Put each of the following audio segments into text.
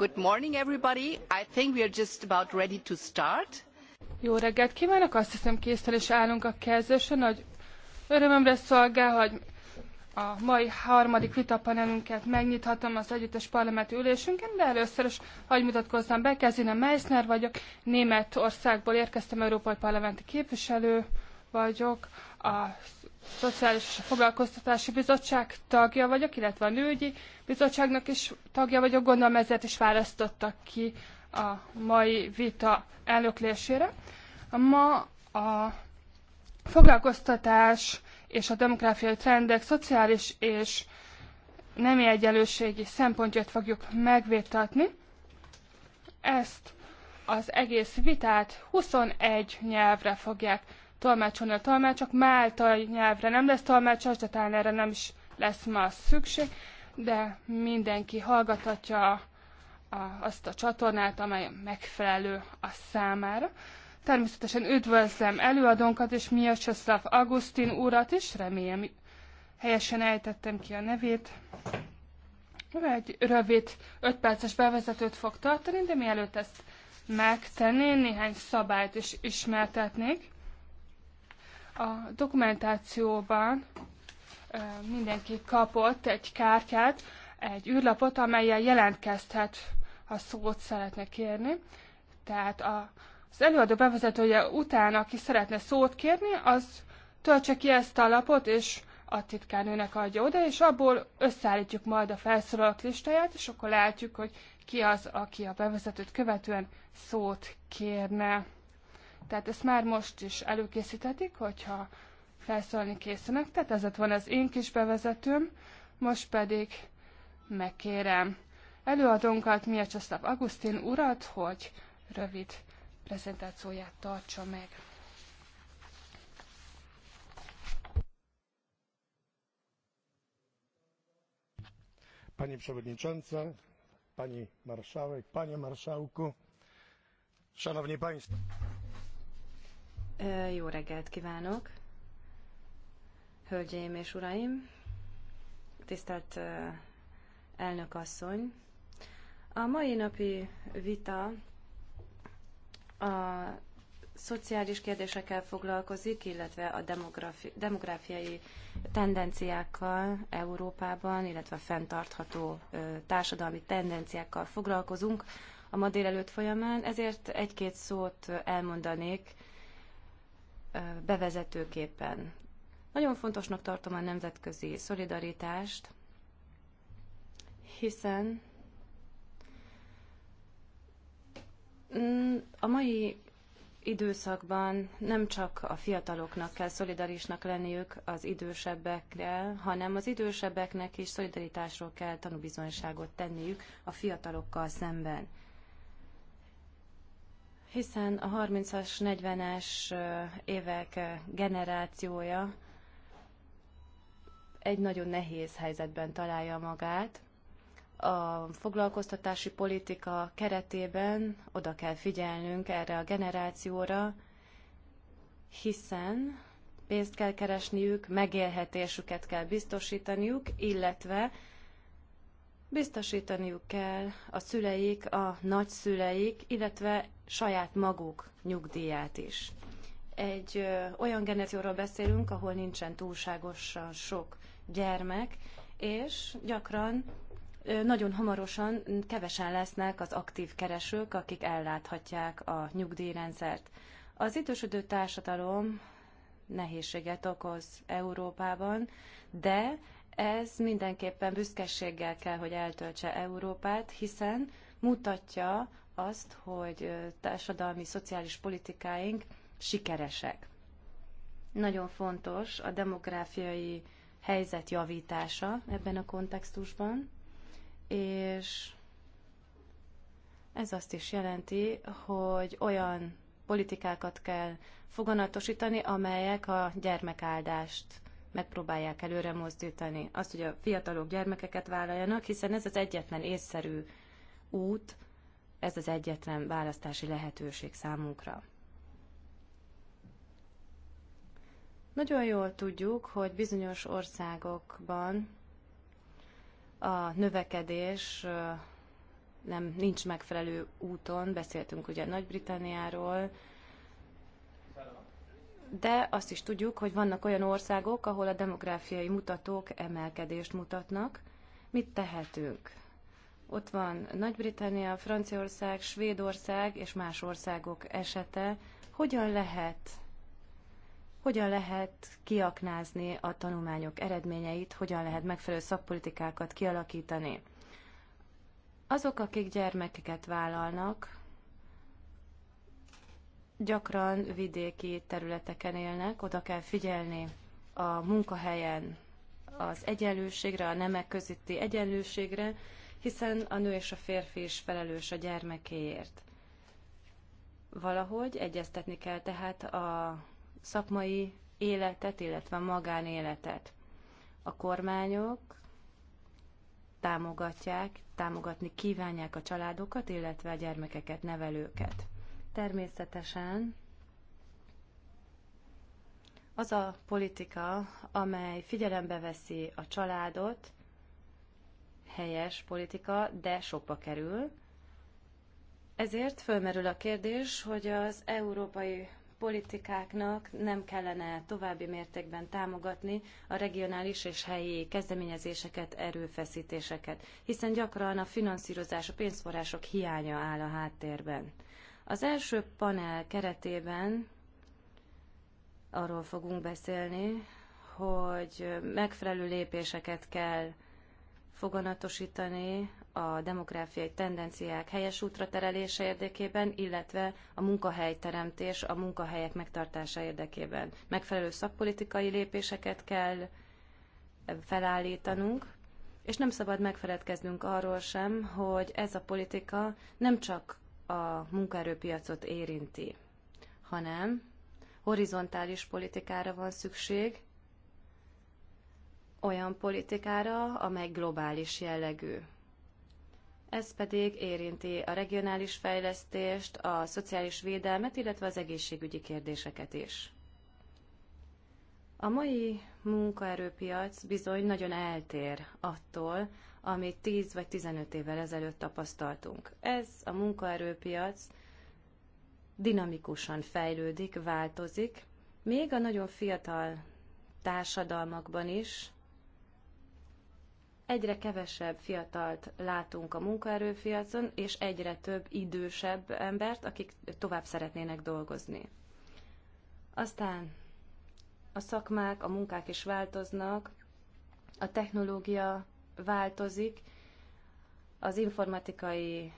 Good morning everybody. I think we are just about ready to start. Jó reggelt kívánok, azt hiszem készen is állunk a kezdésre. Nagy örömömre szolgál, hogy a mai harmadik vitapanelünket megnyithatom az együttes parlamenti ülésünkön, de először is, hogy mutatkozzam be, Kezina Meissner vagyok, Németországból érkeztem, Európai Parlamenti képviselő vagyok, a Szociális és Foglalkoztatási Bizottság tagja vagyok, illetve a Nőgyi Bizottságnak is tagja vagyok, gondolom ezért is választottak ki a mai vita elnöklésére. Ma a foglalkoztatás és a demográfiai trendek szociális és nemi egyenlőségi szempontját fogjuk megvétatni. Ezt az egész vitát 21 nyelvre fogják tolmácsolni a tolmácsok. Máltai nyelvre nem lesz tolmácsos, de talán erre nem is lesz ma szükség, de mindenki hallgathatja a, a, azt a csatornát, amely megfelelő a számára. Természetesen üdvözlöm előadónkat és Miasoszlav Augustin úrat is, remélem helyesen ejtettem ki a nevét. Egy rövid, 5 perces bevezetőt fog tartani, de mielőtt ezt megtenni, néhány szabályt is ismertetnék a dokumentációban mindenki kapott egy kártyát, egy űrlapot, amelyel jelentkezhet, ha szót szeretne kérni. Tehát a, az előadó bevezetője után, aki szeretne szót kérni, az töltse ki ezt a lapot, és a titkárnőnek adja oda, és abból összeállítjuk majd a felszólalók listáját, és akkor látjuk, hogy ki az, aki a bevezetőt követően szót kérne. Tehát ezt már most is előkészíthetik, hogyha felszólni készülnek. Tehát ez van az én kis bevezetőm, most pedig megkérem előadónkat, Mia Csaszláv Agusztin urat, hogy rövid prezentációját tartsa meg. Pani Przewodnicząca, Pani Marszałek, Panie Marszałku, Szanowni Państwo. Jó reggelt kívánok! Hölgyeim és uraim! Tisztelt elnök asszony! A mai napi vita a szociális kérdésekkel foglalkozik, illetve a demografi- demográfiai tendenciákkal Európában, illetve a fenntartható társadalmi tendenciákkal foglalkozunk a ma délelőtt folyamán, ezért egy-két szót elmondanék bevezetőképpen. Nagyon fontosnak tartom a nemzetközi szolidaritást, hiszen a mai időszakban nem csak a fiataloknak kell szolidarisnak lenniük az idősebbekkel, hanem az idősebbeknek is szolidaritásról kell tanúbizonyságot tenniük a fiatalokkal szemben hiszen a 30-as, 40-es évek generációja egy nagyon nehéz helyzetben találja magát. A foglalkoztatási politika keretében oda kell figyelnünk erre a generációra, hiszen pénzt kell keresniük, megélhetésüket kell biztosítaniuk, illetve Biztosítaniuk kell a szüleik, a nagyszüleik, illetve saját maguk nyugdíját is. Egy ö, olyan generációról beszélünk, ahol nincsen túlságosan sok gyermek, és gyakran ö, nagyon hamarosan kevesen lesznek az aktív keresők, akik elláthatják a nyugdíjrendszert. Az idősödő társadalom nehézséget okoz Európában, de ez mindenképpen büszkeséggel kell, hogy eltöltse Európát, hiszen mutatja azt, hogy társadalmi, szociális politikáink sikeresek. Nagyon fontos a demográfiai helyzet javítása ebben a kontextusban, és ez azt is jelenti, hogy olyan politikákat kell foganatosítani, amelyek a gyermekáldást megpróbálják előre mozdítani azt, hogy a fiatalok gyermekeket vállaljanak, hiszen ez az egyetlen észszerű út, ez az egyetlen választási lehetőség számunkra. Nagyon jól tudjuk, hogy bizonyos országokban a növekedés nem nincs megfelelő úton, beszéltünk ugye Nagy-Britanniáról, de azt is tudjuk, hogy vannak olyan országok, ahol a demográfiai mutatók emelkedést mutatnak. Mit tehetünk? Ott van Nagy-Britannia, Franciaország, Svédország és más országok esete. Hogyan lehet hogyan lehet kiaknázni a tanulmányok eredményeit, hogyan lehet megfelelő szakpolitikákat kialakítani. Azok, akik gyermekeket vállalnak, gyakran vidéki területeken élnek, oda kell figyelni a munkahelyen az egyenlőségre, a nemek közötti egyenlőségre, hiszen a nő és a férfi is felelős a gyermekéért. Valahogy egyeztetni kell tehát a szakmai életet, illetve a magánéletet. A kormányok támogatják, támogatni kívánják a családokat, illetve a gyermekeket, nevelőket. Természetesen az a politika, amely figyelembe veszi a családot, helyes politika, de sokba kerül. Ezért fölmerül a kérdés, hogy az európai politikáknak nem kellene további mértékben támogatni a regionális és helyi kezdeményezéseket, erőfeszítéseket, hiszen gyakran a finanszírozás, a pénzforrások hiánya áll a háttérben. Az első panel keretében arról fogunk beszélni, hogy megfelelő lépéseket kell foganatosítani a demográfiai tendenciák helyes útra terelése érdekében, illetve a munkahelyteremtés, a munkahelyek megtartása érdekében. Megfelelő szakpolitikai lépéseket kell felállítanunk, és nem szabad megfeledkeznünk arról sem, hogy ez a politika nem csak a munkaerőpiacot érinti, hanem horizontális politikára van szükség, olyan politikára, amely globális jellegű. Ez pedig érinti a regionális fejlesztést, a szociális védelmet, illetve az egészségügyi kérdéseket is. A mai munkaerőpiac bizony nagyon eltér attól, amit 10 vagy 15 évvel ezelőtt tapasztaltunk. Ez a munkaerőpiac dinamikusan fejlődik, változik, még a nagyon fiatal társadalmakban is egyre kevesebb fiatalt látunk a munkaerőpiacon, és egyre több idősebb embert, akik tovább szeretnének dolgozni. Aztán a szakmák, a munkák is változnak, a technológia változik, az informatikai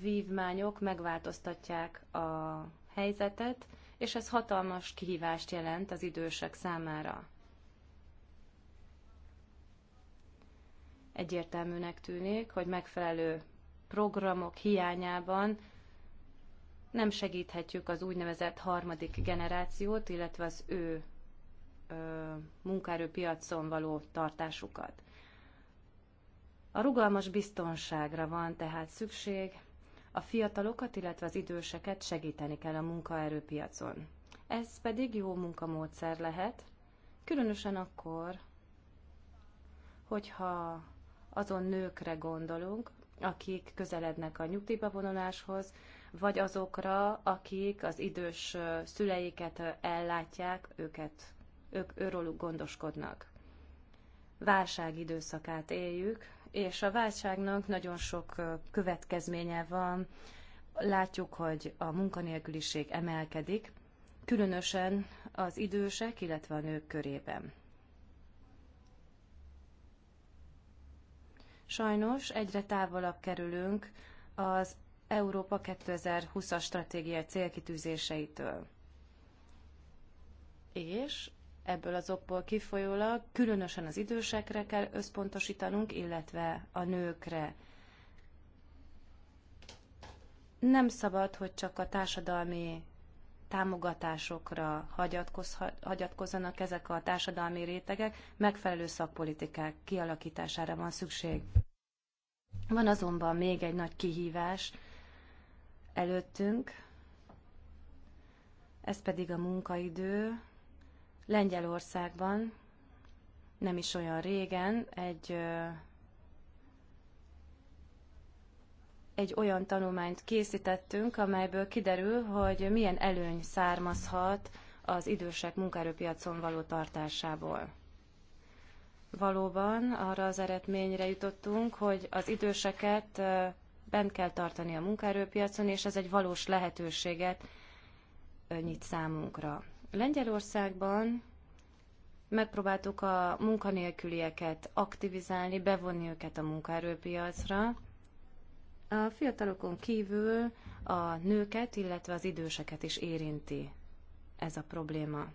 vívmányok megváltoztatják a helyzetet, és ez hatalmas kihívást jelent az idősek számára. Egyértelműnek tűnik, hogy megfelelő programok hiányában nem segíthetjük az úgynevezett harmadik generációt, illetve az ő munkaerőpiacon való tartásukat. A rugalmas biztonságra van tehát szükség, a fiatalokat, illetve az időseket segíteni kell a munkaerőpiacon. Ez pedig jó munkamódszer lehet, különösen akkor, hogyha azon nőkre gondolunk, akik közelednek a nyugdíjba vonuláshoz, vagy azokra, akik az idős szüleiket ellátják, őket, ők őrőlük gondoskodnak. Válság időszakát éljük, és a váltságnak nagyon sok következménye van. Látjuk, hogy a munkanélküliség emelkedik, különösen az idősek, illetve a nők körében. Sajnos egyre távolabb kerülünk az Európa 2020-as stratégiai célkitűzéseitől. És ebből az okból kifolyólag különösen az idősekre kell összpontosítanunk, illetve a nőkre. Nem szabad, hogy csak a társadalmi támogatásokra hagyatkozzanak ezek a társadalmi rétegek, megfelelő szakpolitikák kialakítására van szükség. Van azonban még egy nagy kihívás előttünk, ez pedig a munkaidő, Lengyelországban nem is olyan régen egy egy olyan tanulmányt készítettünk, amelyből kiderül, hogy milyen előny származhat az idősek munkaerőpiacon való tartásából. Valóban arra az eredményre jutottunk, hogy az időseket bent kell tartani a munkaerőpiacon, és ez egy valós lehetőséget nyit számunkra. Lengyelországban megpróbáltuk a munkanélkülieket aktivizálni, bevonni őket a munkaerőpiacra. A fiatalokon kívül a nőket, illetve az időseket is érinti ez a probléma.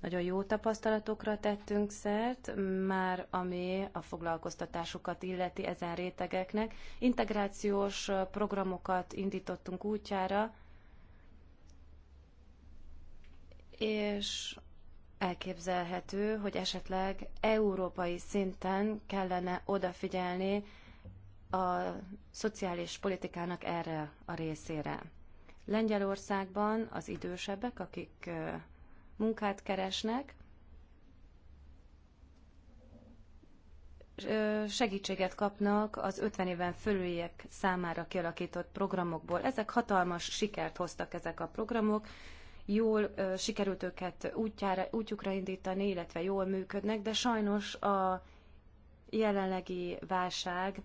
Nagyon jó tapasztalatokra tettünk szert, már ami a foglalkoztatásukat illeti ezen rétegeknek. Integrációs programokat indítottunk útjára, és elképzelhető, hogy esetleg európai szinten kellene odafigyelni a szociális politikának erre a részére. Lengyelországban az idősebbek, akik munkát keresnek, segítséget kapnak az 50 éven fölüliek számára kialakított programokból. Ezek hatalmas sikert hoztak ezek a programok, jól sikerült őket útjára, útjukra indítani, illetve jól működnek, de sajnos a jelenlegi válság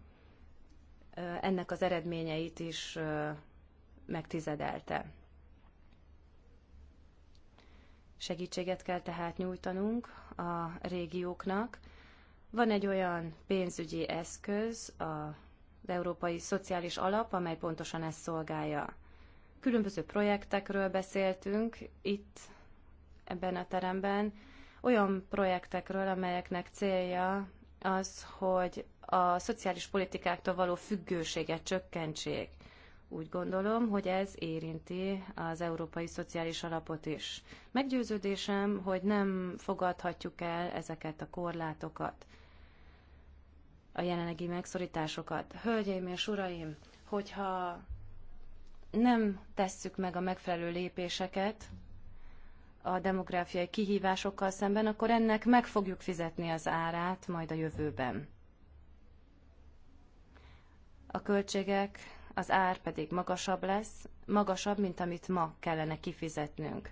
ennek az eredményeit is megtizedelte. Segítséget kell tehát nyújtanunk a régióknak. Van egy olyan pénzügyi eszköz, az Európai Szociális Alap, amely pontosan ezt szolgálja. Különböző projektekről beszéltünk itt ebben a teremben, olyan projektekről, amelyeknek célja az, hogy a szociális politikáktól való függőséget csökkentsék úgy gondolom, hogy ez érinti az Európai Szociális Alapot is. Meggyőződésem, hogy nem fogadhatjuk el ezeket a korlátokat, a jelenlegi megszorításokat. Hölgyeim és uraim, hogyha nem tesszük meg a megfelelő lépéseket a demográfiai kihívásokkal szemben, akkor ennek meg fogjuk fizetni az árát majd a jövőben. A költségek az ár pedig magasabb lesz, magasabb, mint amit ma kellene kifizetnünk.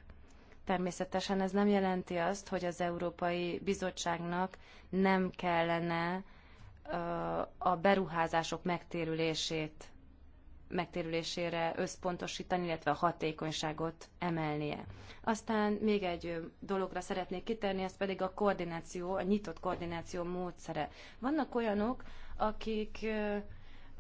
Természetesen ez nem jelenti azt, hogy az Európai Bizottságnak nem kellene a beruházások megtérülését, megtérülésére összpontosítani, illetve a hatékonyságot emelnie. Aztán még egy dologra szeretnék kitérni, ez pedig a koordináció, a nyitott koordináció módszere. Vannak olyanok, akik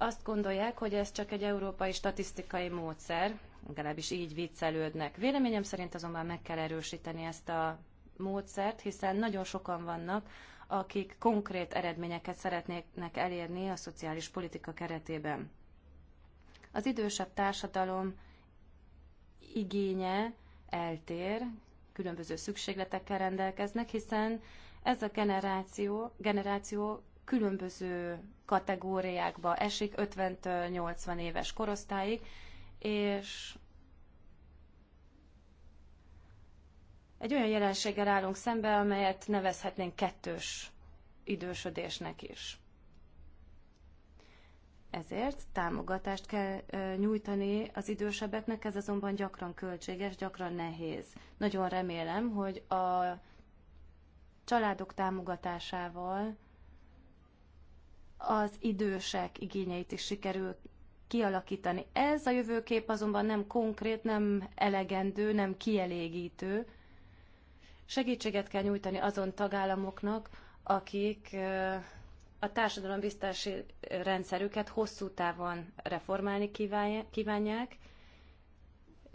azt gondolják, hogy ez csak egy európai statisztikai módszer, legalábbis így viccelődnek. Véleményem szerint azonban meg kell erősíteni ezt a módszert, hiszen nagyon sokan vannak, akik konkrét eredményeket szeretnének elérni a szociális politika keretében. Az idősebb társadalom igénye eltér, különböző szükségletekkel rendelkeznek, hiszen ez a generáció, generáció különböző kategóriákba esik, 50 80 éves korosztályig, és egy olyan jelenséggel állunk szembe, amelyet nevezhetnénk kettős idősödésnek is. Ezért támogatást kell nyújtani az idősebbeknek, ez azonban gyakran költséges, gyakran nehéz. Nagyon remélem, hogy a családok támogatásával az idősek igényeit is sikerül kialakítani. Ez a jövőkép azonban nem konkrét, nem elegendő, nem kielégítő. Segítséget kell nyújtani azon tagállamoknak, akik a társadalombiztási rendszerüket hosszú távon reformálni kívánják,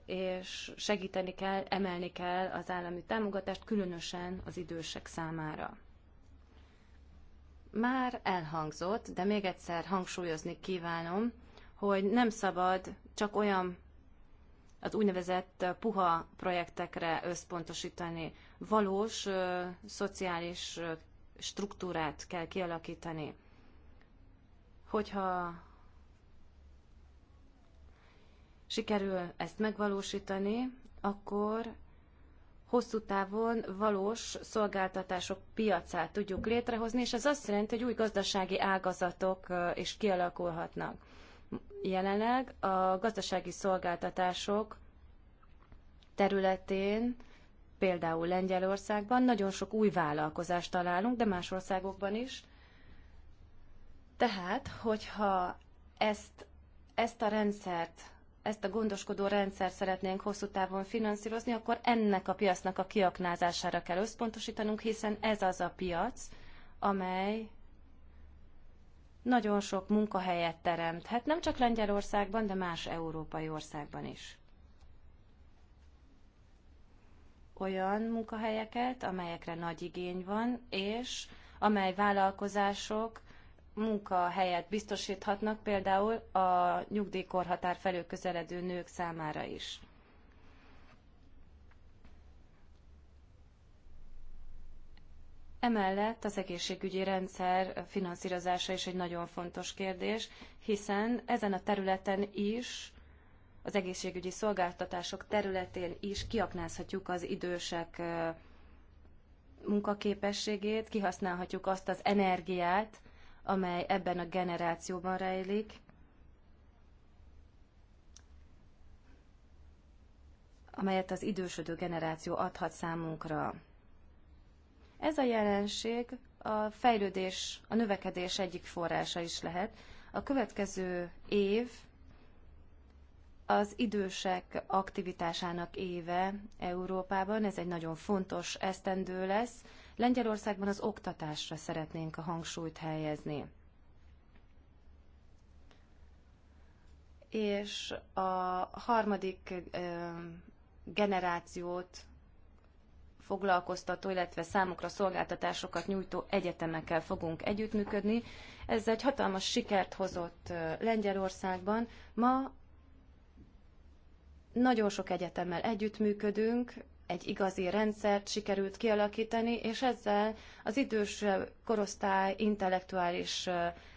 és segíteni kell, emelni kell az állami támogatást, különösen az idősek számára. Már elhangzott, de még egyszer hangsúlyozni kívánom, hogy nem szabad csak olyan az úgynevezett puha projektekre összpontosítani. Valós ö, szociális ö, struktúrát kell kialakítani. Hogyha sikerül ezt megvalósítani, akkor hosszú távon valós szolgáltatások piacát tudjuk létrehozni, és ez azt jelenti, hogy új gazdasági ágazatok is kialakulhatnak. Jelenleg a gazdasági szolgáltatások területén, például Lengyelországban nagyon sok új vállalkozást találunk, de más országokban is. Tehát, hogyha ezt, ezt a rendszert ezt a gondoskodó rendszer szeretnénk hosszú távon finanszírozni, akkor ennek a piacnak a kiaknázására kell összpontosítanunk, hiszen ez az a piac, amely nagyon sok munkahelyet teremthet, nem csak Lengyelországban, de más európai országban is. Olyan munkahelyeket, amelyekre nagy igény van, és amely vállalkozások munkahelyet biztosíthatnak például a nyugdíjkorhatár felől közeledő nők számára is. Emellett az egészségügyi rendszer finanszírozása is egy nagyon fontos kérdés, hiszen ezen a területen is, az egészségügyi szolgáltatások területén is kiaknázhatjuk az idősek munkaképességét, kihasználhatjuk azt az energiát, amely ebben a generációban rejlik. amelyet az idősödő generáció adhat számunkra. Ez a jelenség a fejlődés, a növekedés egyik forrása is lehet. A következő év az idősek aktivitásának éve Európában, ez egy nagyon fontos esztendő lesz, Lengyelországban az oktatásra szeretnénk a hangsúlyt helyezni. És a harmadik generációt foglalkoztató, illetve számukra szolgáltatásokat nyújtó egyetemekkel fogunk együttműködni. Ez egy hatalmas sikert hozott Lengyelországban. Ma nagyon sok egyetemmel együttműködünk, egy igazi rendszert sikerült kialakítani, és ezzel az idős korosztály intellektuális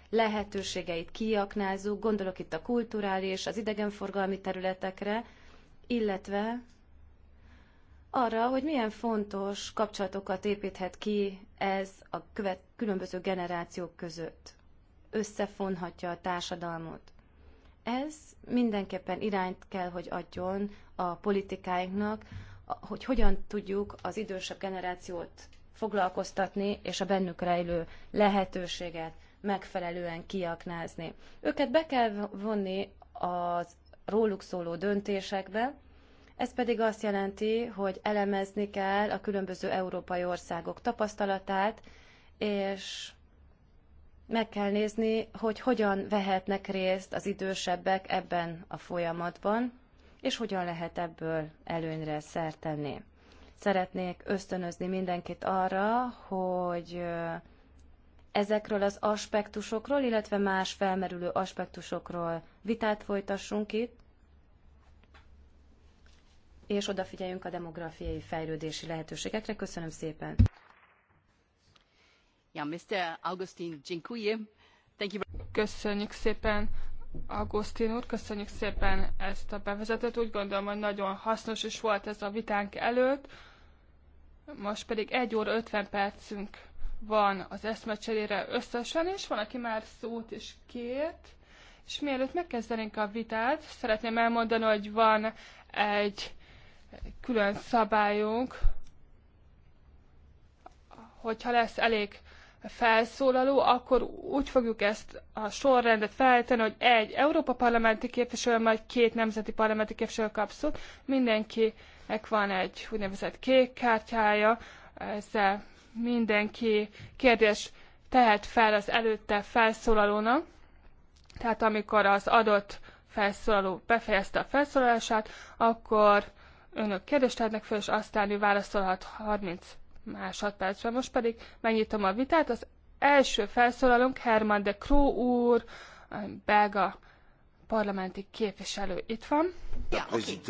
lehetőségeit kiaknázunk, gondolok itt a kulturális, az idegenforgalmi területekre, illetve arra, hogy milyen fontos kapcsolatokat építhet ki ez a követ, különböző generációk között. Összefonhatja a társadalmat. Ez mindenképpen irányt kell, hogy adjon a politikáinknak, hogy hogyan tudjuk az idősebb generációt foglalkoztatni, és a bennük rejlő lehetőséget megfelelően kiaknázni. Őket be kell vonni az róluk szóló döntésekbe, ez pedig azt jelenti, hogy elemezni kell a különböző európai országok tapasztalatát, és meg kell nézni, hogy hogyan vehetnek részt az idősebbek ebben a folyamatban, és hogyan lehet ebből előnyre szert tenni. Szeretnék ösztönözni mindenkit arra, hogy ezekről az aspektusokról, illetve más felmerülő aspektusokról vitát folytassunk itt, és odafigyeljünk a demográfiai fejlődési lehetőségekre. Köszönöm szépen! Ja, Mr. Augustin, dziękuję. Thank you. Köszönjük szépen Augustin úr, köszönjük szépen ezt a bevezetőt. Úgy gondolom, hogy nagyon hasznos is volt ez a vitánk előtt. Most pedig 1 óra 50 percünk van az eszmecserére összesen, és van, aki már szót is kért. És mielőtt megkezdenénk a vitát, szeretném elmondani, hogy van egy külön szabályunk, hogyha lesz elég felszólaló, akkor úgy fogjuk ezt a sorrendet felállítani, hogy egy Európa parlamenti képviselő, majd két nemzeti parlamenti képviselő kap szót. Mindenkinek van egy úgynevezett kék kártyája, ezzel mindenki kérdés tehet fel az előtte felszólalónak. Tehát amikor az adott felszólaló befejezte a felszólalását, akkor önök kérdést tehetnek fel, és aztán ő válaszolhat 30 más hat percben. Most pedig megnyitom a vitát. Az első felszólalunk Herman de Croo úr, belga parlamenti képviselő itt van. Ja, okay.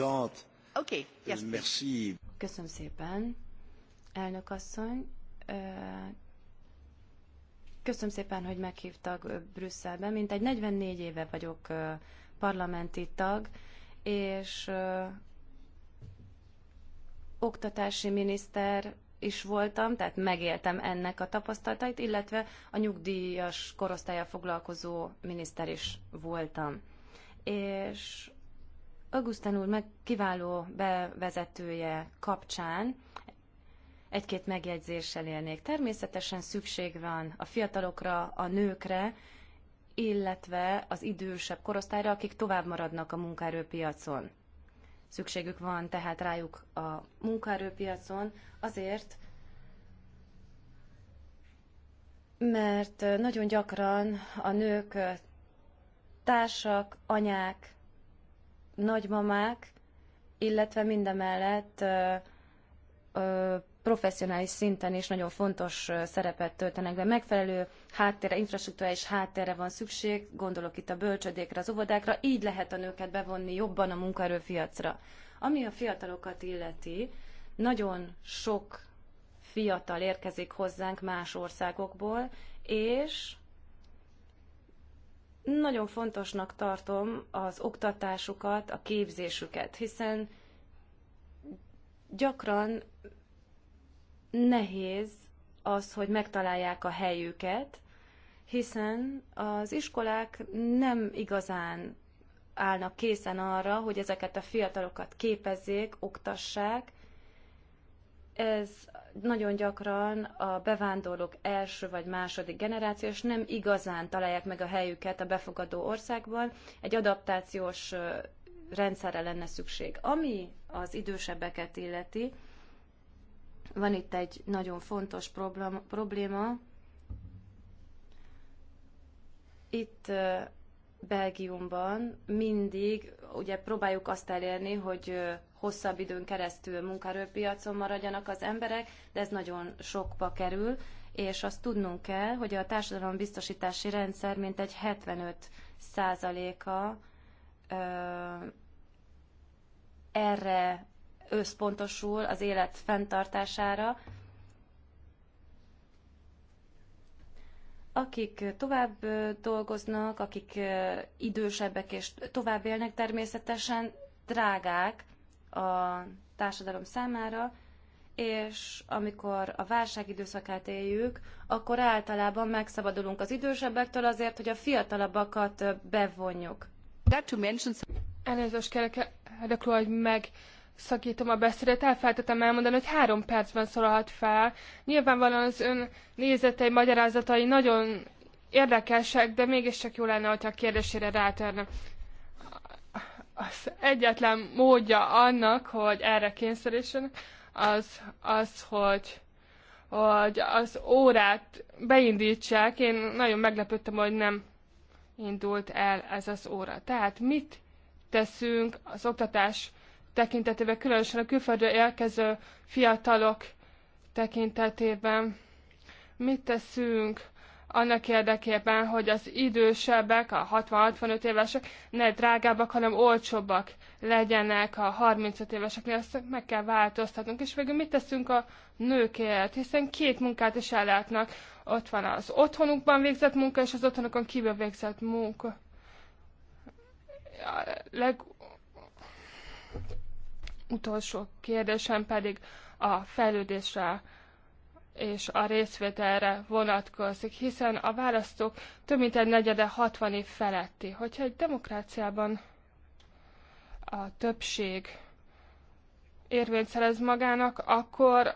Okay. Yes, Merci. Köszönöm szépen, elnök asszony. Köszönöm szépen, hogy meghívtak Brüsszelbe. Mint egy 44 éve vagyok parlamenti tag, és oktatási miniszter is voltam, tehát megéltem ennek a tapasztalatait, illetve a nyugdíjas korosztályjal foglalkozó miniszter is voltam. És Augustin úr meg kiváló bevezetője kapcsán egy-két megjegyzéssel élnék. Természetesen szükség van a fiatalokra, a nőkre, illetve az idősebb korosztályra, akik tovább maradnak a munkaerőpiacon szükségük van tehát rájuk a munkaerőpiacon, azért, mert nagyon gyakran a nők társak, anyák, nagymamák, illetve mindemellett professzionális szinten is nagyon fontos szerepet töltenek be. Megfelelő háttérre, infrastruktúrális háttérre van szükség, gondolok itt a bölcsödékre, az óvodákra, így lehet a nőket bevonni jobban a munkaerőpiacra. Ami a fiatalokat illeti, nagyon sok fiatal érkezik hozzánk más országokból, és nagyon fontosnak tartom az oktatásukat, a képzésüket, hiszen gyakran nehéz az, hogy megtalálják a helyüket, hiszen az iskolák nem igazán állnak készen arra, hogy ezeket a fiatalokat képezzék, oktassák. Ez nagyon gyakran a bevándorlók első vagy második generációs nem igazán találják meg a helyüket a befogadó országban. Egy adaptációs rendszerre lenne szükség. Ami az idősebbeket illeti, van itt egy nagyon fontos probléma. Itt Belgiumban mindig ugye próbáljuk azt elérni, hogy hosszabb időn keresztül munkaerőpiacon maradjanak az emberek, de ez nagyon sokba kerül, és azt tudnunk kell, hogy a biztosítási rendszer mintegy 75 százaléka erre összpontosul az élet fenntartására, akik tovább dolgoznak, akik idősebbek és tovább élnek természetesen, drágák a társadalom számára, és amikor a válság időszakát éljük, akkor általában megszabadulunk az idősebbektől azért, hogy a fiatalabbakat bevonjuk. Elnézést kérek, hogy meg szakítom a beszédet, elfelejtettem elmondani, hogy három percben szólalhat fel. Nyilvánvalóan az ön nézetei, magyarázatai nagyon érdekesek, de mégiscsak jó lenne, hogyha a kérdésére rátörne. Az egyetlen módja annak, hogy erre kényszerítsenek, az, az, hogy hogy az órát beindítsák. Én nagyon meglepődtem, hogy nem indult el ez az óra. Tehát mit teszünk az oktatás tekintetében, különösen a külföldre érkező fiatalok tekintetében. Mit teszünk annak érdekében, hogy az idősebbek, a 60-65 évesek ne drágábbak, hanem olcsóbbak legyenek a 35 éveseknél, ezt meg kell változtatnunk. És végül mit teszünk a nőkért, hiszen két munkát is ellátnak. Ott van az otthonukban végzett munka, és az otthonukon kívül végzett munka. A leg utolsó kérdésem pedig a fejlődésre és a részvételre vonatkozik, hiszen a választók több mint egy negyede 60 év feletti. Hogyha egy demokráciában a többség érvényt szerez magának, akkor,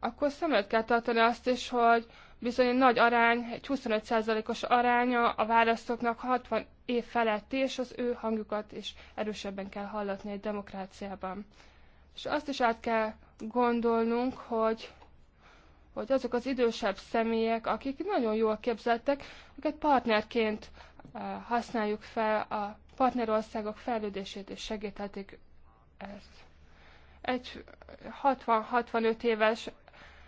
akkor szem kell tartani azt is, hogy bizony nagy arány, egy 25%-os aránya a választóknak 60 év felett, és az ő hangjukat is erősebben kell hallatni egy demokráciában. És azt is át kell gondolnunk, hogy hogy azok az idősebb személyek, akik nagyon jól képzettek, őket partnerként eh, használjuk fel, a partnerországok fejlődését és segíthetik ezt. Egy 60-65 éves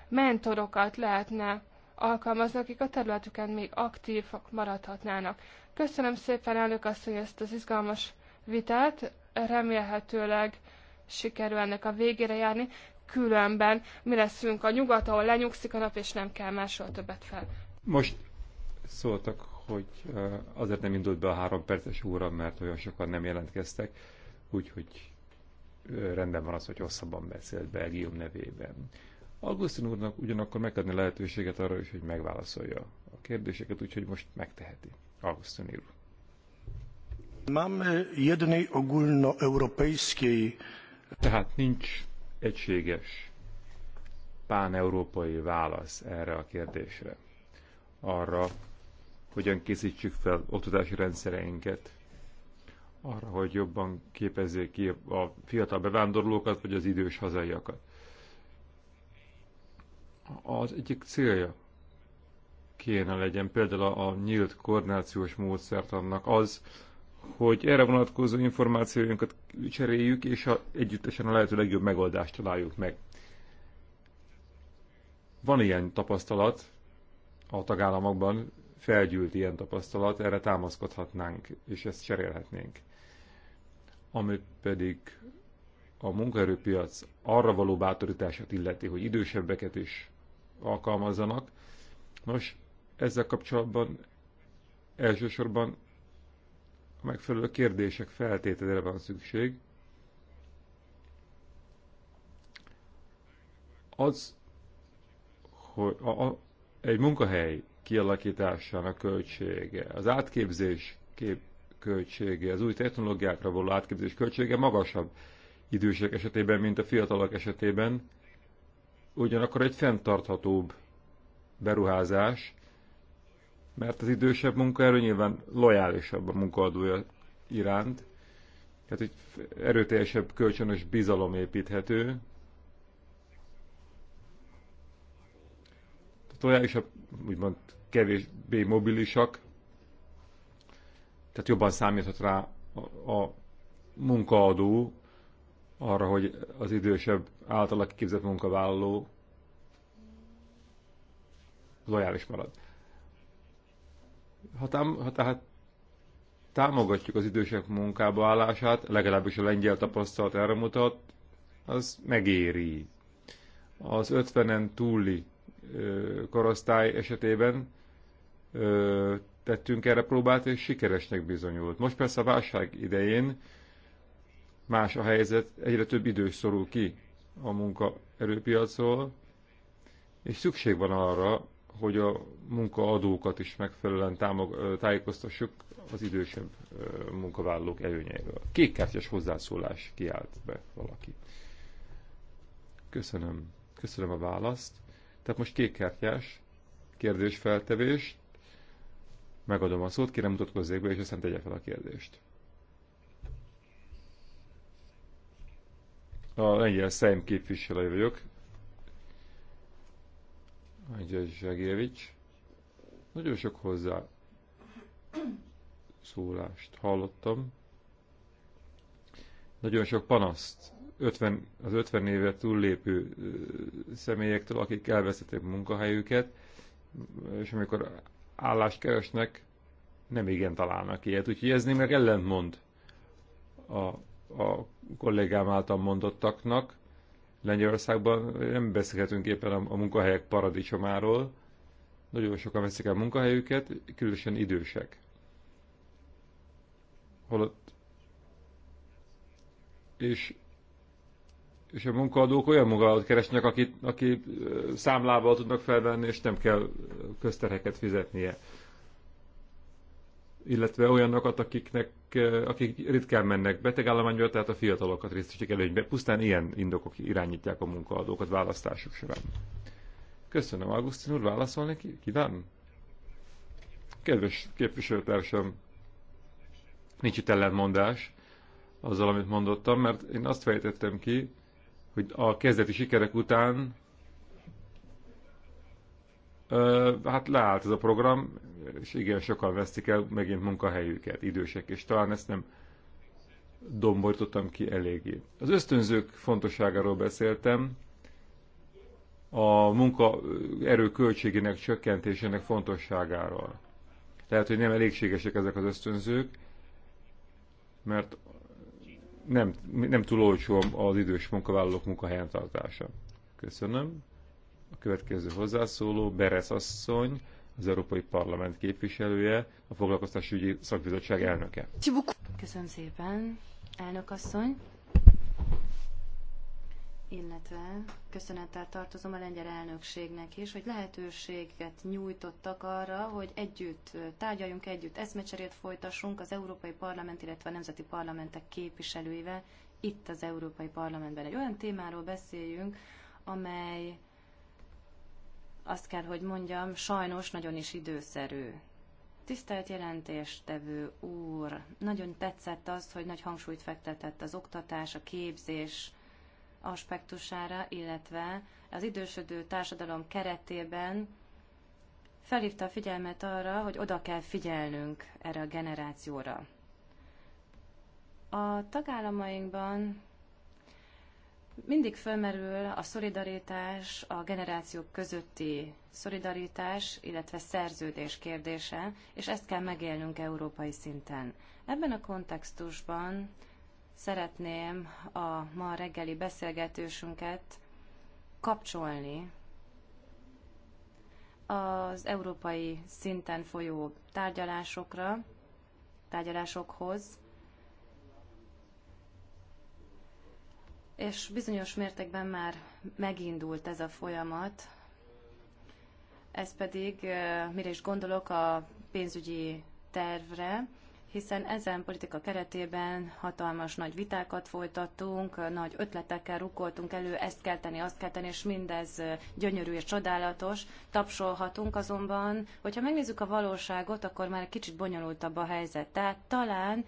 mentorokat lehetne alkalmazni, akik a területüken még aktívak maradhatnának. Köszönöm szépen, elnök asszony, ezt az izgalmas vitát. Remélhetőleg sikerül ennek a végére járni. Különben mi leszünk a nyugat, ahol lenyugszik a nap, és nem kell máshol többet fel. Most szóltak, hogy eh, azért nem indult be a három perces óra, mert olyan sokan nem jelentkeztek, úgyhogy eh, rendben van az, hogy hosszabban beszélt Belgium nevében. Augustin úrnak ugyanakkor megadni lehetőséget arra is, hogy megválaszolja a kérdéseket, úgyhogy most megteheti. Augustin úr. Mamy jednej ogólnoeuropejskiej... Tehát nincs egységes pán-európai válasz erre a kérdésre. Arra, hogyan készítsük fel oktatási rendszereinket, arra, hogy jobban képezzék ki a fiatal bevándorlókat, vagy az idős hazaiakat az egyik célja kéne legyen, például a, a nyílt koordinációs módszert annak az, hogy erre vonatkozó információinkat cseréljük, és a, együttesen a lehető legjobb megoldást találjuk meg. Van ilyen tapasztalat a tagállamokban, felgyűlt ilyen tapasztalat, erre támaszkodhatnánk, és ezt cserélhetnénk. Ami pedig a munkaerőpiac arra való bátorítását illeti, hogy idősebbeket is alkalmazzanak. Nos, ezzel kapcsolatban elsősorban a megfelelő kérdések feltételére van szükség. Az, hogy a, a, egy munkahely kialakításának költsége, az átképzés kép, költsége, az új technológiákra való átképzés költsége magasabb idősek esetében, mint a fiatalok esetében, ugyanakkor egy fenntarthatóbb beruházás, mert az idősebb munkaerő nyilván lojálisabb a munkaadója iránt, tehát egy erőteljesebb kölcsönös bizalom építhető. Tehát lojálisabb, úgymond kevésbé mobilisak, tehát jobban számíthat rá a, a munkaadó arra, hogy az idősebb általa kiképzett munkavállaló lojális marad. Ha, tám, ha tehát támogatjuk az idősek munkába állását, legalábbis a lengyel tapasztalat erre mutat, az megéri. Az 50-en túli ö, korosztály esetében ö, tettünk erre próbát, és sikeresnek bizonyult. Most persze a válság idején más a helyzet, egyre több idős szorul ki a munkaerőpiacról, és szükség van arra, hogy a munkaadókat is megfelelően támog, tájékoztassuk az idősebb munkavállalók előnyeiről. Kékkártyás hozzászólás kiált be valaki. Köszönöm. Köszönöm a választ. Tehát most kékkártyás kérdésfeltevés. Megadom a szót, kérem mutatkozzék be, és aztán tegye fel a kérdést. A lengyel szem képviselő vagyok. Zsegévics. Nagyon sok hozzá szólást hallottam. Nagyon sok panaszt 50, az 50 éve túllépő személyektől, akik elvesztették munkahelyüket, és amikor állást keresnek, nem igen találnak ilyet. Úgyhogy ez meg ellentmond a a kollégám által mondottaknak. Lengyelországban nem beszélhetünk éppen a, a munkahelyek paradicsomáról. Nagyon sokan veszik el munkahelyüket, különösen idősek. Holott és, és a munkaadók olyan munkahelyet keresnek, akit, aki számlával tudnak felvenni, és nem kell közterheket fizetnie illetve olyanokat, akiknek, eh, akik ritkán mennek betegállományba, tehát a fiatalokat részesítik előnybe. Pusztán ilyen indokok irányítják a munkaadókat választásuk során. Köszönöm, Augustin úr, válaszolni ki? Kíván? Kedves képviselőtársam, nincs itt ellentmondás azzal, amit mondottam, mert én azt fejtettem ki, hogy a kezdeti sikerek után hát leállt ez a program, és igen, sokan vesztik el megint munkahelyüket, idősek, és talán ezt nem domborítottam ki eléggé. Az ösztönzők fontosságáról beszéltem, a munkaerő költségének csökkentésének fontosságáról. Lehet, hogy nem elégségesek ezek az ösztönzők, mert nem, nem túl olcsó az idős munkavállalók munkahelyen tartása. Köszönöm. A következő hozzászóló Beres asszony, az Európai Parlament képviselője, a Foglalkoztatásügyi Szakbizottság elnöke. Köszönöm szépen, elnök asszony. Illetve köszönettel tartozom a lengyel elnökségnek is, hogy lehetőséget nyújtottak arra, hogy együtt tárgyaljunk, együtt eszmecserét folytassunk az Európai Parlament, illetve a nemzeti parlamentek képviselőivel itt az Európai Parlamentben. Egy olyan témáról beszéljünk, amely azt kell, hogy mondjam, sajnos nagyon is időszerű. Tisztelt jelentéstevő úr, nagyon tetszett az, hogy nagy hangsúlyt fektetett az oktatás, a képzés aspektusára, illetve az idősödő társadalom keretében felhívta a figyelmet arra, hogy oda kell figyelnünk erre a generációra. A tagállamainkban mindig fölmerül a szolidaritás, a generációk közötti szolidaritás, illetve szerződés kérdése, és ezt kell megélnünk európai szinten. Ebben a kontextusban szeretném a ma reggeli beszélgetősünket kapcsolni az európai szinten folyó tárgyalásokra, tárgyalásokhoz, és bizonyos mértékben már megindult ez a folyamat, ez pedig, mire is gondolok, a pénzügyi tervre, hiszen ezen politika keretében hatalmas nagy vitákat folytattunk, nagy ötletekkel rukoltunk elő, ezt kell tenni, azt kell tenni, és mindez gyönyörű és csodálatos. Tapsolhatunk azonban, hogyha megnézzük a valóságot, akkor már egy kicsit bonyolultabb a helyzet. Tehát talán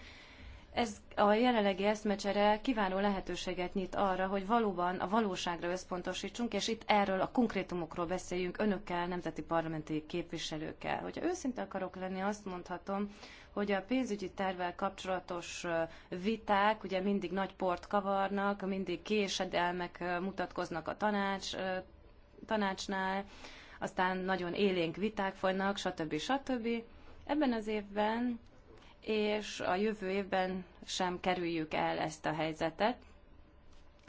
ez a jelenlegi eszmecsere kiváló lehetőséget nyit arra, hogy valóban a valóságra összpontosítsunk, és itt erről a konkrétumokról beszéljünk önökkel, nemzeti parlamenti képviselőkkel. Hogyha őszinte akarok lenni, azt mondhatom, hogy a pénzügyi tervvel kapcsolatos viták ugye mindig nagy port kavarnak, mindig késedelmek mutatkoznak a tanács, tanácsnál, aztán nagyon élénk viták folynak, stb. stb. Ebben az évben és a jövő évben sem kerüljük el ezt a helyzetet.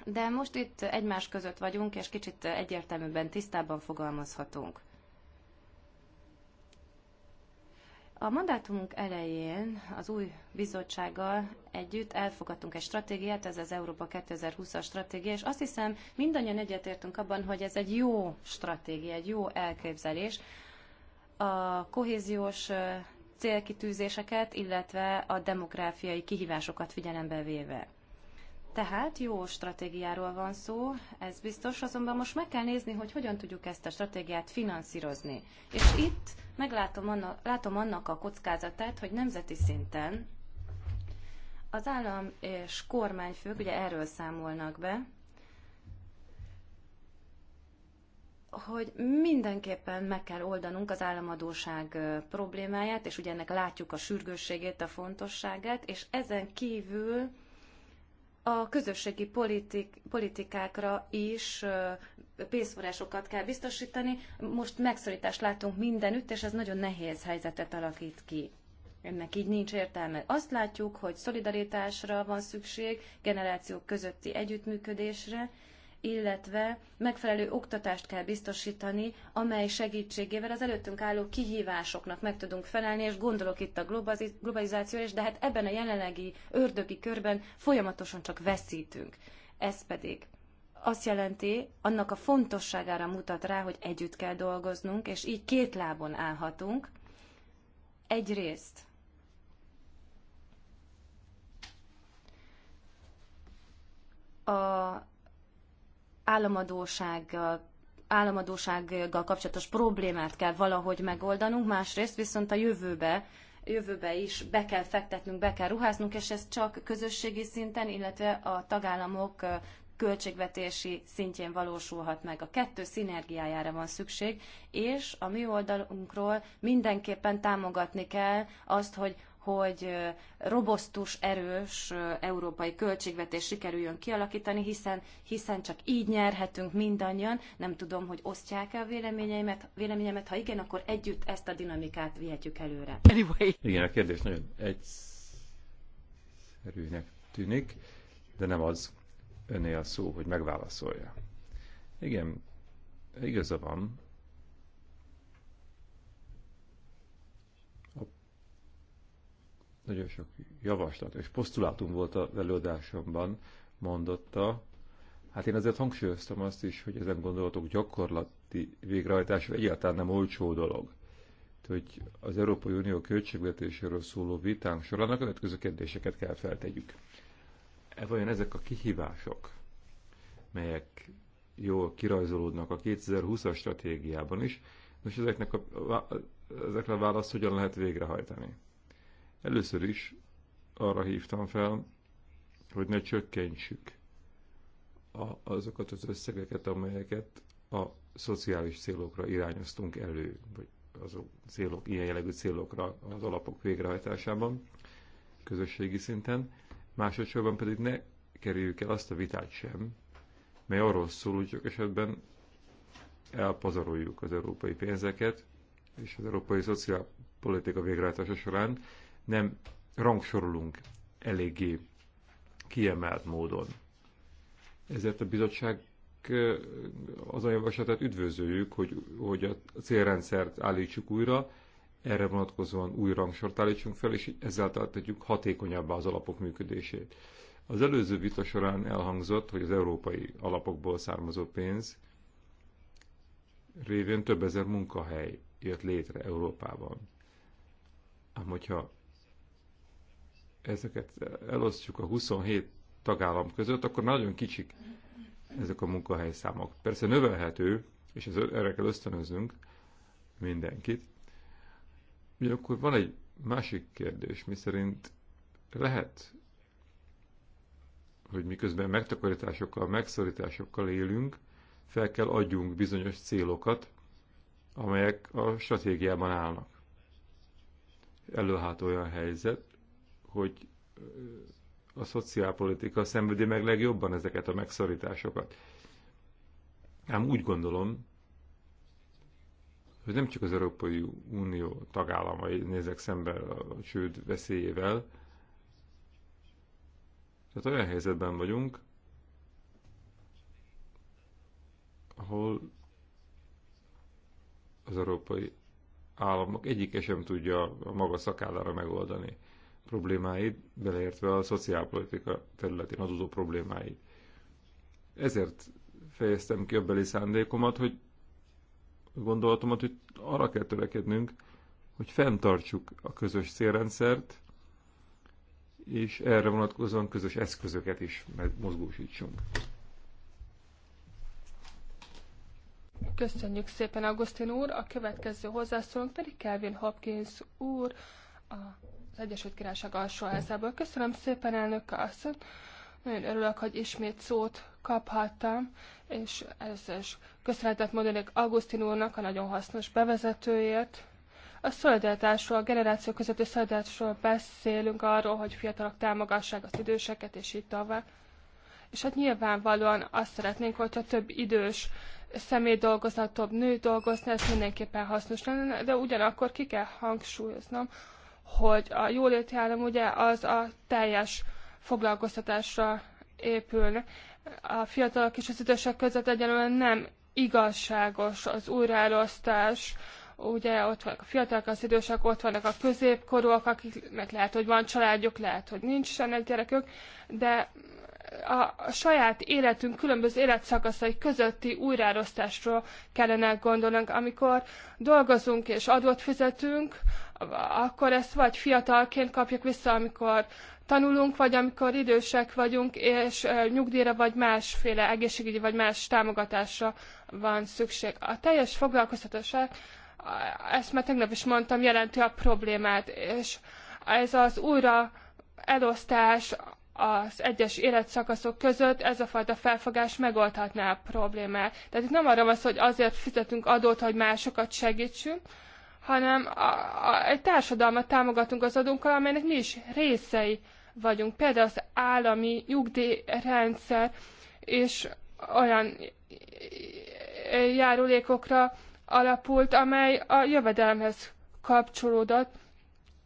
De most itt egymás között vagyunk, és kicsit egyértelműbben tisztában fogalmazhatunk. A mandátumunk elején az új bizottsággal együtt elfogadtunk egy stratégiát, ez az Európa 2020-as stratégia, és azt hiszem mindannyian egyetértünk abban, hogy ez egy jó stratégia, egy jó elképzelés. A kohéziós célkitűzéseket, illetve a demográfiai kihívásokat figyelembe véve. Tehát jó stratégiáról van szó, ez biztos, azonban most meg kell nézni, hogy hogyan tudjuk ezt a stratégiát finanszírozni. És itt meglátom annak, látom annak a kockázatát, hogy nemzeti szinten az állam és kormányfők ugye erről számolnak be, hogy mindenképpen meg kell oldanunk az államadóság problémáját, és ugye ennek látjuk a sürgősségét, a fontosságát, és ezen kívül a közösségi politik, politikákra is pénzforrásokat kell biztosítani. Most megszorítást látunk mindenütt, és ez nagyon nehéz helyzetet alakít ki. Ennek így nincs értelme. Azt látjuk, hogy szolidaritásra van szükség, generációk közötti együttműködésre, illetve megfelelő oktatást kell biztosítani, amely segítségével az előttünk álló kihívásoknak meg tudunk felelni, és gondolok itt a globalizációra is, de hát ebben a jelenlegi ördögi körben folyamatosan csak veszítünk. Ez pedig azt jelenti, annak a fontosságára mutat rá, hogy együtt kell dolgoznunk, és így két lábon állhatunk. Egyrészt a államadósággal államadósággal kapcsolatos problémát kell valahogy megoldanunk, másrészt viszont a jövőbe, jövőbe is be kell fektetnünk, be kell ruháznunk, és ez csak közösségi szinten, illetve a tagállamok költségvetési szintjén valósulhat meg. A kettő szinergiájára van szükség, és a mi oldalunkról mindenképpen támogatni kell azt, hogy hogy robosztus, erős európai költségvetés sikerüljön kialakítani, hiszen, hiszen csak így nyerhetünk mindannyian. Nem tudom, hogy osztják-e a véleményemet, véleményemet. Ha igen, akkor együtt ezt a dinamikát vihetjük előre. Anyway. Igen, a kérdés nagyon egyszerűnek tűnik, de nem az öné a szó, hogy megválaszolja. Igen, igaza van, nagyon sok javaslat és posztulátum volt a előadásomban, mondotta. Hát én azért hangsúlyoztam azt is, hogy ezen gondolatok gyakorlati végrehajtás egyáltalán nem olcsó dolog. Hogy az Európai Unió költségvetéséről szóló vitánk során a következő kérdéseket kell feltegyük. E vajon ezek a kihívások, melyek jól kirajzolódnak a 2020-as stratégiában is, most ezeknek a, ezekre a választ hogyan lehet végrehajtani? Először is arra hívtam fel, hogy ne csökkentsük a, azokat az összegeket, amelyeket a szociális célokra irányoztunk elő, vagy azok célok, ilyen jellegű célokra az alapok végrehajtásában, közösségi szinten. Másodszorban pedig ne kerüljük el azt a vitát sem, mely arról szól, hogy csak esetben elpazaroljuk az európai pénzeket, és az európai szociálpolitika végrehajtása során nem rangsorolunk eléggé kiemelt módon. Ezért a bizottság az a javaslatát üdvözöljük, hogy, hogy a célrendszert állítsuk újra, erre vonatkozóan új rangsort állítsunk fel, és ezáltal tegyük hatékonyabbá az alapok működését. Az előző vita során elhangzott, hogy az európai alapokból származó pénz révén több ezer munkahely jött létre Európában. Ám hogyha ezeket elosztjuk a 27 tagállam között, akkor nagyon kicsik ezek a munkahelyszámok. Persze növelhető, és ez, erre kell ösztönöznünk mindenkit. Ugyanakkor van egy másik kérdés, mi szerint lehet, hogy miközben megtakarításokkal, megszorításokkal élünk, fel kell adjunk bizonyos célokat, amelyek a stratégiában állnak. Előhát olyan helyzet, hogy a szociálpolitika szenvedi meg legjobban ezeket a megszorításokat. Ám úgy gondolom, hogy nem csak az Európai Unió tagállamai nézek szembe a csőd veszélyével, tehát olyan helyzetben vagyunk, ahol az európai államok egyike sem tudja a maga szakállára megoldani problémáit, beleértve a szociálpolitika területén adódó problémáit. Ezért fejeztem ki a beli szándékomat, hogy gondolatomat, hogy arra kell törekednünk, hogy fenntartsuk a közös célrendszert, és erre vonatkozóan közös eszközöket is mozgósítsunk. Köszönjük szépen, Augustin úr! A következő hozzászólónk pedig Kelvin Hopkins úr, a az Egyesült Királyság alsóházából. Köszönöm szépen, elnök asszony. Nagyon örülök, hogy ismét szót kaphattam, és először is köszönetet mondanék Augustin úrnak a nagyon hasznos bevezetőjét. A szolidaritásról, a generáció közötti szolidaritásról beszélünk arról, hogy fiatalok támogassák az időseket, és így tovább. És hát nyilvánvalóan azt szeretnénk, hogyha több idős személy dolgozna, több nő dolgozna, ez mindenképpen hasznos lenne, de ugyanakkor ki kell hangsúlyoznom, hogy a jóléti állam ugye az a teljes foglalkoztatásra épülne. A fiatalok és az idősek között egyelően nem igazságos az újraelosztás, ugye ott vannak a fiatalok, az idősek, ott vannak a középkorúak, akiknek lehet, hogy van családjuk, lehet, hogy nincsenek gyerekük, de a, a saját életünk különböző életszakaszai közötti újrárosztásról kellene gondolnunk. Amikor dolgozunk és adót fizetünk, akkor ezt vagy fiatalként kapjuk vissza, amikor tanulunk, vagy amikor idősek vagyunk, és nyugdíjra vagy másféle egészségügyi vagy más támogatásra van szükség. A teljes foglalkoztatóság, ezt már tegnap is mondtam, jelenti a problémát, és ez az újra elosztás az egyes életszakaszok között ez a fajta felfogás megoldhatná a problémát. Tehát itt nem arra van szó, hogy azért fizetünk adót, hogy másokat segítsünk, hanem a, a, egy társadalmat támogatunk az adunkkal, amelynek mi is részei vagyunk. Például az állami nyugdíjrendszer és olyan járulékokra alapult, amely a jövedelemhez kapcsolódott,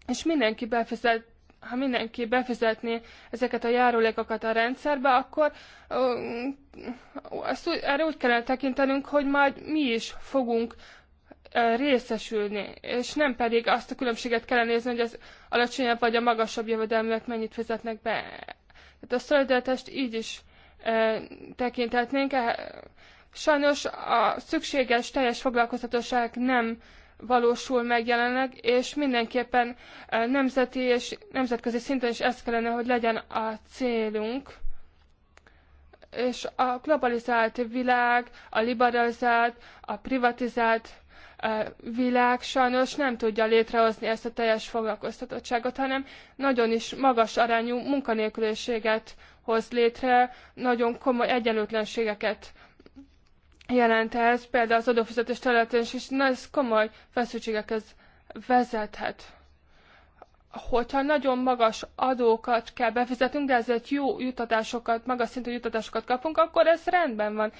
és mindenki befizet, ha mindenki befizetné ezeket a járulékokat a rendszerbe, akkor ezt, erre úgy kellene tekintenünk, hogy majd mi is fogunk részesülni, és nem pedig azt a különbséget kell nézni, hogy az alacsonyabb vagy a magasabb jövedelműek mennyit fizetnek be. Tehát a szolidaritást így is e, tekinthetnénk. Sajnos a szükséges teljes foglalkoztatóság nem valósul meg jelenleg, és mindenképpen nemzeti és nemzetközi szinten is ez kellene, hogy legyen a célunk. És a globalizált világ, a liberalizált, a privatizált világ sajnos nem tudja létrehozni ezt a teljes foglalkoztatottságot, hanem nagyon is magas arányú munkanélküliséget hoz létre, nagyon komoly egyenlőtlenségeket jelent ez, például az adófizetés területén is, na ez komoly feszültségekhez vezethet. Hogyha nagyon magas adókat kell befizetnünk, de ezért jó jutatásokat, magas szintű jutatásokat kapunk, akkor ez rendben van.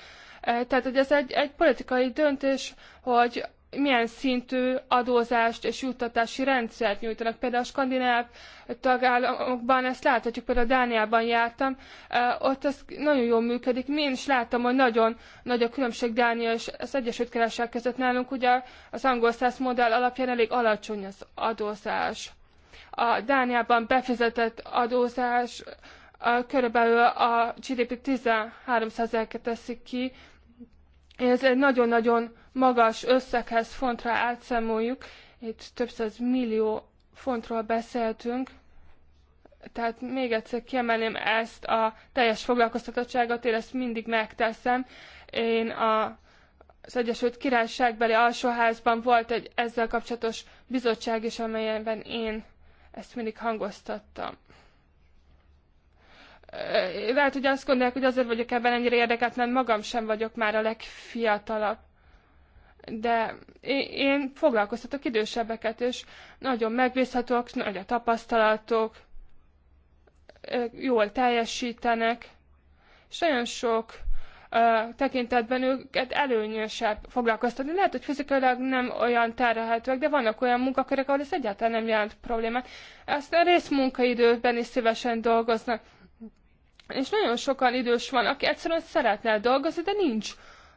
Eh, tehát, hogy ez egy, egy politikai döntés, hogy milyen szintű adózást és juttatási rendszert nyújtanak. Például a skandináv tagállamokban ezt láthatjuk, például Dániában jártam, eh, ott ez nagyon jól működik. Mi is láttam, hogy nagyon nagy a különbség Dánia és az Egyesült Királyság között nálunk, ugye az angol száz modell alapján elég alacsony az adózás. A Dániában befizetett adózás eh, körülbelül a GDP 13%-et teszik ki, ez egy nagyon-nagyon magas összeghez, fontra átszámoljuk, itt több száz millió fontról beszéltünk, tehát még egyszer kiemelném ezt a teljes foglalkoztatottságot, én ezt mindig megteszem. Én a, az Egyesült Királyságbeli Alsóházban volt egy ezzel kapcsolatos bizottság is, amelyben én ezt mindig hangoztattam. Lehet, hogy azt gondolják, hogy azért vagyok ebben ennyire érdekelt, mert magam sem vagyok már a legfiatalabb de én foglalkoztatok idősebbeket, és nagyon megbízhatók, nagy a tapasztalatok, jól teljesítenek, és nagyon sok uh, tekintetben őket előnyösebb foglalkoztatni. Lehet, hogy fizikailag nem olyan terhelhetőek, de vannak olyan munkakörök, ahol ez egyáltalán nem jelent problémát. a részmunkaidőben is szívesen dolgoznak. És nagyon sokan idős van, aki egyszerűen szeretne dolgozni, de nincs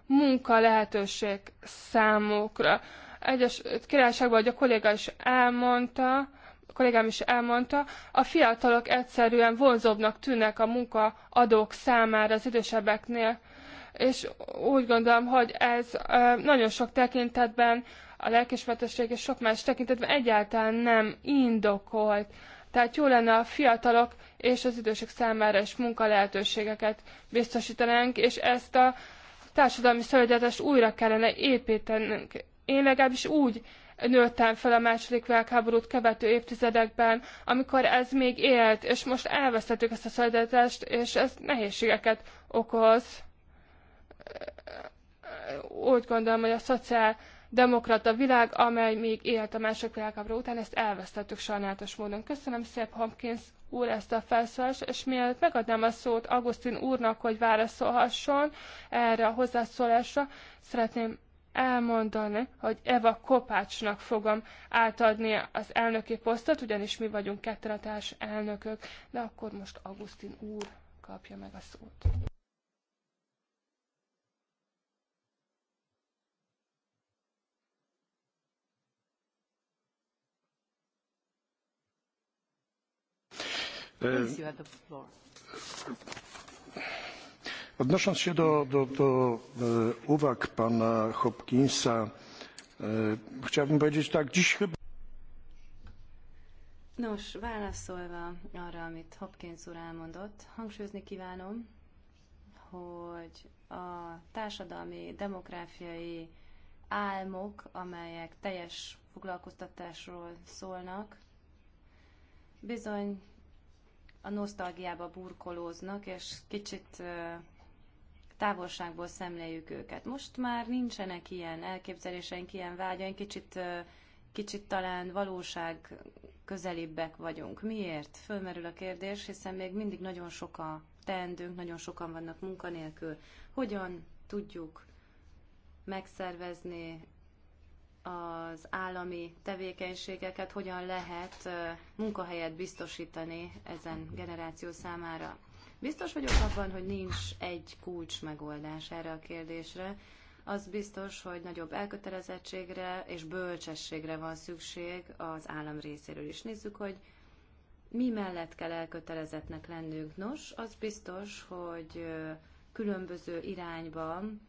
munka lehetőség számukra. Egyes királyságban, hogy a kolléga is elmondta, a kollégám is elmondta, a fiatalok egyszerűen vonzóbbnak tűnnek a munkaadók számára az idősebbeknél. És úgy gondolom, hogy ez nagyon sok tekintetben, a lelkismertesség és sok más tekintetben egyáltalán nem indokolt. Tehát jó lenne a fiatalok és az idősek számára is munkalehetőségeket biztosítanánk, és ezt a társadalmi szolidaritást újra kellene építenünk. Én legalábbis úgy nőttem fel a második világháborút követő évtizedekben, amikor ez még élt, és most elvesztettük ezt a szolidaritást, és ez nehézségeket okoz. Úgy gondolom, hogy a szociál demokrata világ, amely még élt a második világháború után, ezt elvesztettük sajnálatos módon. Köszönöm szép Hopkins úr ezt a felszólást, és mielőtt megadnám a szót Augustin úrnak, hogy válaszolhasson erre a hozzászólásra, szeretném elmondani, hogy Eva Kopácsnak fogom átadni az elnöki posztot, ugyanis mi vagyunk ketteletás elnökök, de akkor most Augustin úr kapja meg a szót. E, Odnosząc się do, do e, uwag pana Hopkinsa, e, chciałbym powiedzieć tak, dziś chyba... Nos, válaszolva arra, amit Hopkins úr elmondott, hangsúlyozni kívánom, hogy a társadalmi, demográfiai álmok, amelyek teljes foglalkoztatásról szólnak, bizony a nosztalgiába burkolóznak, és kicsit távolságból szemléljük őket. Most már nincsenek ilyen elképzeléseink, ilyen vágyaink, kicsit, kicsit talán valóság közelibbek vagyunk. Miért? Fölmerül a kérdés, hiszen még mindig nagyon sok a teendőnk, nagyon sokan vannak munkanélkül. Hogyan tudjuk megszervezni az állami tevékenységeket hogyan lehet munkahelyet biztosítani ezen generáció számára. Biztos vagyok abban, hogy nincs egy kulcs megoldás erre a kérdésre. Az biztos, hogy nagyobb elkötelezettségre és bölcsességre van szükség az állam részéről is. Nézzük, hogy mi mellett kell elkötelezettnek lennünk. Nos, az biztos, hogy különböző irányban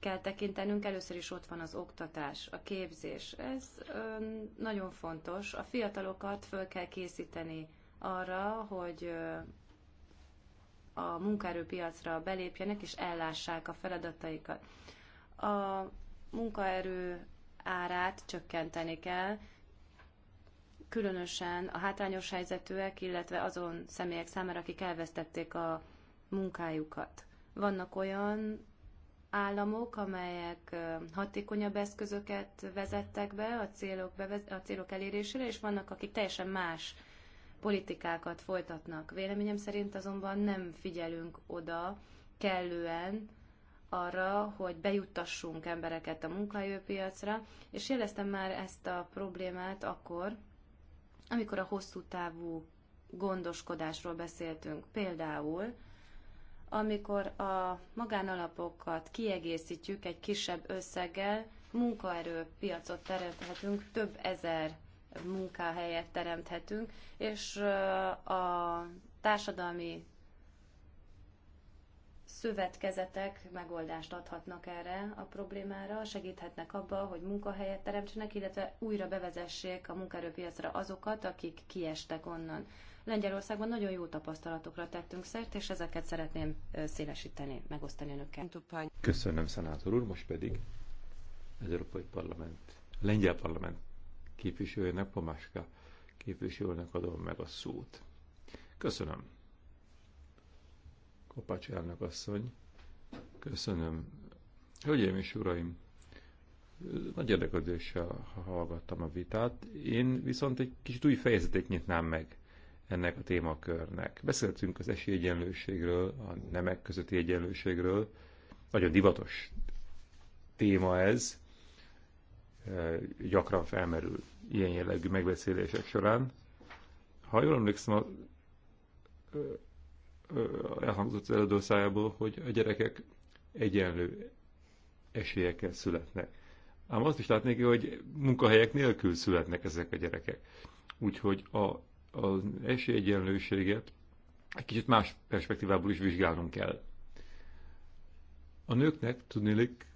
kell tekintenünk. Először is ott van az oktatás, a képzés. Ez nagyon fontos. A fiatalokat föl kell készíteni arra, hogy a munkaerőpiacra belépjenek és ellássák a feladataikat. A munkaerő árát csökkenteni kell, különösen a hátrányos helyzetűek, illetve azon személyek számára, akik elvesztették a munkájukat. Vannak olyan államok, amelyek hatékonyabb eszközöket vezettek be a célok, a célok elérésére, és vannak, akik teljesen más politikákat folytatnak. Véleményem szerint azonban nem figyelünk oda kellően arra, hogy bejuttassunk embereket a munkahelyőpiacra, és jeleztem már ezt a problémát akkor, amikor a hosszú távú gondoskodásról beszéltünk. Például amikor a magánalapokat kiegészítjük egy kisebb összeggel, munkaerőpiacot teremthetünk, több ezer munkahelyet teremthetünk, és a társadalmi szövetkezetek megoldást adhatnak erre a problémára, segíthetnek abba, hogy munkahelyet teremtsenek, illetve újra bevezessék a munkaerőpiacra azokat, akik kiestek onnan. Lengyelországban nagyon jó tapasztalatokra tettünk szert, és ezeket szeretném szélesíteni, megosztani önökkel. Köszönöm, szenátor úr, most pedig az Európai Parlament, Lengyel Parlament képviselőjének, Pamáska képviselőnek adom meg a szót. Köszönöm. Kopács elnök asszony, köszönöm. Hölgyeim és uraim, nagy érdeklődéssel hallgattam a vitát, én viszont egy kicsit új fejezetét nyitnám meg ennek a témakörnek. Beszéltünk az esélyegyenlőségről, a nemek közötti egyenlőségről. Nagyon divatos téma ez, e, gyakran felmerül ilyen jellegű megbeszélések során. Ha jól emlékszem, a, elhangzott az előadó szájából, hogy a gyerekek egyenlő esélyekkel születnek. Ám azt is látnék, hogy munkahelyek nélkül születnek ezek a gyerekek. Úgyhogy a az esélyegyenlőséget egy kicsit más perspektívából is vizsgálnunk kell. A nőknek tudnélik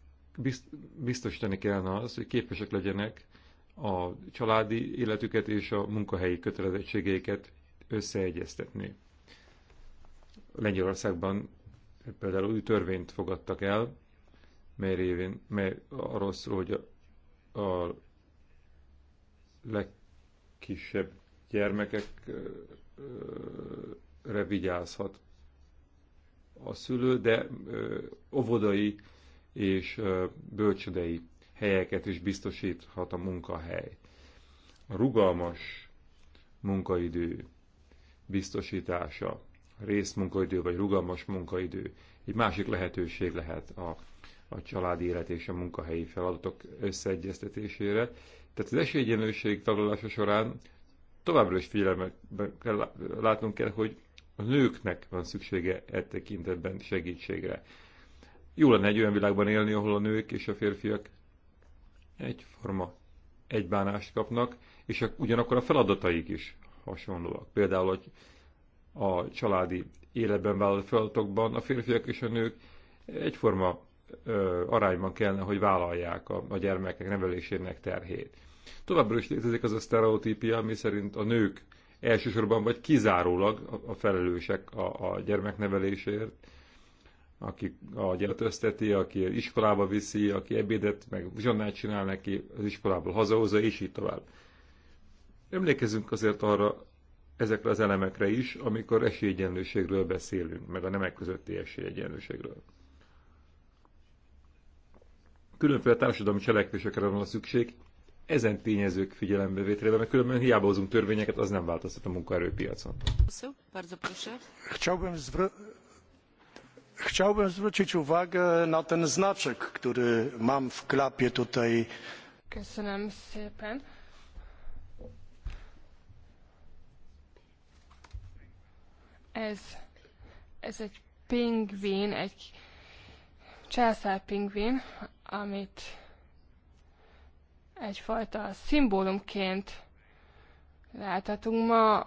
biztosítani kellene az, hogy képesek legyenek a családi életüket és a munkahelyi kötelezettségeiket összeegyeztetni. Lengyelországban például új törvényt fogadtak el, mely, révén, mely arról szól, hogy a, a legkisebb gyermekekre vigyázhat a szülő, de óvodai és bölcsödei helyeket is biztosíthat a munkahely. A rugalmas munkaidő biztosítása, részmunkaidő vagy rugalmas munkaidő egy másik lehetőség lehet a, a családi élet és a munkahelyi feladatok összeegyeztetésére. Tehát az esélyegyenlőség tanulása során továbbra is figyelemben kell látnunk kell, hogy a nőknek van szüksége e tekintetben segítségre. Jó lenne egy olyan világban élni, ahol a nők és a férfiak egyforma egybánást kapnak, és a, ugyanakkor a feladataik is hasonlóak. Például, hogy a családi életben vállalt feladatokban a férfiak és a nők egyforma ö, arányban kellene, hogy vállalják a, a gyermekek nevelésének terhét. Továbbra is létezik az a sztereotípia, ami szerint a nők elsősorban vagy kizárólag a felelősek a, a gyermeknevelésért, aki a gyerek öszteti, aki iskolába viszi, aki ebédet, meg zsonnát csinál neki, az iskolából hazahozza, és így tovább. Emlékezzünk azért arra, ezekre az elemekre is, amikor esélyegyenlőségről beszélünk, meg a nemek közötti esélyegyenlőségről. Különféle társadalmi cselekvésekre van a szükség, ezen tényezők figyelembevételével, mert különben hiába hozunk törvényeket, az nem változtat a munkaerőpiacon. Chciałbym, Chciałbym zwrócić uwagę na ten znaczek, który mam w klapie tutaj. Köszönöm szépen. Ez, ez egy pingvin, egy pingvin, amit egyfajta szimbólumként láthatunk ma.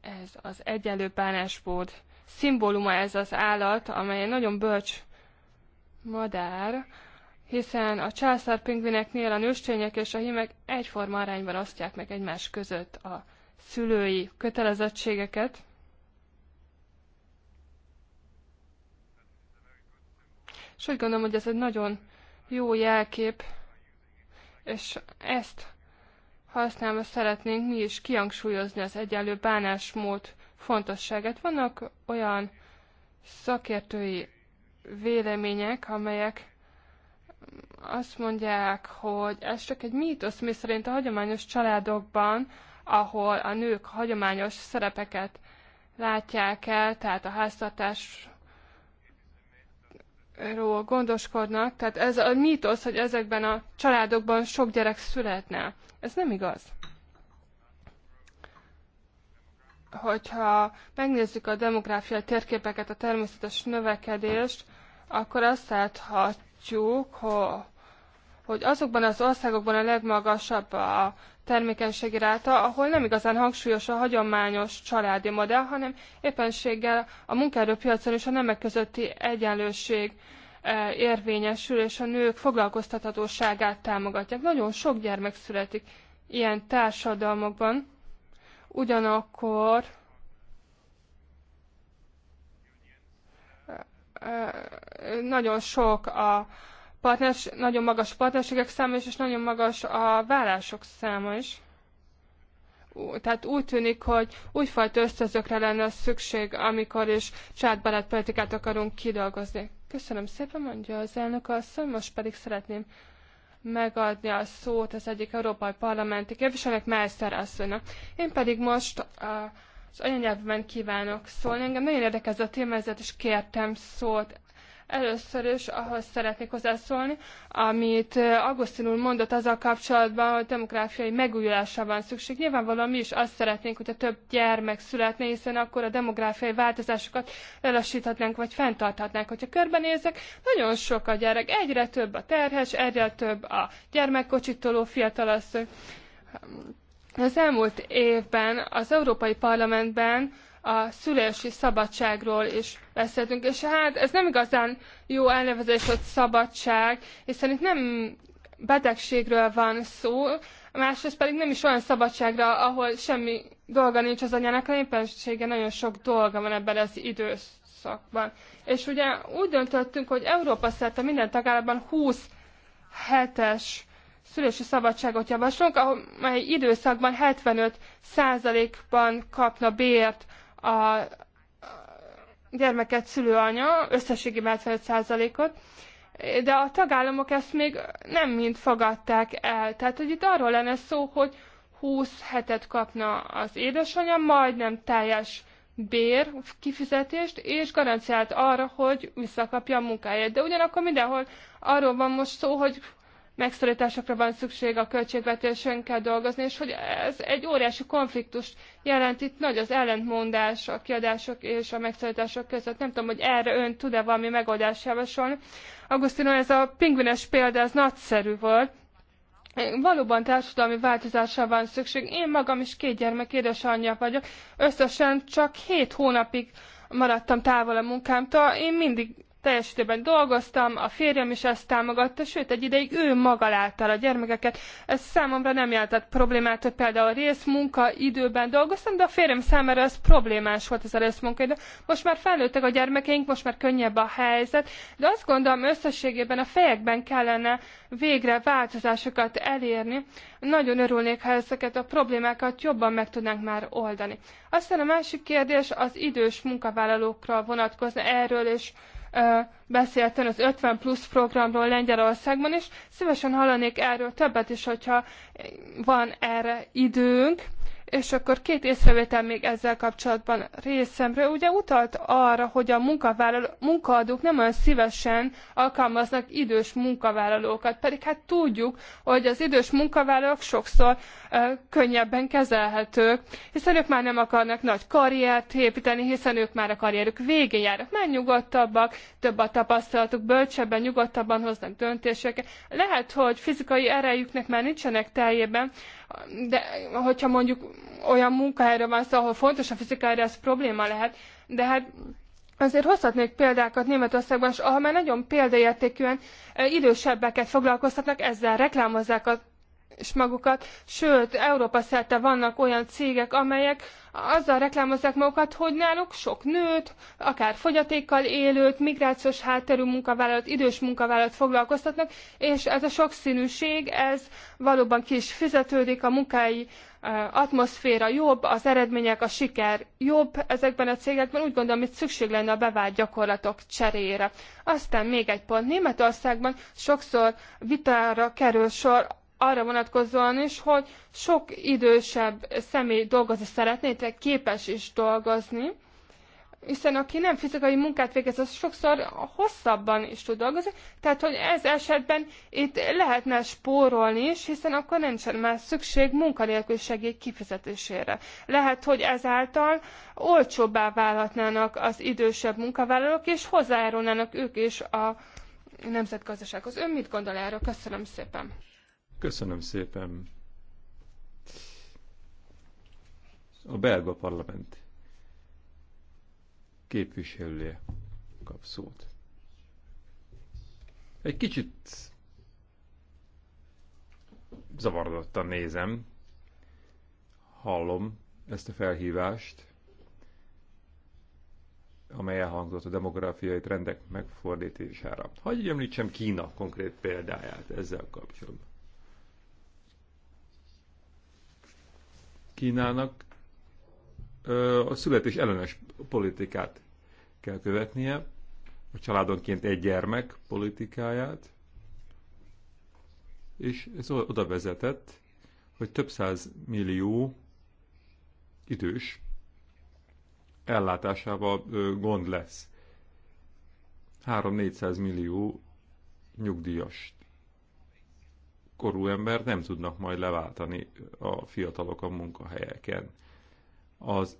Ez az egyenlő bánásmód szimbóluma ez az állat, amely egy nagyon bölcs madár, hiszen a pingvineknél a nőstények és a hímek egyforma arányban osztják meg egymás között a szülői kötelezettségeket. És úgy gondolom, hogy ez egy nagyon jó jelkép és ezt használva szeretnénk mi is kihangsúlyozni az egyenlő bánásmód fontosságát. Vannak olyan szakértői vélemények, amelyek azt mondják, hogy ez csak egy mítosz, mi szerint a hagyományos családokban, ahol a nők hagyományos szerepeket látják el, tehát a háztartás ról gondoskodnak, tehát ez a mítosz, hogy ezekben a családokban sok gyerek születne. Ez nem igaz. Hogyha megnézzük a demográfiai térképeket, a természetes növekedést, akkor azt láthatjuk, hogy azokban az országokban a legmagasabb a termékenység iránta, ahol nem igazán hangsúlyos a hagyományos családi modell, hanem éppenséggel a munkaerőpiacon és a nemek közötti egyenlőség e, érvényesül, és a nők foglalkoztathatóságát támogatják. Nagyon sok gyermek születik ilyen társadalmakban, ugyanakkor e, e, nagyon sok a, partners, nagyon magas a partnerségek száma is, és nagyon magas a vállások száma is. Tehát úgy tűnik, hogy újfajta ösztözökre lenne a szükség, amikor is családbarát politikát akarunk kidolgozni. Köszönöm szépen, mondja az elnök asszony, most pedig szeretném megadni a szót az egyik európai parlamenti képviselőnek, Mászter asszonynak. Én pedig most a, az anyanyelvben kívánok szólni. Engem nagyon érdekez a témázat, és kértem szót. Először is ahhoz szeretnék hozzászólni, amit eh, Augustin úr mondott azzal kapcsolatban, hogy demográfiai megújulásra van szükség. Nyilvánvalóan mi is azt szeretnénk, hogy a több gyermek születne, hiszen akkor a demográfiai változásokat lelassíthatnánk, vagy fenntarthatnánk. Hogyha körbenézek, nagyon sok a gyerek, egyre több a terhes, egyre több a gyermekkocsitoló fiatalasszony. Az elmúlt évben az Európai Parlamentben a szülési szabadságról is beszéltünk, és hát ez nem igazán jó elnevezés, hogy szabadság, hiszen itt nem betegségről van szó, másrészt pedig nem is olyan szabadságra, ahol semmi dolga nincs az anyának, a nagyon sok dolga van ebben az időszakban. És ugye úgy döntöttünk, hogy Európa szerte minden tagállamban 20 hetes szülési szabadságot javaslunk, amely időszakban 75%-ban kapna bért a gyermeket szülőanya, összességében 75%-ot, de a tagállamok ezt még nem mind fogadták el. Tehát, hogy itt arról lenne szó, hogy 20 hetet kapna az édesanyja, majdnem teljes bér, kifizetést, és garanciált arra, hogy visszakapja a munkáját. De ugyanakkor mindenhol arról van most szó, hogy megszorításokra van szükség, a költségvetésen kell dolgozni, és hogy ez egy óriási konfliktus jelent itt, nagy az ellentmondás a kiadások és a megszorítások között. Nem tudom, hogy erre ön tud-e valami megoldást javasolni. Augustino, ez a pingvines példa, ez nagyszerű volt. Valóban társadalmi változásra van szükség. Én magam is két gyermek édesanyja vagyok. Összesen csak hét hónapig maradtam távol a munkámtól. Én mindig teljes időben dolgoztam, a férjem is ezt támogatta, sőt egy ideig ő maga látta a gyermekeket. Ez számomra nem jelentett problémát, hogy például részmunka időben dolgoztam, de a férjem számára ez problémás volt ez a részmunka. idő. Most már felnőttek a gyermekeink, most már könnyebb a helyzet, de azt gondolom összességében a fejekben kellene végre változásokat elérni. Nagyon örülnék, ha ezeket a problémákat jobban meg tudnánk már oldani. Aztán a másik kérdés az idős munkavállalókra vonatkozna erről, és beszélten az 50 plusz programról Lengyelországban, és szívesen hallanék erről többet is, hogyha van erre időnk, és akkor két észrevétel még ezzel kapcsolatban részemről. Ugye utalt arra, hogy a munkaadók nem olyan szívesen alkalmaznak idős munkavállalókat, pedig hát tudjuk, hogy az idős munkavállalók sokszor ö, könnyebben kezelhetők, hiszen ők már nem akarnak nagy karriert építeni, hiszen ők már a karrierük végén járnak, már nyugodtabbak, több a tapasztalatuk, bölcsebben, nyugodtabban hoznak döntéseket. Lehet, hogy fizikai erejüknek már nincsenek teljében, de hogyha mondjuk olyan munkahelyről van szó, ahol fontos a fizikára, ez probléma lehet, de hát Azért hozhatnék példákat Németországban, és ahol már nagyon példaértékűen idősebbeket foglalkoztatnak, ezzel reklámozzák a és magukat, sőt, Európa szerte vannak olyan cégek, amelyek azzal reklámozzák magukat, hogy náluk sok nőt, akár fogyatékkal élőt, migrációs hátterű munkavállalat, idős munkavállalat foglalkoztatnak, és ez a sokszínűség, ez valóban ki is fizetődik, a munkai atmoszféra jobb, az eredmények, a siker jobb ezekben a cégekben, úgy gondolom, itt szükség lenne a bevált gyakorlatok cseréjére. Aztán még egy pont. Németországban sokszor vitára kerül sor arra vonatkozóan is, hogy sok idősebb személy dolgozni szeretné, tehát képes is dolgozni, hiszen aki nem fizikai munkát végez, az sokszor hosszabban is tud dolgozni, tehát hogy ez esetben itt lehetne spórolni is, hiszen akkor nincsen már szükség munkanélkül segély kifizetésére. Lehet, hogy ezáltal olcsóbbá válhatnának az idősebb munkavállalók, és hozzájárulnának ők is a nemzetgazdasághoz. Ön mit gondol erről? Köszönöm szépen! Köszönöm szépen. A belga parlament képviselője kap szót. Egy kicsit zavarodottan nézem, hallom ezt a felhívást, amely elhangzott a demográfiai trendek megfordítására. Hagyj említsem Kína konkrét példáját ezzel kapcsolatban. Kínának a születés ellenes politikát kell követnie, a családonként egy gyermek politikáját, és ez oda vezetett, hogy több száz millió idős ellátásával gond lesz. 3-400 millió nyugdíjast korú ember nem tudnak majd leváltani a fiatalok a munkahelyeken. Az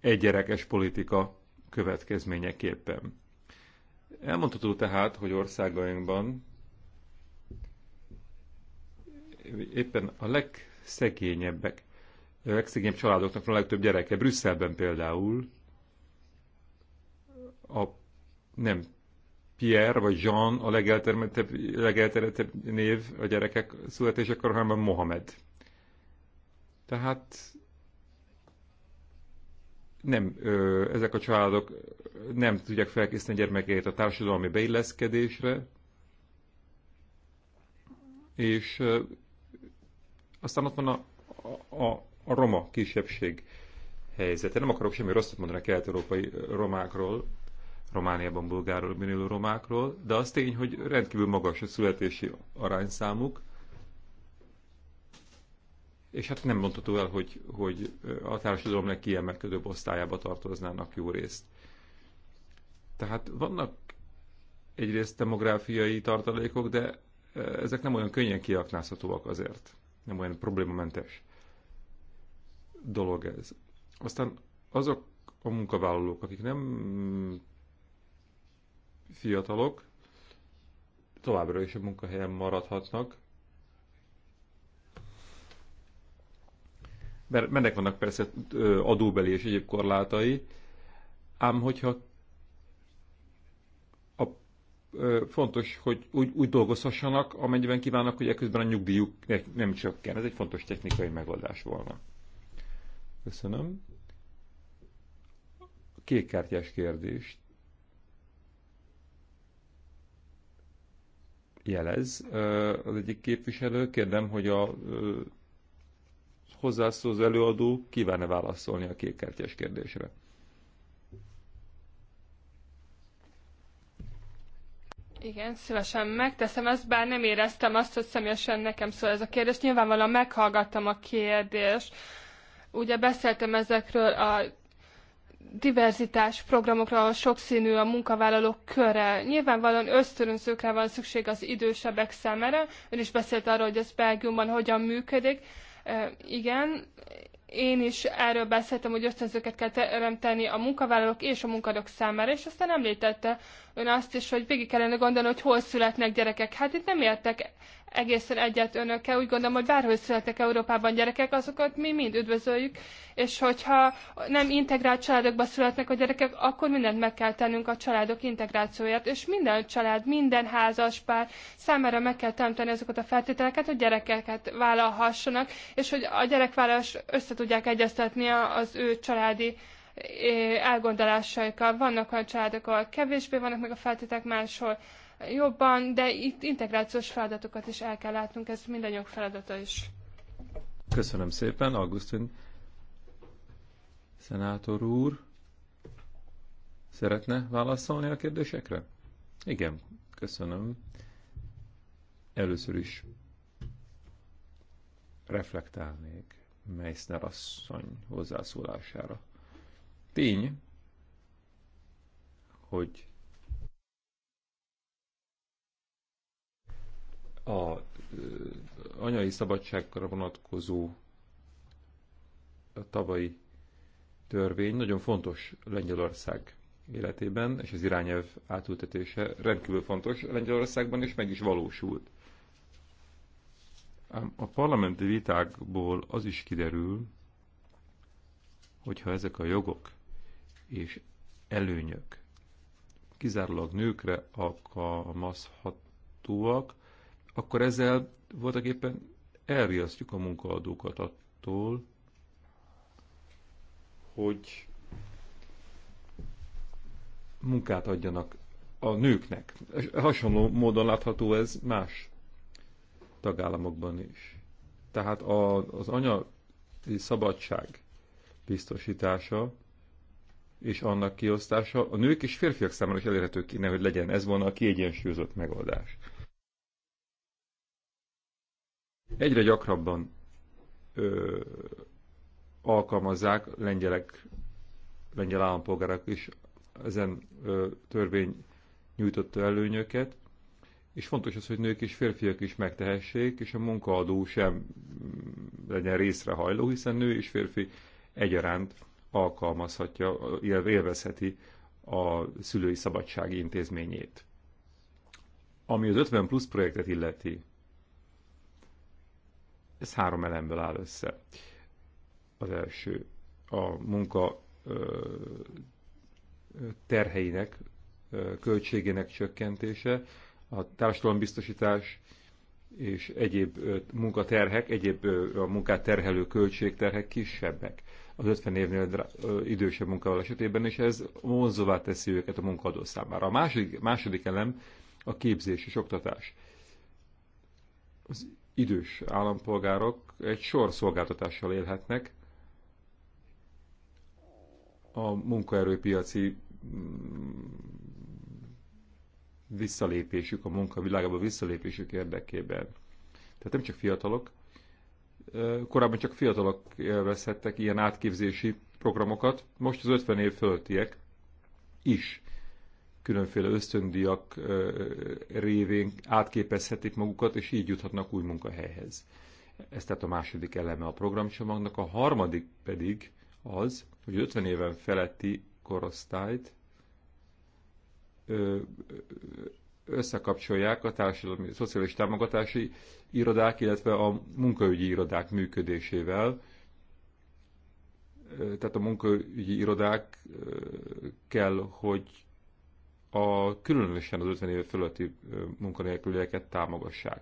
egyerekes politika következményeképpen. Elmondható tehát, hogy országainkban éppen a legszegényebbek, a legszegényebb családoknak a legtöbb gyereke, Brüsszelben például, a nem Pierre vagy Jean a legelterjedtebb, név a gyerekek születésekor, hanem Mohamed. Tehát nem, ö, ezek a családok nem tudják felkészíteni gyermekeit a társadalmi beilleszkedésre, és ö, aztán ott van a, a, a roma kisebbség helyzete. Nem akarok semmi rosszat mondani a kelet-európai romákról, Romániában bulgáról minőlő romákról, de az tény, hogy rendkívül magas a születési arányszámuk, és hát nem mondható el, hogy, hogy a társadalom legkiemelkedőbb osztályába tartoznának jó részt. Tehát vannak egyrészt demográfiai tartalékok, de e, ezek nem olyan könnyen kiaknázhatóak azért. Nem olyan problémamentes dolog ez. Aztán azok a munkavállalók, akik nem fiatalok továbbra is a munkahelyen maradhatnak. Mert mennek vannak persze adóbeli és egyéb korlátai, ám hogyha a, ö, fontos, hogy úgy, úgy dolgozhassanak, amennyiben kívánnak, hogy ekközben a nyugdíjuk nem csökken. Ez egy fontos technikai megoldás volna. Köszönöm. Kékkártyás kérdést jelez az egyik képviselő. Kérdem, hogy a hozzászó az előadó kíván-e válaszolni a kékkártyás kérdésre? Igen, szívesen megteszem ezt, bár nem éreztem azt, hogy személyesen nekem szól ez a kérdés. Nyilvánvalóan meghallgattam a kérdést. Ugye beszéltem ezekről a diverzitás programokra, a sokszínű a munkavállalók köre. Nyilvánvalóan ösztönözőkre van szükség az idősebbek számára. Ön is beszélt arról, hogy ez Belgiumban hogyan működik. E, igen, én is erről beszéltem, hogy ösztönzőket kell teremteni a munkavállalók és a munkadók számára, és aztán említette ön azt is, hogy végig kellene gondolni, hogy hol születnek gyerekek. Hát itt nem értek egészen egyet önökkel. Úgy gondolom, hogy bárhol születnek Európában gyerekek, azokat mi mind üdvözöljük, és hogyha nem integrált családokba születnek a gyerekek, akkor mindent meg kell tennünk a családok integrációját, és minden család, minden házas pár számára meg kell teremteni azokat a feltételeket, hogy gyerekeket vállalhassanak, és hogy a gyerekvállalás össze tudják egyeztetni az ő családi eh, elgondolásaikkal. Vannak olyan családok, ahol kevésbé vannak meg a feltételek, máshol jobban, de itt integrációs feladatokat is el kell látnunk, ez mindannyiunk feladata is. Köszönöm szépen, Augustin szenátor úr. Szeretne válaszolni a kérdésekre? Igen, köszönöm. Először is reflektálnék Meissner asszony hozzászólására. Tény, hogy a anyai szabadságra vonatkozó tavalyi törvény nagyon fontos Lengyelország életében, és az irányelv átültetése rendkívül fontos Lengyelországban, és meg is valósult. Ám a parlamenti vitákból az is kiderül, hogyha ezek a jogok és előnyök kizárólag nőkre alkalmazhatóak, akkor ezzel voltak éppen elriasztjuk a munkaadókat attól, hogy munkát adjanak a nőknek. Hasonló módon látható ez más tagállamokban is. Tehát a, az anya szabadság biztosítása és annak kiosztása a nők és férfiak számára is elérhető kéne, hogy legyen. Ez volna a kiegyensúlyozott megoldás. Egyre gyakrabban ö, alkalmazzák lengyelek, lengyel állampolgárok is ezen ö, törvény nyújtotta előnyöket, és fontos az, hogy nők és férfiak is megtehessék, és a munkaadó sem mm, legyen részrehajló, hiszen nő és férfi egyaránt alkalmazhatja, élvezheti a szülői szabadság intézményét. Ami az 50 plusz projektet illeti, ez három elemből áll össze. Az első a munka terheinek, költségének csökkentése, a társadalombiztosítás és egyéb munkaterhek, egyéb a munkát terhelő költségterhek kisebbek az 50 évnél idősebb munkával esetében, és ez vonzóvá teszi őket a munkadó számára. A második, második elem a képzés és oktatás. Az idős állampolgárok egy sor szolgáltatással élhetnek a munkaerőpiaci mm, visszalépésük, a munkavilágába visszalépésük érdekében. Tehát nem csak fiatalok, korábban csak fiatalok élvezhettek ilyen átképzési programokat, most az 50 év fölöttiek is különféle ösztöndiak révén átképezhetik magukat, és így juthatnak új munkahelyhez. Ez tehát a második eleme a programcsomagnak. A harmadik pedig az, hogy 50 éven feletti korosztályt összekapcsolják a társadalmi, a szociális támogatási irodák, illetve a munkaügyi irodák működésével. Tehát a munkaügyi irodák kell, hogy a, különösen az 50 év fölötti munkanélkülieket támogassák.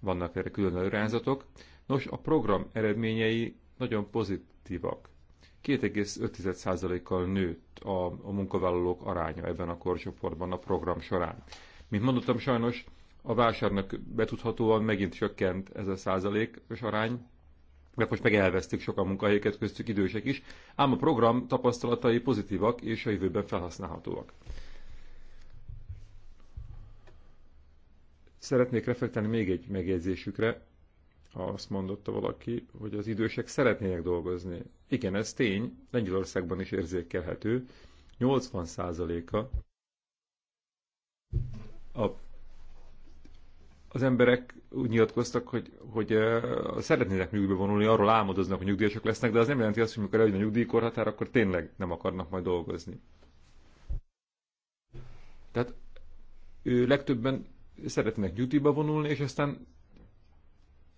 Vannak erre külön előrányzatok. Nos, a program eredményei nagyon pozitívak. 2,5%-kal nőtt a, a munkavállalók aránya ebben a korcsoportban a program során. Mint mondottam, sajnos a vásárnak betudhatóan megint csökkent ez a százalékos arány, mert most meg elvesztik sokan munkahelyeket, köztük idősek is, ám a program tapasztalatai pozitívak és a jövőben felhasználhatóak. Szeretnék reflektálni még egy megjegyzésükre. Azt mondotta valaki, hogy az idősek szeretnének dolgozni. Igen, ez tény, Lengyelországban is érzékelhető. 80%-a a, az emberek úgy nyilatkoztak, hogy, hogy uh, szeretnének nyugdíjba vonulni, arról álmodoznak, hogy nyugdíjasok lesznek, de az nem jelenti azt, hogy amikor eljön a nyugdíjkorhatár, akkor tényleg nem akarnak majd dolgozni. Tehát ő legtöbben szeretnének nyugdíjba vonulni, és aztán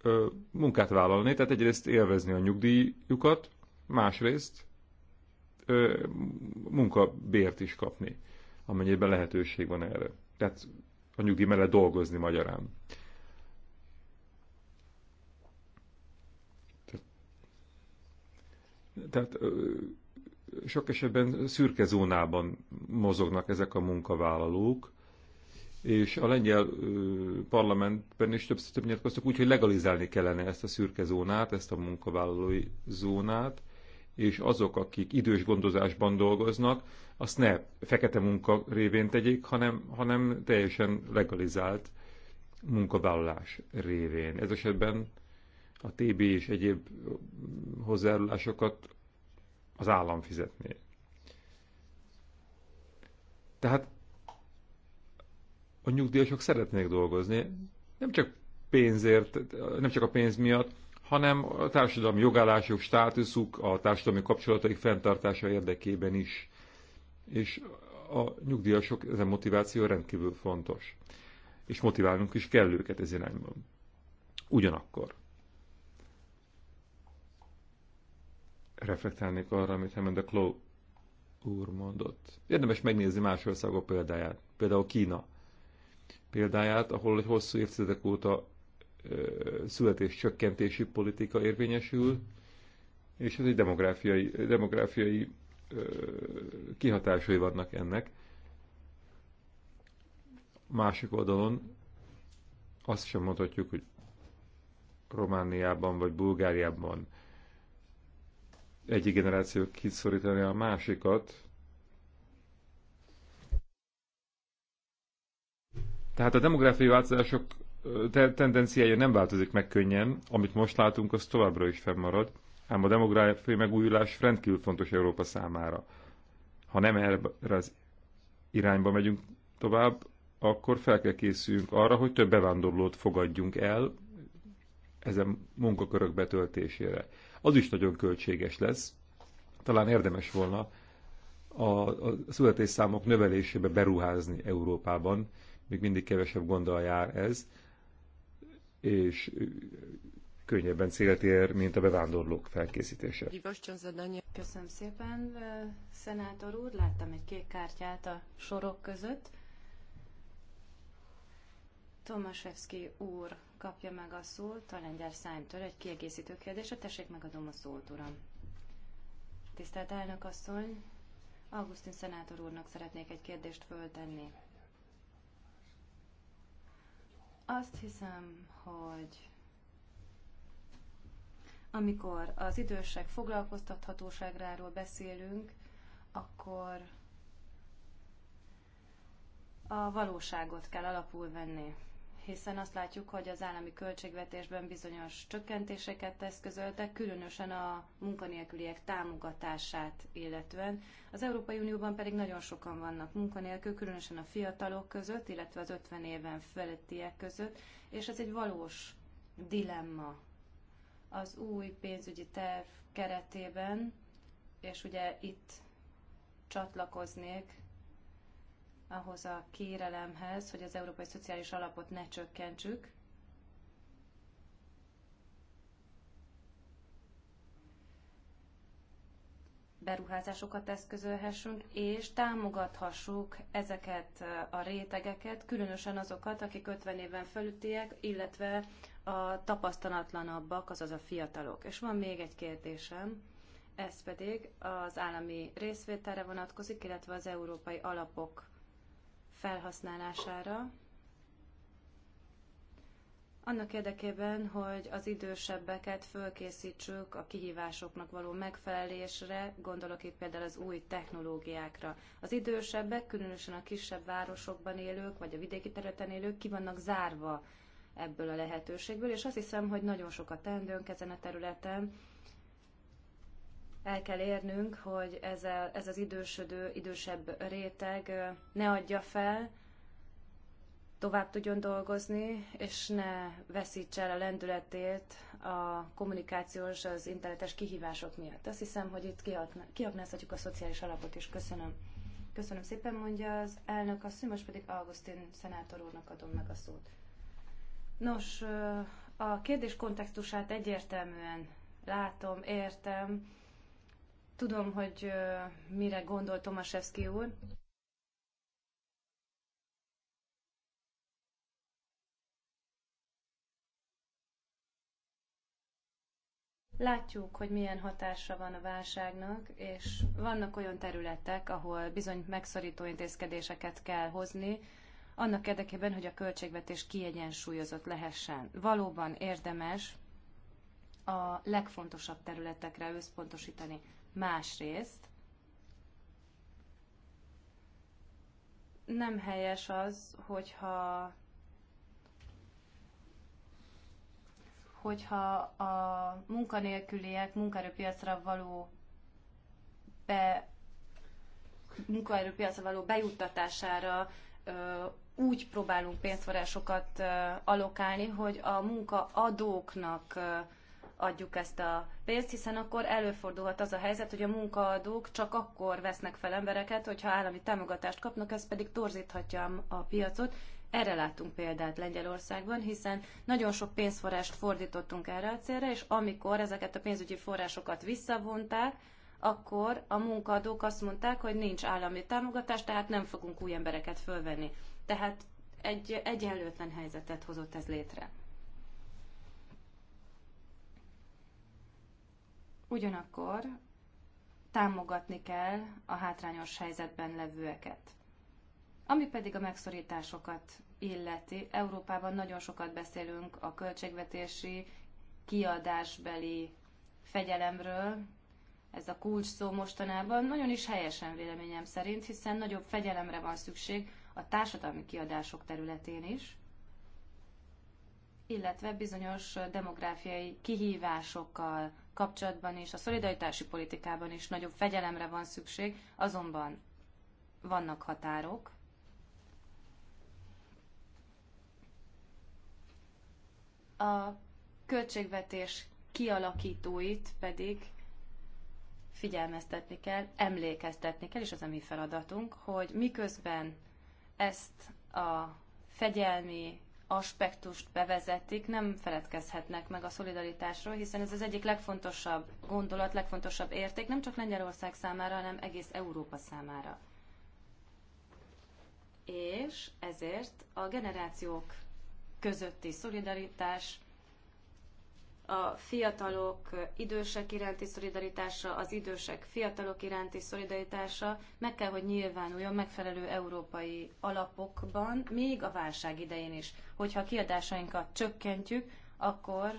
ö, munkát vállalni, tehát egyrészt élvezni a nyugdíjukat, másrészt ö, munkabért is kapni, amennyiben lehetőség van erre. Tehát a nyugdíj mellett dolgozni magyarán. Tehát ö, sok esetben szürke zónában mozognak ezek a munkavállalók, és a lengyel parlamentben is többször több nyilatkoztak úgy, hogy legalizálni kellene ezt a szürke zónát, ezt a munkavállalói zónát, és azok, akik idős gondozásban dolgoznak, azt ne fekete munka révén tegyék, hanem, hanem teljesen legalizált munkavállalás révén. Ez esetben a TB és egyéb hozzájárulásokat az állam fizetné. Tehát a nyugdíjasok szeretnék dolgozni, nem csak pénzért, nem csak a pénz miatt, hanem a társadalmi jogállások, státuszuk, a társadalmi kapcsolataik fenntartása érdekében is. És a nyugdíjasok ez a motiváció rendkívül fontos. És motiválnunk is kell őket ez irányban. Ugyanakkor. Reflektálnék arra, amit Hammond a Klo úr mondott. Érdemes megnézni más országok példáját. Például Kína példáját, ahol egy hosszú évtizedek óta születés csökkentési politika érvényesül, és ez egy demográfiai, demográfiai kihatásai vannak ennek. Másik oldalon azt sem mondhatjuk, hogy Romániában vagy Bulgáriában egy generáció kiszorítani a másikat, Tehát a demográfiai változások tendenciája nem változik meg könnyen, amit most látunk, az továbbra is fennmarad, ám a demográfiai megújulás rendkívül fontos Európa számára. Ha nem erre az irányba megyünk tovább, akkor fel kell készüljünk arra, hogy több bevándorlót fogadjunk el ezen munkakörök betöltésére. Az is nagyon költséges lesz. Talán érdemes volna a, a születésszámok növelésébe beruházni Európában, még mindig kevesebb gonddal jár ez, és könnyebben célt ér, mint a bevándorlók felkészítése. Köszönöm szépen, szenátor úr. Láttam egy kék kártyát a sorok között. Tomaszewski úr kapja meg a szót a lengyel szájmtől egy kiegészítő kérdésre. Tessék, megadom a szót, uram. Tisztelt elnök asszony, Augustin szenátor úrnak szeretnék egy kérdést föltenni. Azt hiszem, hogy amikor az idősek foglalkoztathatóságráról beszélünk, akkor a valóságot kell alapul venni hiszen azt látjuk, hogy az állami költségvetésben bizonyos csökkentéseket eszközöltek, különösen a munkanélküliek támogatását illetően. Az Európai Unióban pedig nagyon sokan vannak munkanélkül, különösen a fiatalok között, illetve az 50 éven felettiek között, és ez egy valós dilemma az új pénzügyi terv keretében, és ugye itt csatlakoznék ahhoz a kérelemhez, hogy az Európai Szociális Alapot ne csökkentsük. beruházásokat eszközölhessünk, és támogathassuk ezeket a rétegeket, különösen azokat, akik 50 éven fölüttiek, illetve a tapasztalatlanabbak, azaz a fiatalok. És van még egy kérdésem, ez pedig az állami részvételre vonatkozik, illetve az európai alapok felhasználására, annak érdekében, hogy az idősebbeket fölkészítsük a kihívásoknak való megfelelésre, gondolok itt például az új technológiákra. Az idősebbek, különösen a kisebb városokban élők, vagy a vidéki területen élők ki vannak zárva ebből a lehetőségből, és azt hiszem, hogy nagyon sokat teendőnk ezen a területen, el kell érnünk, hogy a, ez az idősödő, idősebb réteg ne adja fel, tovább tudjon dolgozni, és ne veszítse el a lendületét a kommunikációs, az internetes kihívások miatt. Azt hiszem, hogy itt kiaknázhatjuk a szociális alapot is. Köszönöm. Köszönöm szépen, mondja az elnök asszony, most pedig Augustin szenátor úrnak adom meg a szót. Nos, a kérdés kontextusát egyértelműen látom, értem, Tudom, hogy mire gondol Tomaszewski úr. Látjuk, hogy milyen hatása van a válságnak, és vannak olyan területek, ahol bizony megszorító intézkedéseket kell hozni, annak érdekében, hogy a költségvetés kiegyensúlyozott lehessen. Valóban érdemes a legfontosabb területekre összpontosítani. Másrészt nem helyes az, hogyha hogyha a munkanélküliek munkaerőpiacra való be, munkaerőpiacra való bejuttatására ö, úgy próbálunk pénzforrásokat ö, alokálni, hogy a munkaadóknak ö, adjuk ezt a pénzt, hiszen akkor előfordulhat az a helyzet, hogy a munkaadók csak akkor vesznek fel embereket, hogyha állami támogatást kapnak, ez pedig torzíthatja a piacot. Erre láttunk példát Lengyelországban, hiszen nagyon sok pénzforrást fordítottunk erre a célra, és amikor ezeket a pénzügyi forrásokat visszavonták, akkor a munkaadók azt mondták, hogy nincs állami támogatás, tehát nem fogunk új embereket fölvenni. Tehát egy egyenlőtlen helyzetet hozott ez létre. Ugyanakkor támogatni kell a hátrányos helyzetben levőeket. Ami pedig a megszorításokat illeti, Európában nagyon sokat beszélünk a költségvetési kiadásbeli fegyelemről, ez a kulcs szó mostanában nagyon is helyesen véleményem szerint, hiszen nagyobb fegyelemre van szükség a társadalmi kiadások területén is, illetve bizonyos demográfiai kihívásokkal kapcsolatban is, a szolidaritási politikában is nagyobb fegyelemre van szükség, azonban vannak határok. A költségvetés kialakítóit pedig figyelmeztetni kell, emlékeztetni kell, és az a mi feladatunk, hogy miközben ezt a fegyelmi aspektust bevezetik, nem feledkezhetnek meg a szolidaritásról, hiszen ez az egyik legfontosabb gondolat, legfontosabb érték, nem csak Lengyelország számára, hanem egész Európa számára. És ezért a generációk közötti szolidaritás a fiatalok idősek iránti szolidaritása, az idősek fiatalok iránti szolidaritása meg kell, hogy nyilvánuljon megfelelő európai alapokban, még a válság idején is. Hogyha kiadásainkat csökkentjük, akkor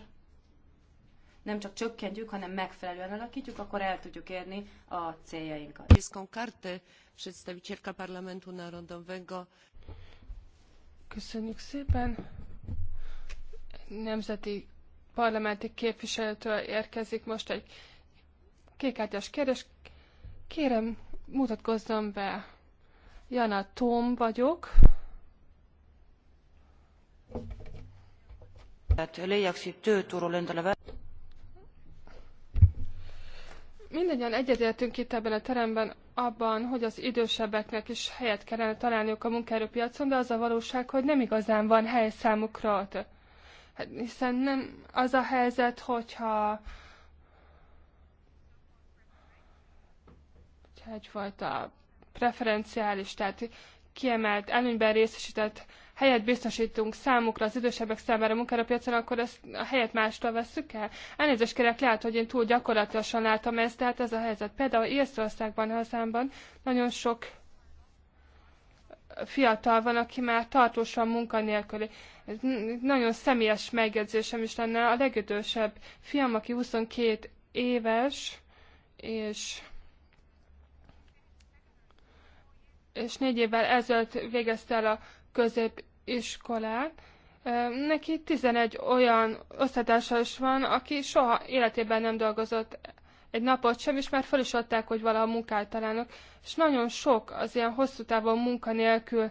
nem csak csökkentjük, hanem megfelelően alakítjuk, akkor el tudjuk érni a céljainkat. Köszönjük szépen! Nemzeti parlamenti képviselőtől érkezik most egy kékártyás kérdés. Kérem, mutatkozzon be. Jana Tom vagyok. Hát, Mindegyen egyetértünk itt ebben a teremben abban, hogy az idősebbeknek is helyet kellene találniuk a munkaerőpiacon, de az a valóság, hogy nem igazán van hely számukra ott hiszen nem az a helyzet, hogyha egyfajta preferenciális, tehát kiemelt, előnyben részesített helyet biztosítunk számukra, az idősebbek számára a munkárapiacon, akkor ezt a helyet mástól veszük el? Elnézést kérek, lehet, hogy én túl gyakorlatilag láttam ezt, tehát ez a helyzet. Például Észországban, hazámban nagyon sok fiatal van, aki már tartósan munkanélküli. Ez nagyon személyes megjegyzésem is lenne. A legidősebb fiam, aki 22 éves, és és négy évvel ezelőtt végezte el a középiskolát. Neki 11 olyan osztatása is van, aki soha életében nem dolgozott egy napot sem, és már fel is adták, hogy valaha munkát találnak. És nagyon sok az ilyen hosszú távon munkanélkül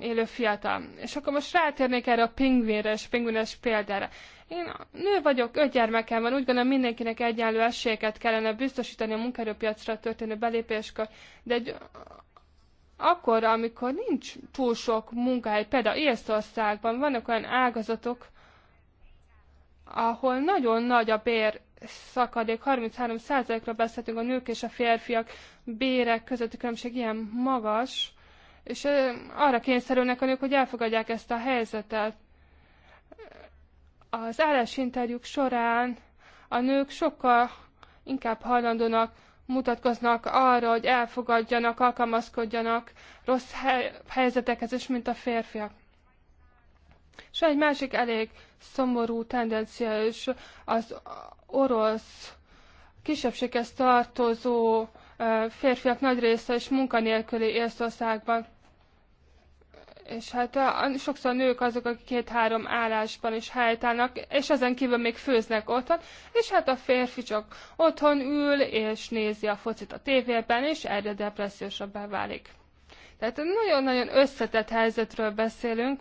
élő fiatal. És akkor most rátérnék erre a pingvinre és pingvines példára. Én nő vagyok, öt gyermekem van, úgy gondolom mindenkinek egyenlő esélyeket kellene biztosítani a munkaerőpiacra történő belépéskor, de egy, akkor, amikor nincs túl sok munkahely, például Észországban vannak olyan ágazatok, ahol nagyon nagy a bér szakadék 33%-ra beszéltünk, a nők és a férfiak bérek közötti különbség ilyen magas, és arra kényszerülnek a nők, hogy elfogadják ezt a helyzetet. Az állásinterjúk során a nők sokkal inkább hajlandónak mutatkoznak arra, hogy elfogadjanak, alkalmazkodjanak rossz helyzetekhez is, mint a férfiak. És egy másik elég szomorú tendencia is az orosz kisebbséghez tartozó férfiak nagy része is munkanélküli Észországban. És hát sokszor a nők azok, akik két-három állásban is helytállnak, és ezen kívül még főznek otthon, és hát a férfi csak otthon ül, és nézi a focit a tévében, és erre depressziósabbá válik. Tehát nagyon-nagyon összetett helyzetről beszélünk,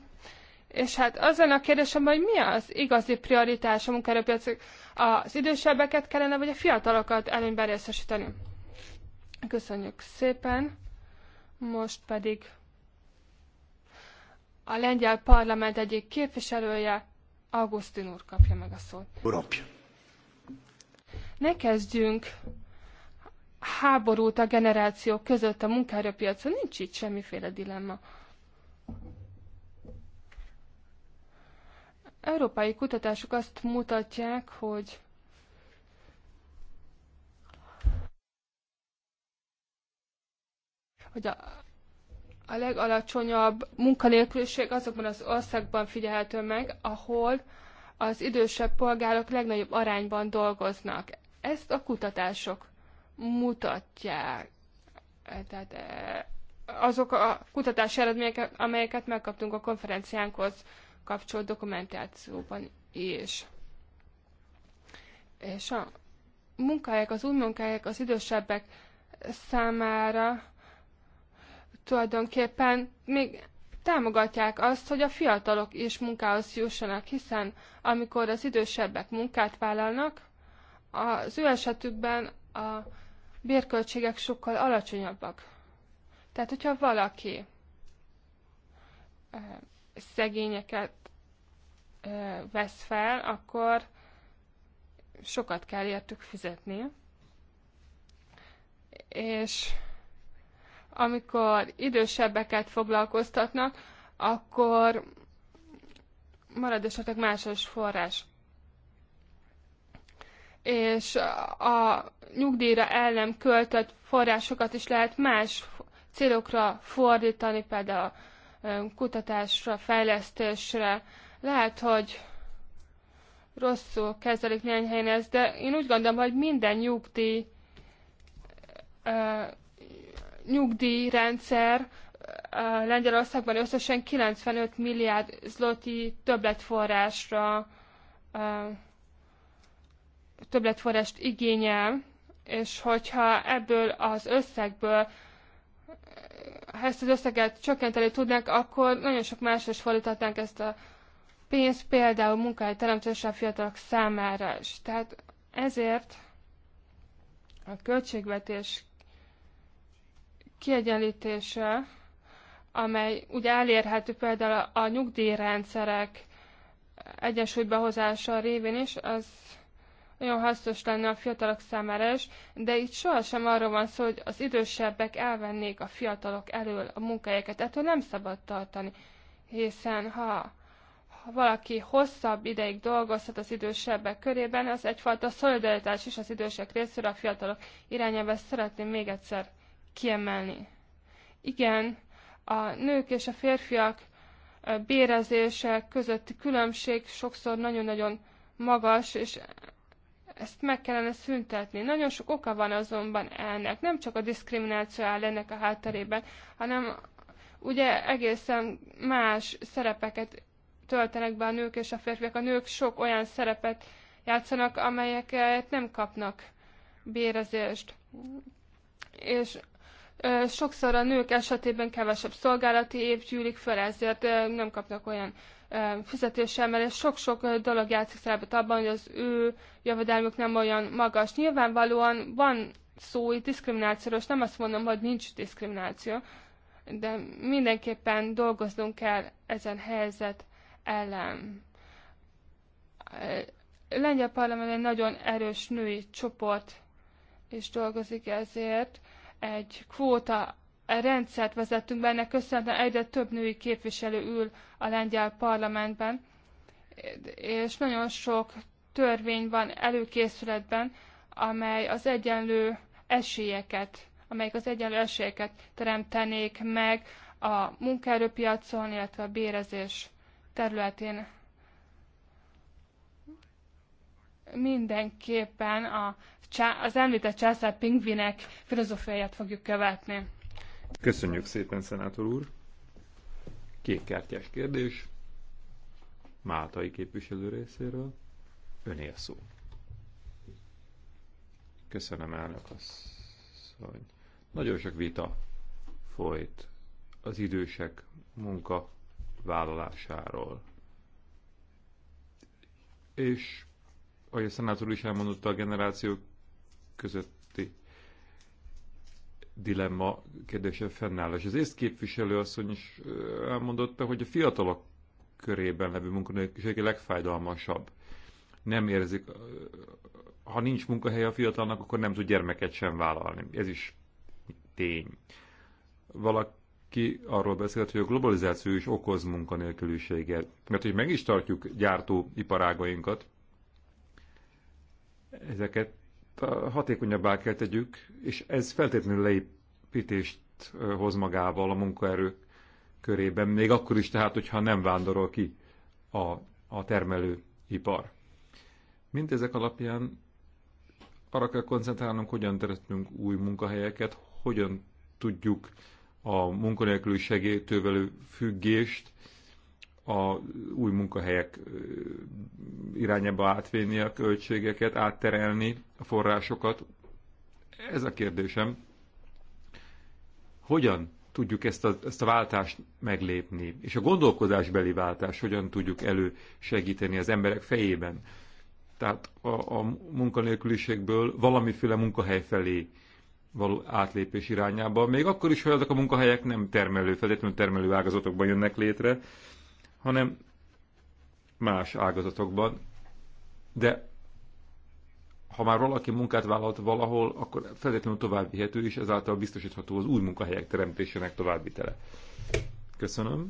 és hát az lenne a kérdésem, hogy mi az igazi prioritás a munkaerőpiacon? Az idősebbeket kellene, vagy a fiatalokat előnyben részesíteni? Köszönjük szépen. Most pedig a lengyel parlament egyik képviselője, Augustin úr kapja meg a szót. Urapja. Ne kezdjünk háborút a generációk között a munkaerőpiacon, nincs itt semmiféle dilemma. európai kutatások azt mutatják, hogy hogy a, a legalacsonyabb munkanélküliség azokban az országban figyelhető meg, ahol az idősebb polgárok legnagyobb arányban dolgoznak. Ezt a kutatások mutatják. Tehát e, azok a kutatási eredmények, amelyeket megkaptunk a konferenciánkhoz kapcsolt dokumentációban is. És a munkáják, az új munkáják az idősebbek számára tulajdonképpen még támogatják azt, hogy a fiatalok is munkához jussanak, hiszen amikor az idősebbek munkát vállalnak, az ő esetükben a bérköltségek sokkal alacsonyabbak. Tehát, hogyha valaki szegényeket vesz fel, akkor sokat kell értük fizetni. És amikor idősebbeket foglalkoztatnak, akkor marad esetleg másos forrás. És a nyugdíjra el nem költött forrásokat is lehet más célokra fordítani, például a kutatásra, fejlesztésre. Lehet, hogy rosszul kezelik néhány helyen ezt, de én úgy gondolom, hogy minden nyugdíj, nyugdíjrendszer Lengyelországban összesen 95 milliárd zloti többletforrásra többletforrást igényel, és hogyha ebből az összegből ha ezt az összeget csökkenteni tudnánk, akkor nagyon sok más is fordíthatnánk ezt a pénzt, például munkáját teremtésre a fiatalok számára is. Tehát ezért a költségvetés kiegyenlítése, amely ugye elérhető például a nyugdíjrendszerek egyensúlybehozása révén is, az nagyon hasznos lenne a fiatalok számára is, de itt sohasem arról van szó, hogy az idősebbek elvennék a fiatalok elől a munkahelyeket. Ettől nem szabad tartani, hiszen ha ha valaki hosszabb ideig dolgozhat az idősebbek körében, az egyfajta szolidaritás is az idősek részéről a fiatalok irányába ezt szeretném még egyszer kiemelni. Igen, a nők és a férfiak bérezések közötti különbség sokszor nagyon-nagyon magas, és ezt meg kellene szüntetni. Nagyon sok oka van azonban ennek, nem csak a diszkrimináció áll ennek a hátterében, hanem ugye egészen más szerepeket töltenek be a nők és a férfiak. A nők sok olyan szerepet játszanak, amelyeket nem kapnak bérezést. És ö, sokszor a nők esetében kevesebb szolgálati év gyűlik fel, ezért ö, nem kapnak olyan fizetésemelés sok-sok dolog játszik szerepet abban, hogy az ő jövedelmük nem olyan magas. Nyilvánvalóan van szó itt diszkriminációról, és nem azt mondom, hogy nincs diszkrimináció, de mindenképpen dolgoznunk kell ezen helyzet ellen. Lengyel parlament egy nagyon erős női csoport és dolgozik ezért. Egy kvóta rendszert vezettünk be, ennek köszönhetően egyre több női képviselő ül a lengyel parlamentben, és nagyon sok törvény van előkészületben, amely az egyenlő esélyeket, amelyik az egyenlő esélyeket teremtenék meg a munkaerőpiacon, illetve a bérezés területén. Mindenképpen a, az említett császár pingvinek filozófiáját fogjuk követni. Köszönjük szépen, szenátor úr. Kékkártyás kérdés. Máltai képviselő részéről. a szó. Köszönöm, elnök asszony. Nagyon sok vita folyt az idősek munka vállalásáról. És ahogy a szenátor is elmondotta, a generációk között dilemma kérdése fennáll. És az észt képviselő asszony is elmondotta, hogy a fiatalok körében levő munkanélküliség a legfájdalmasabb. Nem érzik, ha nincs munkahely a fiatalnak, akkor nem tud gyermeket sem vállalni. Ez is tény. Valaki arról beszélt, hogy a globalizáció is okoz munkanélküliséget. Mert hogy meg is tartjuk gyártóiparágainkat, ezeket hatékonyabbá kell tegyük, és ez feltétlenül leépítést hoz magával a munkaerő körében, még akkor is tehát, hogyha nem vándorol ki a, a termelőipar. Mindezek alapján arra kell koncentrálnunk, hogyan teremtünk új munkahelyeket, hogyan tudjuk a munkanélküli segélytővelő függést a új munkahelyek irányába átvinni a költségeket, átterelni a forrásokat. Ez a kérdésem. Hogyan tudjuk ezt a, ezt a váltást meglépni, és a gondolkodásbeli váltás hogyan tudjuk elősegíteni az emberek fejében. Tehát a, a munkanélküliségből valamiféle munkahely felé való átlépés irányába, még akkor is, hogy azok a munkahelyek nem termelő, feltétlenül termelő ágazatokban jönnek létre, hanem más ágazatokban. De ha már valaki munkát vállalt valahol, akkor feltétlenül tovább vihető, és ezáltal biztosítható az új munkahelyek teremtésének továbbvitele. Köszönöm.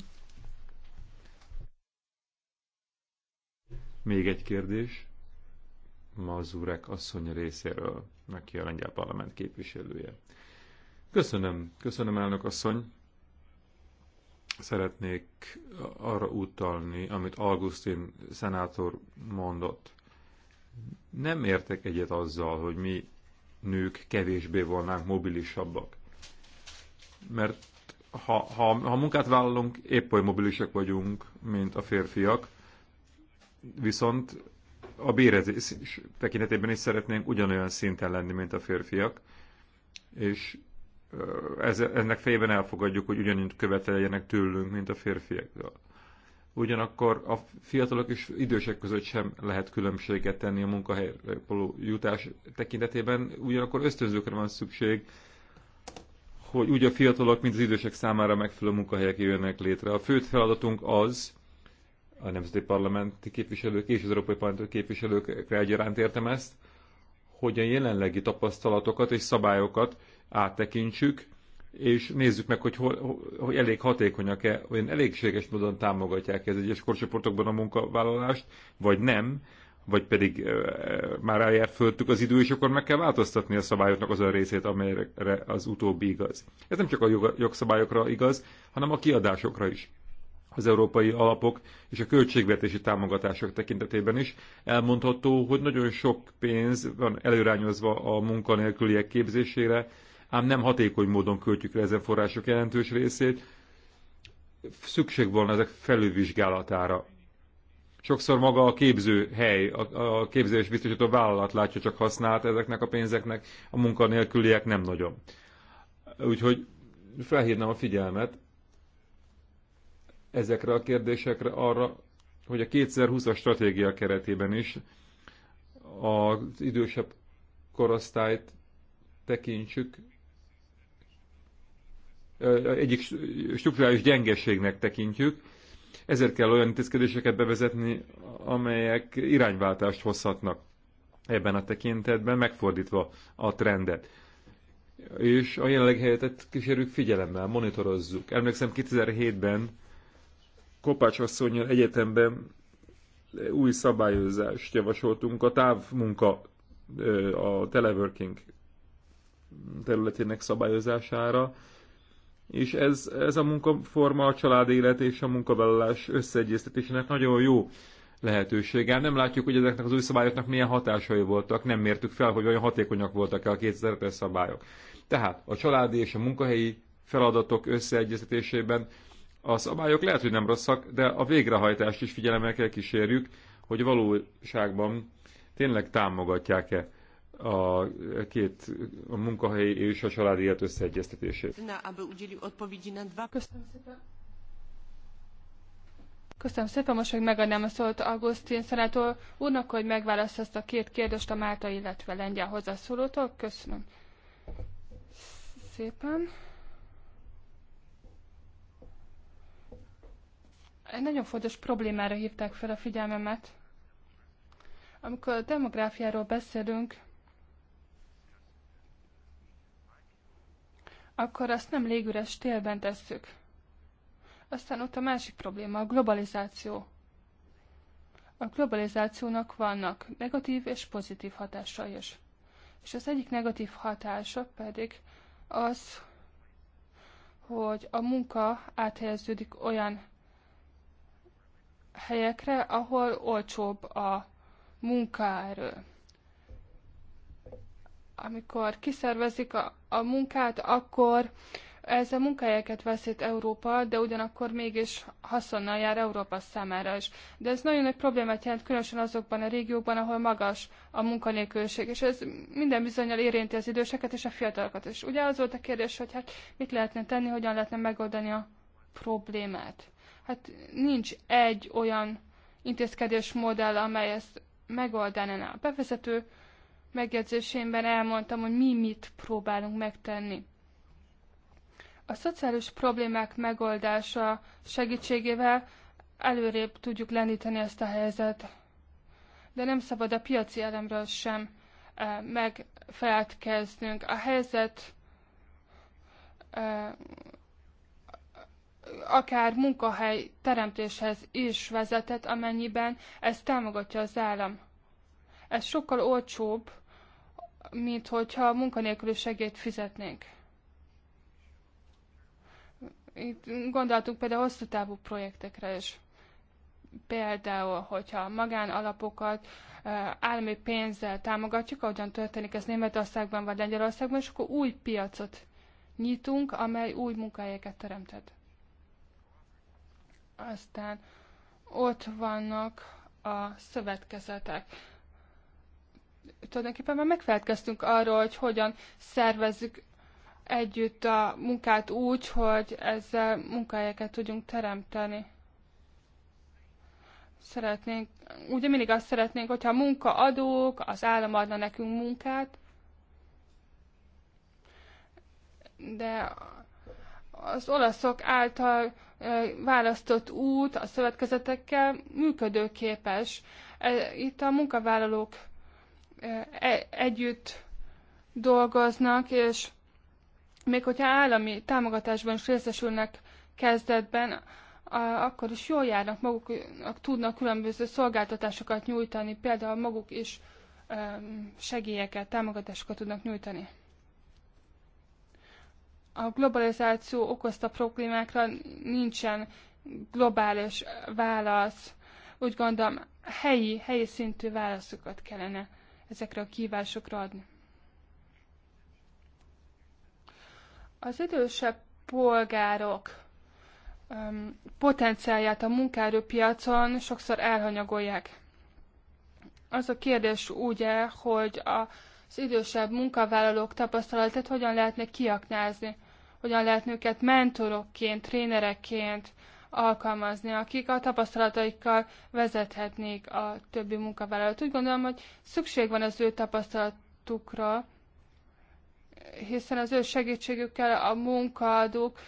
Még egy kérdés. Mazurek asszony részéről, neki a lengyel parlament képviselője. Köszönöm, köszönöm elnök asszony szeretnék arra utalni, amit Augustin szenátor mondott. Nem értek egyet azzal, hogy mi nők kevésbé volnánk mobilisabbak. Mert ha, ha, ha munkát vállalunk, épp olyan mobilisak vagyunk, mint a férfiak, viszont a bérezés tekintetében is szeretnénk ugyanolyan szinten lenni, mint a férfiak, és ez, ennek fejében elfogadjuk, hogy ugyanint követeljenek tőlünk, mint a férfiaktól. Ugyanakkor a fiatalok és idősek között sem lehet különbséget tenni a munkahelyre való jutás tekintetében, ugyanakkor ösztönzőkre van szükség, hogy úgy a fiatalok, mint az idősek számára megfelelő munkahelyek jönnek létre. A fő feladatunk az, a nemzeti parlamenti képviselők és az európai parlamenti képviselők egyaránt értem ezt, hogy a jelenlegi tapasztalatokat és szabályokat áttekintsük, és nézzük meg, hogy, hol, hogy elég hatékonyak-e, olyan elégséges módon támogatják ez egyes korcsoportokban a munkavállalást, vagy nem, vagy pedig e, már eljárt föltük az idő, és akkor meg kell változtatni a szabályoknak az a részét, amelyre az utóbbi igaz. Ez nem csak a jog, jogszabályokra igaz, hanem a kiadásokra is. Az európai alapok és a költségvetési támogatások tekintetében is elmondható, hogy nagyon sok pénz van előrányozva a munkanélküliek képzésére, ám nem hatékony módon költjük le ezen források jelentős részét, szükség volna ezek felülvizsgálatára. Sokszor maga a képző a, a képző és biztosító vállalat látja csak használt ezeknek a pénzeknek, a munkanélküliek nem nagyon. Úgyhogy felhívnám a figyelmet ezekre a kérdésekre arra, hogy a 2020-as stratégia keretében is az idősebb korosztályt tekintsük egyik struktúrális gyengeségnek tekintjük. Ezért kell olyan intézkedéseket bevezetni, amelyek irányváltást hozhatnak ebben a tekintetben, megfordítva a trendet. És a jelenleg helyzetet kísérjük figyelemmel, monitorozzuk. Emlékszem 2007-ben Kopács asszonyjal egyetemben új szabályozást javasoltunk a távmunka, a teleworking területének szabályozására, és ez, ez a munkaforma a család élet és a munkavállalás összeegyeztetésének nagyon jó lehetősége. Nem látjuk, hogy ezeknek az új szabályoknak milyen hatásai voltak, nem mértük fel, hogy olyan hatékonyak voltak-e a 2005-es szabályok. Tehát a családi és a munkahelyi feladatok összeegyeztetésében a szabályok lehet, hogy nem rosszak, de a végrehajtást is figyelemmel kell kísérjük, hogy valóságban tényleg támogatják-e a két a munkahelyi és a családi élet összeegyeztetését. Köszönöm szépen. Köszönöm szépen, most, hogy megadnám a szót Augustin szenátor úrnak, hogy megválaszol ezt a két kérdést a Márta, illetve lengyel hozzászólótól. Köszönöm szépen. Egy nagyon fontos problémára hívták fel a figyelmemet. Amikor a demográfiáról beszélünk, akkor azt nem légüres télben tesszük. Aztán ott a másik probléma, a globalizáció. A globalizációnak vannak negatív és pozitív hatása is. És az egyik negatív hatása pedig az, hogy a munka áthelyeződik olyan helyekre, ahol olcsóbb a munkaerő amikor kiszervezik a, a munkát, akkor ez a munkahelyeket veszít Európa, de ugyanakkor mégis haszonnal jár Európa számára is. De ez nagyon nagy problémát jelent, különösen azokban a régiókban, ahol magas a munkanélküliség, és ez minden bizonyal érinti az időseket és a fiatalokat is. Ugye az volt a kérdés, hogy hát mit lehetne tenni, hogyan lehetne megoldani a problémát. Hát nincs egy olyan intézkedés modell, amely ezt megoldaná. A bevezető megjegyzésében elmondtam, hogy mi mit próbálunk megtenni. A szociális problémák megoldása segítségével előrébb tudjuk lendíteni ezt a helyzetet. De nem szabad a piaci elemről sem e, megfeledkeznünk. A helyzet e, akár munkahely teremtéshez is vezetett, amennyiben ez támogatja az állam. Ez sokkal olcsóbb, mint hogyha a munkanélküli segélyt fizetnénk. Itt gondoltunk például hosszú távú projektekre is. Például, hogyha magánalapokat eh, állami pénzzel támogatjuk, ahogyan történik ez Németországban vagy Lengyelországban, és akkor új piacot nyitunk, amely új munkahelyeket teremtett. Aztán ott vannak a szövetkezetek tulajdonképpen már megfelelkeztünk arról, hogy hogyan szervezzük együtt a munkát úgy, hogy ezzel munkahelyeket tudjunk teremteni. Szeretnénk, ugye mindig azt szeretnénk, hogyha a munkaadók, az állam adna nekünk munkát, de az olaszok által választott út a szövetkezetekkel működőképes. E, itt a munkavállalók E, együtt dolgoznak, és még hogyha állami támogatásban is részesülnek kezdetben, akkor is jól járnak maguknak, tudnak különböző szolgáltatásokat nyújtani, például maguk is e, segélyeket, támogatásokat tudnak nyújtani. A globalizáció okozta problémákra nincsen globális válasz. Úgy gondolom, helyi, helyi szintű válaszokat kellene ezekre a kívásokra adni. Az idősebb polgárok um, potenciálját a munkaerőpiacon sokszor elhanyagolják. Az a kérdés ugye, hogy a, az idősebb munkavállalók tapasztalatát hogyan lehetne kiaknázni, hogyan lehetne őket mentorokként, trénerekként? alkalmazni, akik a tapasztalataikkal vezethetnék a többi munkavállalót. Úgy gondolom, hogy szükség van az ő tapasztalatukra, hiszen az ő segítségükkel a munkaadók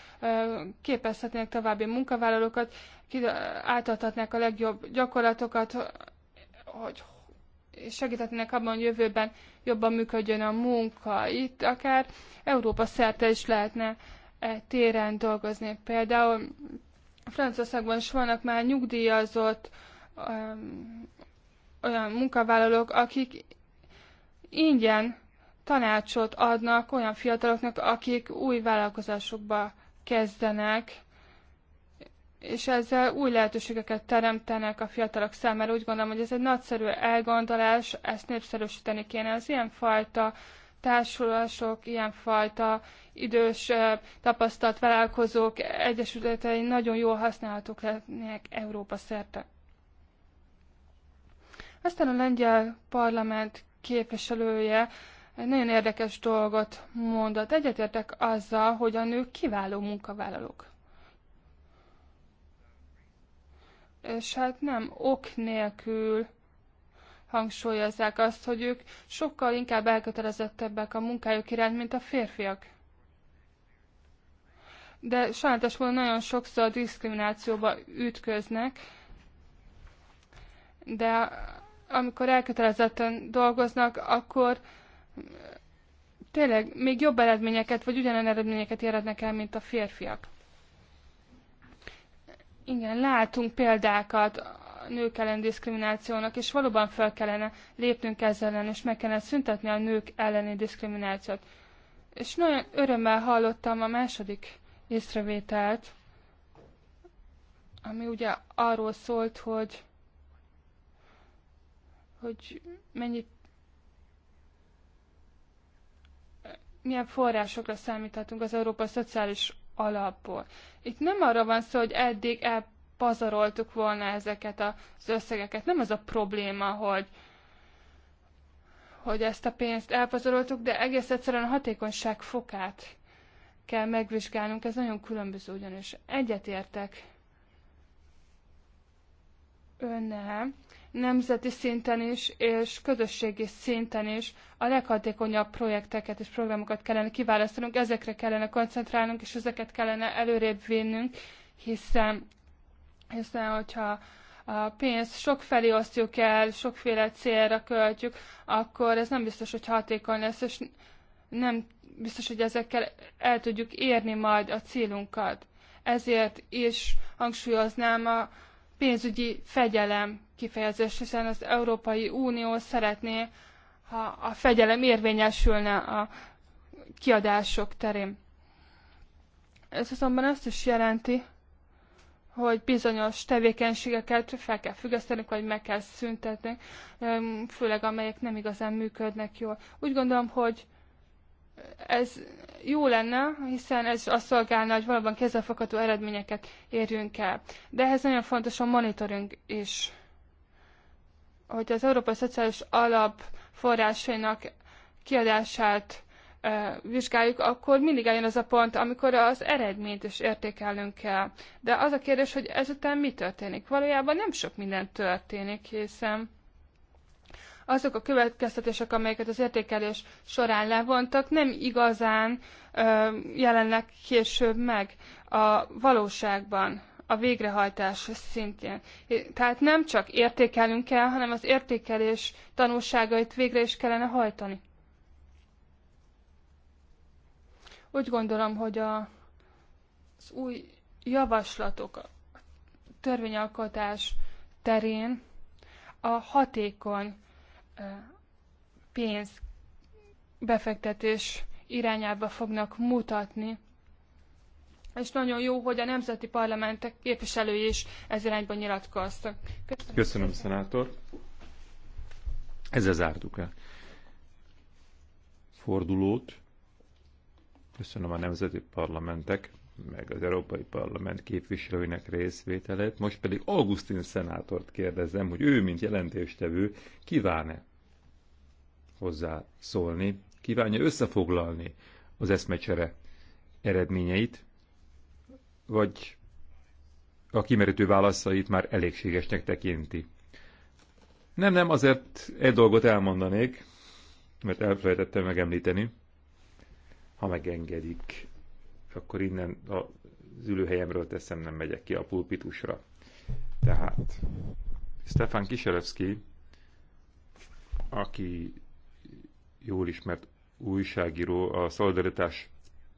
képezhetnének további munkavállalókat, átadhatnák a legjobb gyakorlatokat, hogy segíthetnének abban, hogy jövőben jobban működjön a munka. Itt akár Európa szerte is lehetne e téren dolgozni. Például Franciaországban is vannak már nyugdíjazott um, olyan munkavállalók, akik ingyen tanácsot adnak olyan fiataloknak, akik új vállalkozásokba kezdenek, és ezzel új lehetőségeket teremtenek a fiatalok számára. Úgy gondolom, hogy ez egy nagyszerű elgondolás, ezt népszerűsíteni kéne. Az ilyenfajta társulások, ilyenfajta idős tapasztalt vállalkozók egyesületei nagyon jól használhatók lennének Európa szerte. Aztán a lengyel parlament képviselője egy nagyon érdekes dolgot mondott. Egyetértek azzal, hogy a nők kiváló munkavállalók. És hát nem ok nélkül hangsúlyozzák azt, hogy ők sokkal inkább elkötelezettebbek a munkájuk iránt, mint a férfiak. De sajnálatos módon nagyon sokszor diszkriminációba ütköznek, de amikor elkötelezetten dolgoznak, akkor tényleg még jobb eredményeket, vagy ugyanen eredményeket érhetnek el, mint a férfiak. Igen, látunk példákat nők ellen diszkriminációnak, és valóban fel kellene lépnünk ezzel ellen, és meg kellene szüntetni a nők elleni diszkriminációt. És nagyon örömmel hallottam a második észrevételt, ami ugye arról szólt, hogy, hogy mennyi milyen forrásokra számíthatunk az Európa Szociális Alapból. Itt nem arra van szó, hogy eddig el pazaroltuk volna ezeket az összegeket. Nem az a probléma, hogy, hogy ezt a pénzt elpazaroltuk, de egész egyszerűen a hatékonyság fokát kell megvizsgálnunk. Ez nagyon különböző ugyanis. Egyetértek önnel nemzeti szinten is, és közösségi szinten is a leghatékonyabb projekteket és programokat kellene kiválasztanunk, ezekre kellene koncentrálnunk, és ezeket kellene előrébb vinnünk, hiszen hiszen hogyha a pénzt felé osztjuk el, sokféle célra költjük, akkor ez nem biztos, hogy hatékony lesz, és nem biztos, hogy ezekkel el tudjuk érni majd a célunkat. Ezért is hangsúlyoznám a pénzügyi fegyelem kifejezést, hiszen az Európai Unió szeretné, ha a fegyelem érvényesülne a kiadások terén. Ez azonban azt is jelenti, hogy bizonyos tevékenységeket fel kell függeszteni, vagy meg kell szüntetni, főleg amelyek nem igazán működnek jól. Úgy gondolom, hogy ez jó lenne, hiszen ez azt szolgálna, hogy valóban kézzelfogható eredményeket érjünk el. De ehhez nagyon fontos a monitoring is. Hogy az Európai Szociális Alap forrásainak kiadását vizsgáljuk, akkor mindig eljön az a pont, amikor az eredményt is értékelnünk kell. De az a kérdés, hogy ezután mi történik? Valójában nem sok minden történik, hiszen azok a következtetések, amelyeket az értékelés során levontak, nem igazán ö, jelennek később meg a valóságban, a végrehajtás szintjén. Tehát nem csak értékelünk kell, hanem az értékelés tanulságait végre is kellene hajtani. Úgy gondolom, hogy a, az új javaslatok a törvényalkotás terén a hatékony pénz befektetés irányába fognak mutatni. És nagyon jó, hogy a nemzeti parlamentek képviselői is ez irányban nyilatkoztak. Köszönöm, Köszönöm szenátor. Ezzel zártuk el fordulót. Köszönöm a nemzeti parlamentek, meg az Európai Parlament képviselőinek részvételét. Most pedig Augustin szenátort kérdezem, hogy ő, mint jelentéstevő, kíván-e hozzá szólni, kívánja összefoglalni az eszmecsere eredményeit, vagy a kimerítő válaszait már elégségesnek tekinti. Nem, nem, azért egy dolgot elmondanék, mert elfelejtettem megemlíteni. Ha megengedik, akkor innen az ülőhelyemről teszem, nem megyek ki a pulpitusra. Tehát Stefan Kiselevski, aki jól ismert újságíró a szolidaritás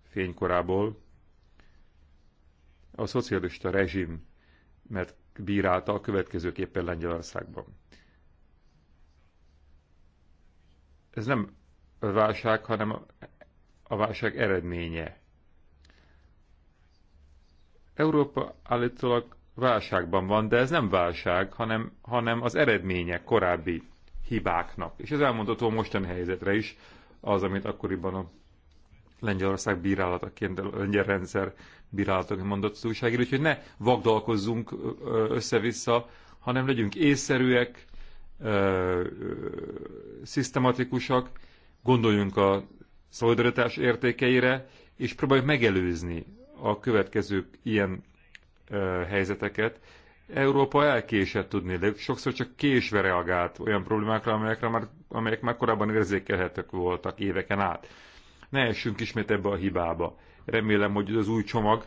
fénykorából, a szocialista rezsim mert bírálta a következőképpen Lengyelországban. Ez nem a válság, hanem a válság eredménye. Európa állítólag válságban van, de ez nem válság, hanem, hanem az eredmények korábbi hibáknak. És ez elmondható mostani helyzetre is, az, amit akkoriban a Lengyelország bírálataként, a lengyel rendszer bírálataként mondott az újságíró, úgyhogy ne vagdalkozzunk össze-vissza, hanem legyünk észszerűek, szisztematikusak, gondoljunk a szolidaritás értékeire, és próbáljuk megelőzni a következő ilyen ö, helyzeteket. Európa elkésett tudni, de sokszor csak késve reagált olyan problémákra, amelyekre már, amelyek már korábban érzékelhetők voltak éveken át. Ne essünk ismét ebbe a hibába. Remélem, hogy az új csomag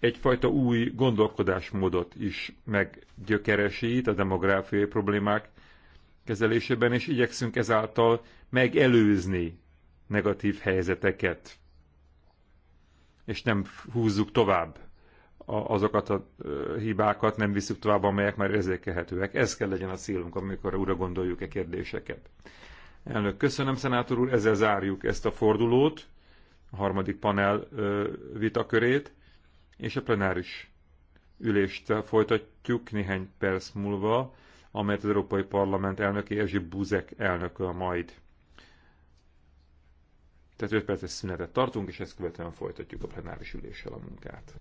egyfajta új gondolkodásmódot is meggyökeresít a demográfiai problémák kezelésében, és igyekszünk ezáltal megelőzni negatív helyzeteket, és nem húzzuk tovább azokat a hibákat, nem visszük tovább, amelyek már érzékelhetőek. Ez kell legyen a célunk, amikor újra gondoljuk a e kérdéseket. Elnök, köszönöm, szenátor úr, ezzel zárjuk ezt a fordulót, a harmadik panel vitakörét, és a plenáris ülést folytatjuk néhány perc múlva, amelyet az Európai Parlament elnöki Erzsi Buzek elnököl majd. Tehát 5 perces szünetet tartunk, és ezt követően folytatjuk a plenáris üléssel a munkát.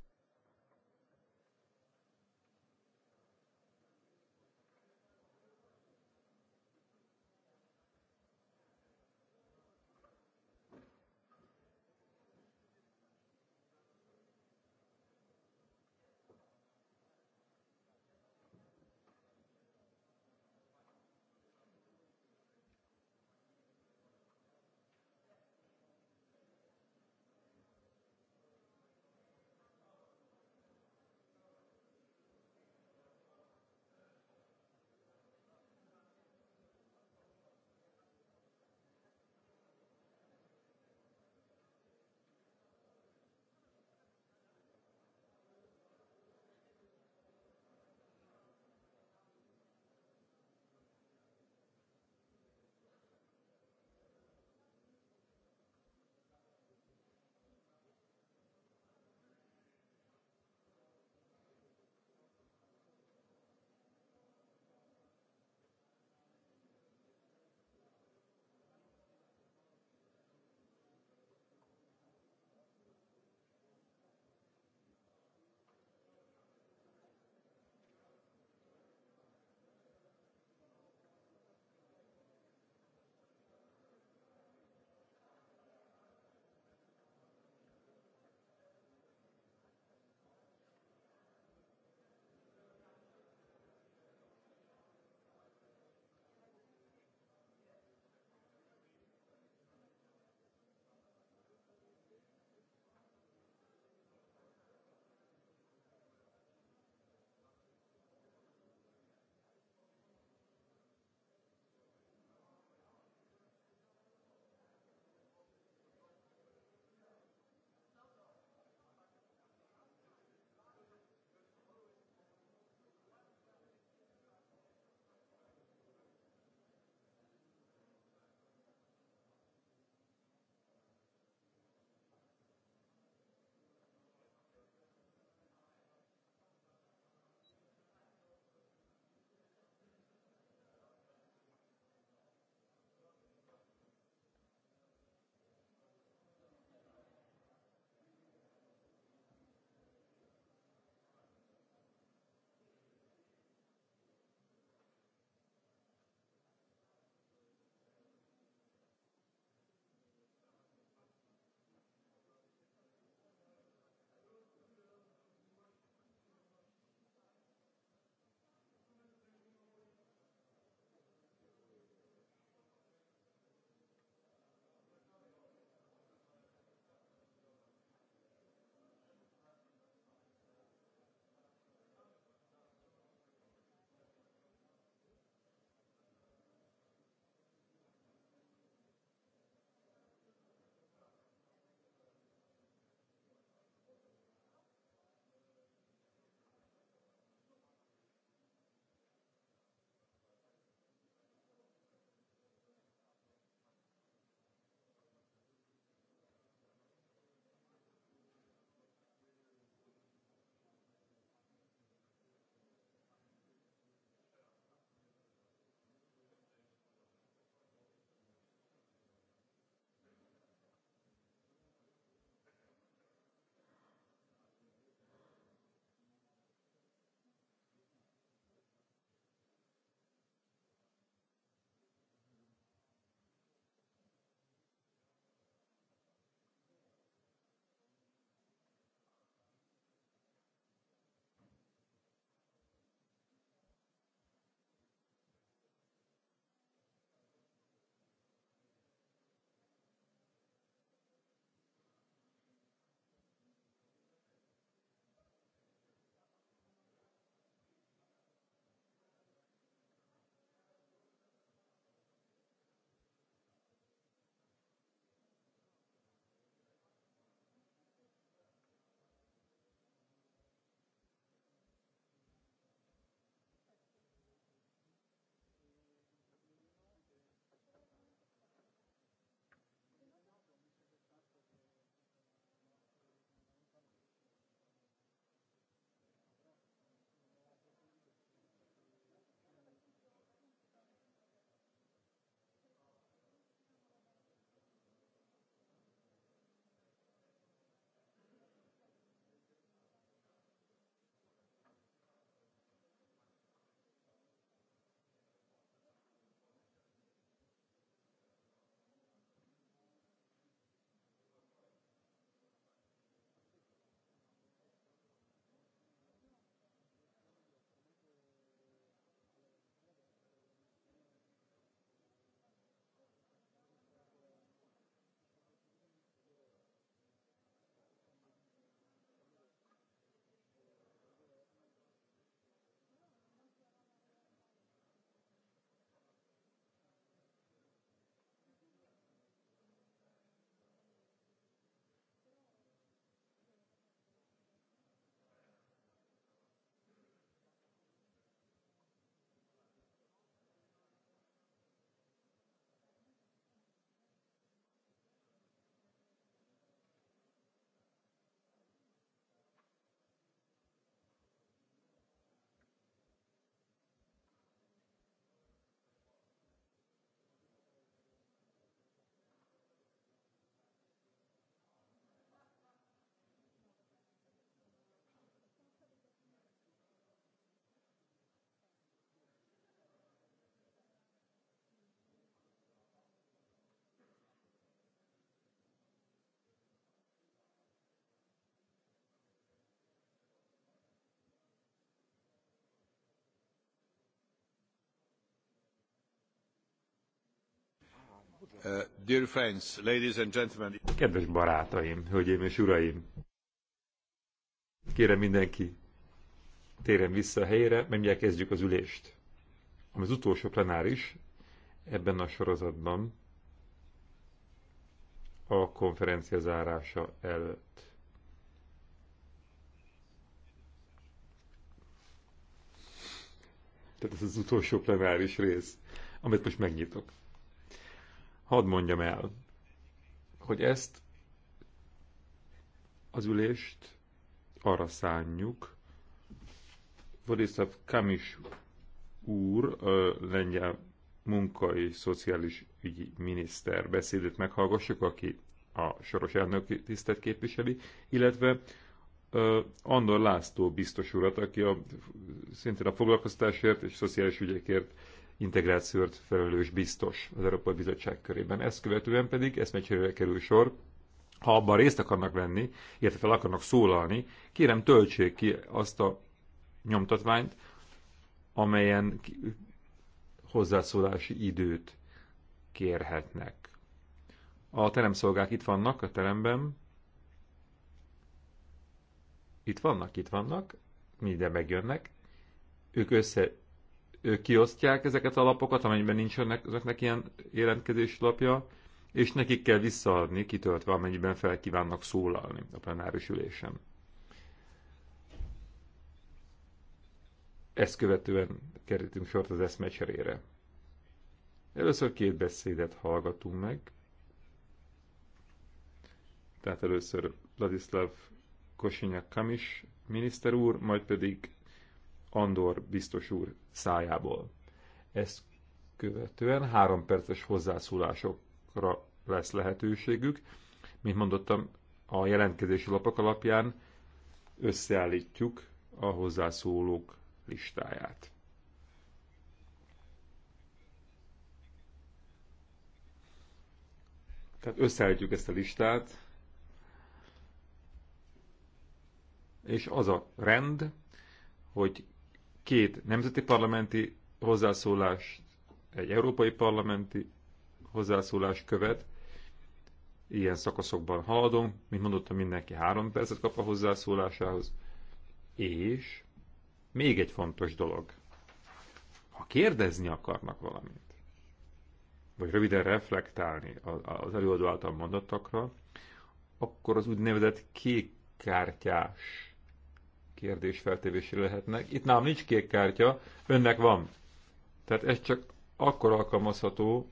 Uh, dear friends, ladies and gentlemen. Kedves barátaim, hölgyeim és uraim! Kérem mindenki, térjen vissza a helyére, mert mindjárt kezdjük az ülést. Ami az utolsó plenáris ebben a sorozatban a konferencia zárása előtt. Tehát ez az utolsó plenáris rész, amit most megnyitok hadd mondjam el, hogy ezt az ülést arra szánjuk, Vladislav Kamis úr, a lengyel munka és szociális ügyi miniszter beszédét meghallgassuk, aki a soros elnök tisztet képviseli, illetve Andor László biztos urat, aki a, szintén a foglalkoztásért és szociális ügyekért integrációt felelős biztos az Európai Bizottság körében. Ezt követően pedig eszmecserére kerül sor, ha abban részt akarnak venni, illetve fel akarnak szólalni, kérem töltsék ki azt a nyomtatványt, amelyen hozzászólási időt kérhetnek. A teremszolgák itt vannak a teremben. Itt vannak, itt vannak. Minden megjönnek. Ők össze kiosztják ezeket a lapokat, amennyiben nincs önöknek ilyen jelentkezési lapja, és nekik kell visszaadni, kitöltve, amennyiben fel kívánnak szólalni a plenáris ülésen. Ezt követően kerítünk sort az eszmecserére. Először két beszédet hallgatunk meg. Tehát először Ladislav Kosinyak Kamis miniszter úr, majd pedig Andor biztos úr szájából. Ezt követően három perces hozzászólásokra lesz lehetőségük. Mint mondottam, a jelentkezési lapok alapján összeállítjuk a hozzászólók listáját. Tehát összeállítjuk ezt a listát, és az a rend, hogy két nemzeti parlamenti hozzászólás, egy európai parlamenti hozzászólás követ, ilyen szakaszokban haladom, mint mondottam, mindenki három percet kap a hozzászólásához, és még egy fontos dolog, ha kérdezni akarnak valamit, vagy röviden reflektálni az előadó által mondottakra, akkor az úgynevezett kártyás kérdés feltevésére lehetnek. Itt nálam nincs kék kártya, önnek van. Tehát ez csak akkor alkalmazható,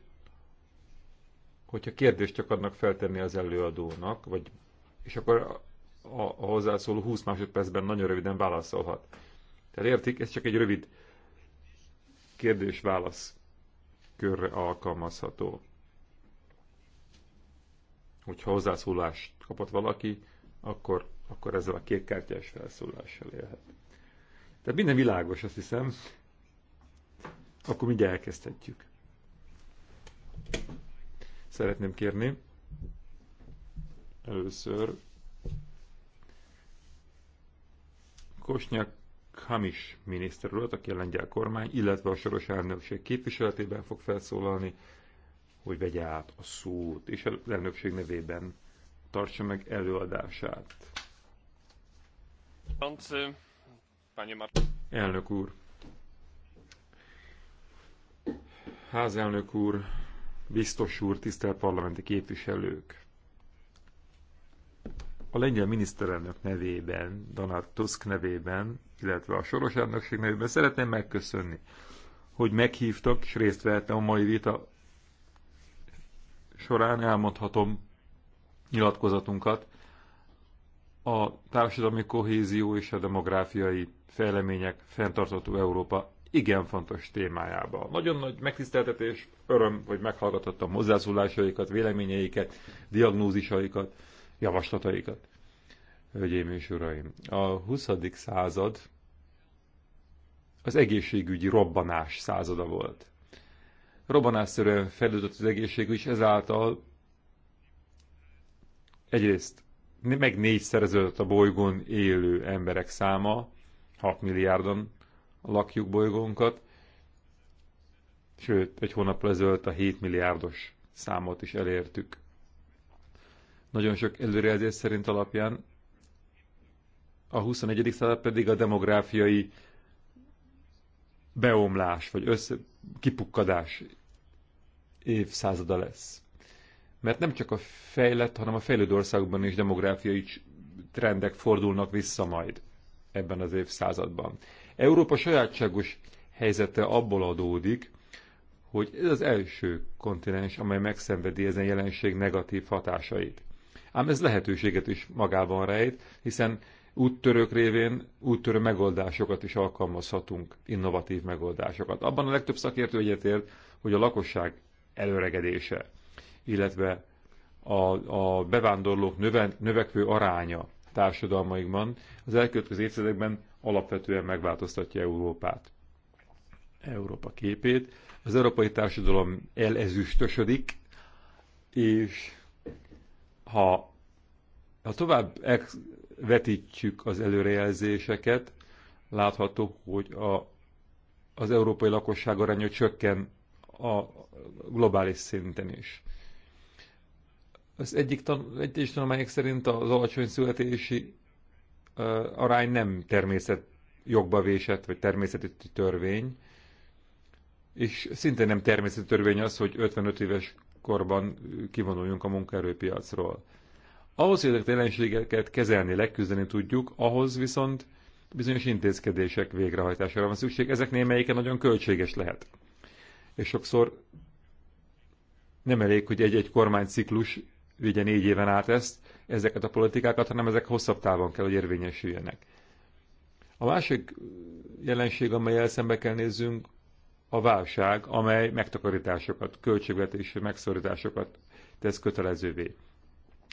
hogyha kérdést csak adnak feltenni az előadónak, vagy, és akkor a, a hozzászóló 20 másodpercben nagyon röviden válaszolhat. Tehát értik, ez csak egy rövid kérdés-válasz körre alkalmazható. Hogyha hozzászólást kapott valaki, akkor akkor ezzel a kékkártyás felszólással élhet. Tehát minden világos, azt hiszem. Akkor mindjárt elkezdhetjük. Szeretném kérni először Kosnyak Hamis miniszter urat, aki a lengyel kormány, illetve a soros elnökség képviseletében fog felszólalni, hogy vegye át a szót, és a elnökség nevében tartsa meg előadását. Elnök úr, házelnök úr, biztos úr, tisztelt parlamenti képviselők! A lengyel miniszterelnök nevében, Donald Tusk nevében, illetve a soros elnökség nevében szeretném megköszönni, hogy meghívtak és részt vehettem a mai vita során elmondhatom nyilatkozatunkat a társadalmi kohézió és a demográfiai fejlemények fenntartható Európa igen fontos témájába. Nagyon nagy megtiszteltetés, öröm, hogy meghallgathattam hozzászólásaikat, véleményeiket, diagnózisaikat, javaslataikat. Hölgyeim és uraim, a 20. század az egészségügyi robbanás százada volt. Robbanásszerűen fejlődött az egészségügy, és ezáltal egyrészt meg négyszereződött a bolygón élő emberek száma, 6 milliárdon lakjuk bolygónkat, sőt, egy hónap ezelőtt a 7 milliárdos számot is elértük. Nagyon sok előrejelzés szerint alapján a 21. század pedig a demográfiai beomlás, vagy össze, kipukkadás évszázada lesz. Mert nem csak a fejlett, hanem a fejlődő országokban is demográfiai trendek fordulnak vissza majd ebben az évszázadban. Európa sajátságos helyzete abból adódik, hogy ez az első kontinens, amely megszenvedi ezen jelenség negatív hatásait. Ám ez lehetőséget is magában rejt, hiszen úttörők révén úttörő megoldásokat is alkalmazhatunk, innovatív megoldásokat. Abban a legtöbb szakértő egyetért, hogy a lakosság előregedése, illetve a, a bevándorlók növe, növekvő aránya társadalmaikban az elkövetkező évtizedekben alapvetően megváltoztatja Európát. Európa képét. Az európai társadalom elezüstösödik, és ha, ha tovább vetítjük az előrejelzéseket, látható, hogy a, az európai lakosság aránya csökken a globális szinten is. Az egyik tan egyes tanulmányok szerint az alacsony születési uh, arány nem természet jogba vésett, vagy természeti törvény, és szinte nem természeti törvény az, hogy 55 éves korban kivonuljunk a munkaerőpiacról. Ahhoz, hogy ezeket a jelenségeket kezelni, legküzdeni tudjuk, ahhoz viszont bizonyos intézkedések végrehajtására van szükség. Ezek némelyike nagyon költséges lehet. És sokszor nem elég, hogy egy-egy kormányciklus vigye négy éven át ezt, ezeket a politikákat, hanem ezek hosszabb távon kell, hogy érvényesüljenek. A másik jelenség, amelyel szembe kell nézzünk, a válság, amely megtakarításokat, költségvetési megszorításokat tesz kötelezővé.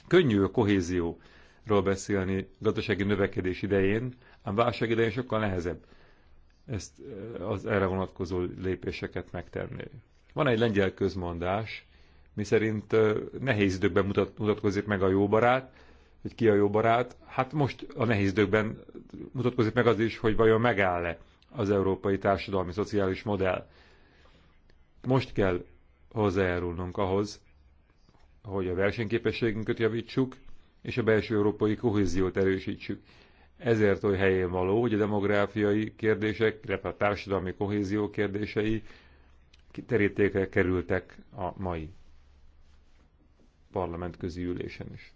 Könnyű a kohézióról beszélni gazdasági növekedés idején, ám válság idején sokkal nehezebb ezt eh, az erre vonatkozó lépéseket megtenni. Van egy lengyel közmondás, szerint nehéz időkben mutat, mutatkozik meg a jó barát, hogy ki a jó barát. Hát most a nehéz időkben mutatkozik meg az is, hogy vajon megáll-e az európai társadalmi szociális modell. Most kell hozzájárulnunk ahhoz, hogy a versenyképességünket javítsuk, és a belső európai kohéziót erősítsük. Ezért oly helyén való, hogy a demográfiai kérdések, illetve a társadalmi kohézió kérdései terítékre kerültek a mai parlament ülésen is.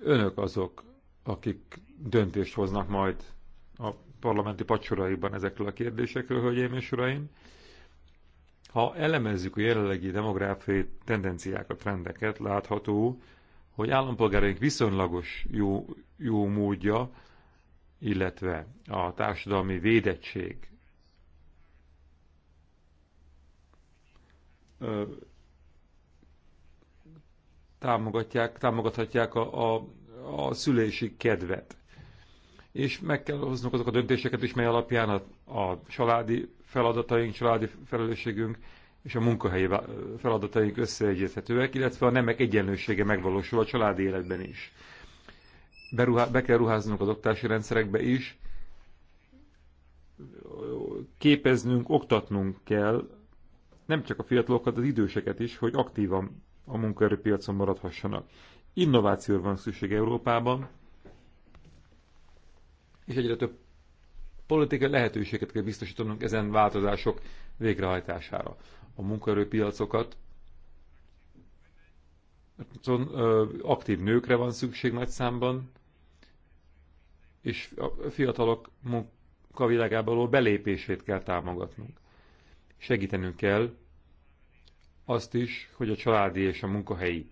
Önök azok, akik döntést hoznak majd a parlamenti pacsoraiban ezekről a kérdésekről, hölgyeim és uraim. Ha elemezzük a jelenlegi demográfiai tendenciákat, trendeket, látható, hogy állampolgáraink viszonylagos jó, jó módja, illetve a társadalmi védettség támogatják, támogathatják a, a, a szülési kedvet. És meg kell hoznunk azok a döntéseket is, mely alapján a, a családi feladataink, családi felelősségünk és a munkahelyi feladataink összeegyezhetőek, illetve a nemek egyenlősége megvalósul a családi életben is. Beruhá, be kell ruháznunk az oktási rendszerekbe is, képeznünk, oktatnunk kell nem csak a fiatalokat, az időseket is, hogy aktívan a munkaerőpiacon maradhassanak. Innovációra van szükség Európában, és egyre több politikai lehetőséget kell biztosítanunk ezen változások végrehajtására. A munkaerőpiacokat aktív nőkre van szükség nagy számban, és a fiatalok való belépését kell támogatnunk. Segítenünk kell azt is, hogy a családi és a munkahelyi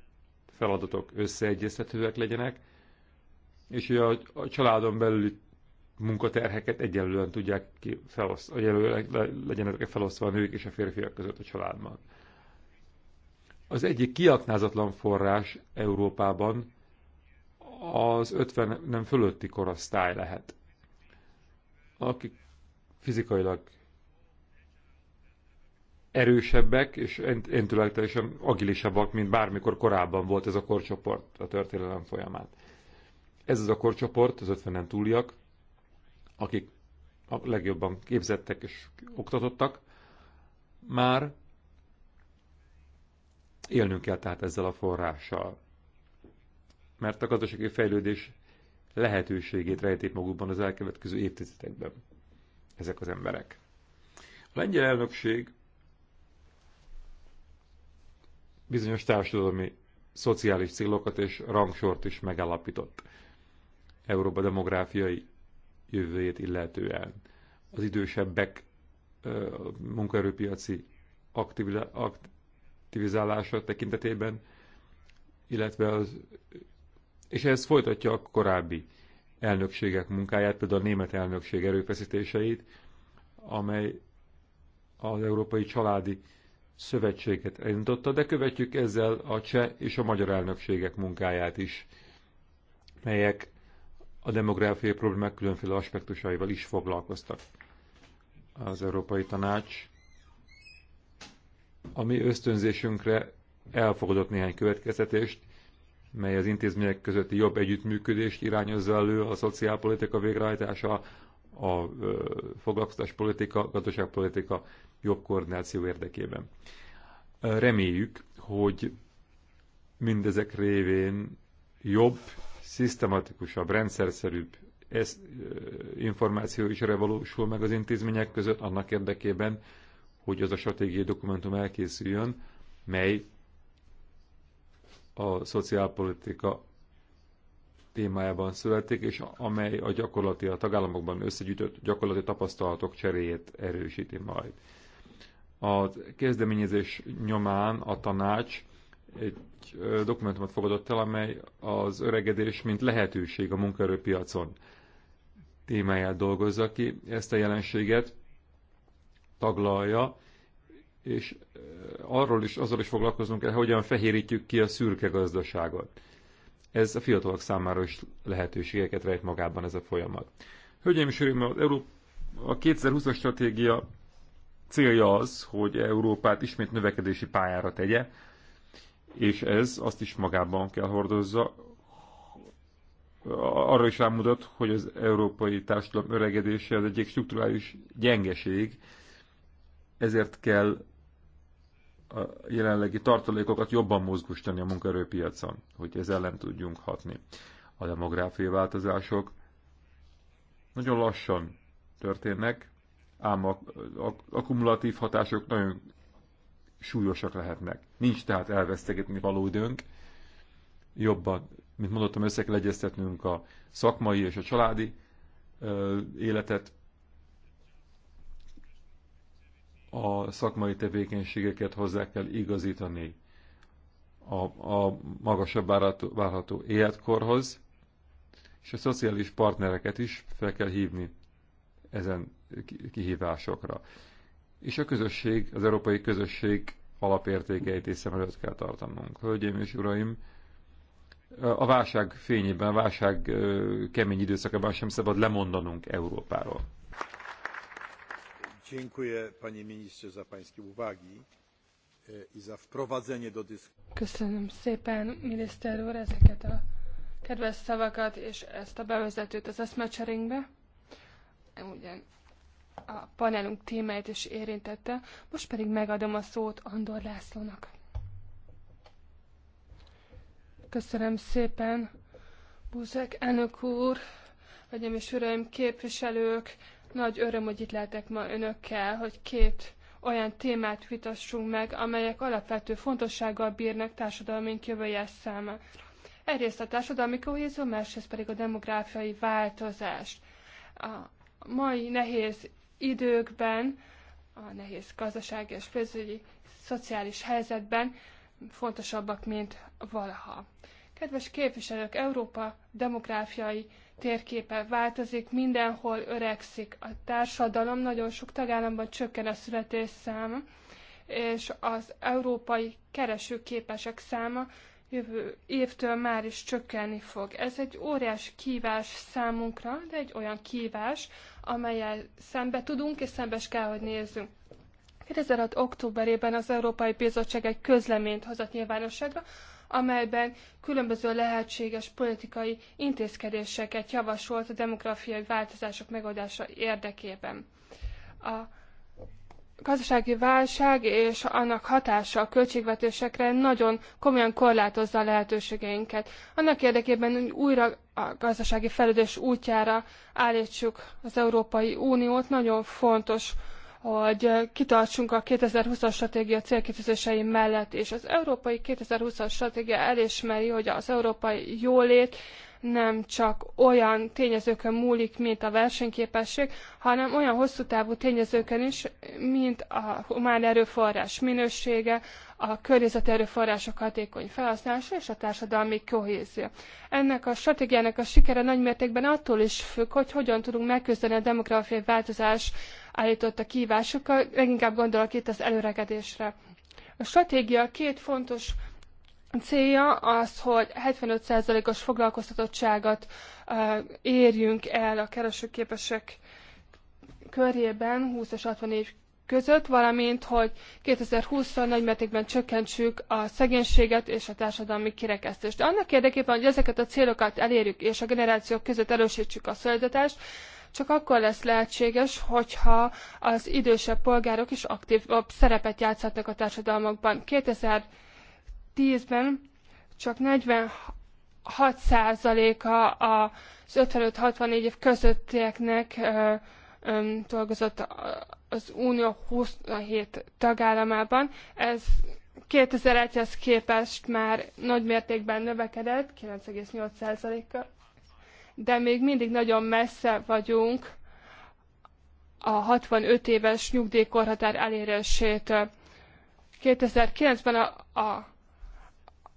feladatok összeegyeztetőek legyenek, és hogy a, a családon belüli munkaterheket egyenlően tudják ki felosztani, legyenek felosztva a nők és a férfiak között a családban. Az egyik kiaknázatlan forrás Európában az 50 nem fölötti korosztály lehet, akik fizikailag erősebbek és intellektuálisan agilisabbak, mint bármikor korábban volt ez a korcsoport a történelem folyamán. Ez az a korcsoport, az 50-en túliak, akik a legjobban képzettek és oktatottak, már élnünk kell tehát ezzel a forrással. Mert a gazdasági fejlődés lehetőségét rejtik magukban az elkövetkező évtizedekben ezek az emberek. A lengyel elnökség bizonyos társadalmi, szociális célokat és rangsort is megállapított Európa demográfiai jövőjét illetően. Az idősebbek munkaerőpiaci aktivizálása tekintetében, illetve az, és ez folytatja a korábbi elnökségek munkáját, például a német elnökség erőfeszítéseit, amely az európai családi szövetséget elindította, de követjük ezzel a cseh és a magyar elnökségek munkáját is, melyek a demográfiai problémák különféle aspektusaival is foglalkoztak. Az Európai Tanács a mi ösztönzésünkre elfogadott néhány következtetést, mely az intézmények közötti jobb együttműködést irányozza elő, a szociálpolitika végrehajtása, a foglalkoztáspolitika, gazdaságpolitika jobb koordináció érdekében. Reméljük, hogy mindezek révén jobb, szisztematikusabb, rendszerszerűbb ez, információ is revalósul meg az intézmények között annak érdekében, hogy az a stratégiai dokumentum elkészüljön, mely a szociálpolitika témájában születik, és amely a gyakorlati, a tagállamokban összegyűjtött gyakorlati tapasztalatok cseréjét erősíti majd. A kezdeményezés nyomán a tanács egy dokumentumot fogadott el, amely az öregedés, mint lehetőség a munkaerőpiacon témáját dolgozza ki. Ezt a jelenséget taglalja, és arról is, azzal is foglalkozunk el, hogyan fehérítjük ki a szürke gazdaságot ez a fiatalok számára is lehetőségeket rejt magában ez a folyamat. Hölgyeim és Uraim, az Európa, a 2020-as stratégia célja az, hogy Európát ismét növekedési pályára tegye, és ez azt is magában kell hordozza, arra is rámutat, hogy az európai társadalom öregedése az egyik strukturális gyengeség, ezért kell a jelenlegi tartalékokat jobban mozgósítani a munkaerőpiacon, hogy ez ellen tudjunk hatni. A demográfiai változások nagyon lassan történnek, ám a, a, akkumulatív hatások nagyon súlyosak lehetnek. Nincs tehát elvesztegetni való időnk, jobban, mint mondottam, össze kell egyeztetnünk a szakmai és a családi ö, életet, a szakmai tevékenységeket hozzá kell igazítani a, a magasabb várható életkorhoz, és a szociális partnereket is fel kell hívni ezen kihívásokra. És a közösség, az európai közösség alapértékeit és szem előtt kell tartanunk. Hölgyeim és uraim, a válság fényében, a válság kemény időszakában sem szabad lemondanunk Európáról. Dziękuję panie ministrze za pańskie uwagi e, i za wprowadzenie do dyskusji. Köszönöm szépen, miniszter úr, ezeket a és ezt a bevezetőt az eszmecserénkbe. Ugyan a panelunk témáját is érintette. Most pedig megadom a szót Andor Lászlónak. Köszönöm szépen, Buzek elnök úr, hölgyeim és uraim, képviselők, nagy öröm, hogy itt lehetek ma önökkel, hogy két olyan témát vitassunk meg, amelyek alapvető fontossággal bírnak társadalmink jövője számára. Egyrészt a társadalmi kohézió, másrészt pedig a demográfiai változás. A mai nehéz időkben, a nehéz gazdasági és pénzügyi, szociális helyzetben fontosabbak, mint valaha. Kedves képviselők, Európa demográfiai térképe változik, mindenhol öregszik a társadalom, nagyon sok tagállamban csökken a születésszám, és az európai keresőképesek száma jövő évtől már is csökkenni fog. Ez egy óriás kívás számunkra, de egy olyan kívás, amelyel szembe tudunk és szembe is kell, hogy nézzünk. 2006. októberében az Európai Bizottság egy közleményt hozott nyilvánosságra, amelyben különböző lehetséges politikai intézkedéseket javasolt a demográfiai változások megoldása érdekében. A gazdasági válság és annak hatása a költségvetésekre nagyon komolyan korlátozza a lehetőségeinket. Annak érdekében, hogy újra a gazdasági fejlődés útjára állítsuk az Európai Uniót, nagyon fontos, hogy kitartsunk a 2020-as stratégia célkitűzései mellett, és az európai 2020-as stratégia elismeri, hogy az európai jólét nem csak olyan tényezőkön múlik, mint a versenyképesség, hanem olyan hosszú távú tényezőkön is, mint a humán erőforrás minősége, a környezeti erőforrások hatékony felhasználása és a társadalmi kohézió. Ennek a stratégiának a sikere nagymértékben attól is függ, hogy hogyan tudunk megküzdeni a demográfiai változás állította kívásokkal, leginkább gondolok itt az előregedésre. A stratégia két fontos célja az, hogy 75%-os foglalkoztatottságot érjünk el a keresőképesek körében 20 és 60 év között, valamint, hogy 2020-ra nagymértékben csökkentsük a szegénységet és a társadalmi kirekesztést. De annak érdekében, hogy ezeket a célokat elérjük és a generációk között erősítsük a szolidatást, csak akkor lesz lehetséges, hogyha az idősebb polgárok is aktív szerepet játszhatnak a társadalmakban. 2010-ben csak 46 6%-a az 55-64 év közöttieknek ö, ö, dolgozott az Unió 27 tagállamában. Ez 2001-hez képest már nagy mértékben növekedett, 9,8%-kal de még mindig nagyon messze vagyunk a 65 éves nyugdíjkorhatár elérésétől. 2009-ben a, a,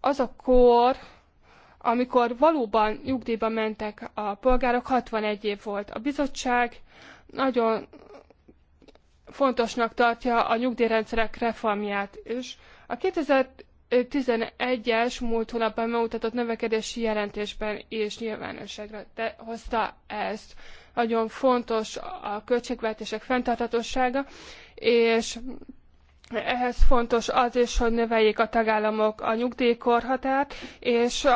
az a kor, amikor valóban nyugdíjba mentek a polgárok, 61 év volt. A bizottság nagyon fontosnak tartja a nyugdíjrendszerek reformját, és a 11-es múlt hónapban bemutatott növekedési jelentésben is nyilvánosságra hozta ezt. Nagyon fontos a költségvetések fenntarthatósága, és ehhez fontos az is, hogy növeljék a tagállamok a nyugdíjkorhatárt, és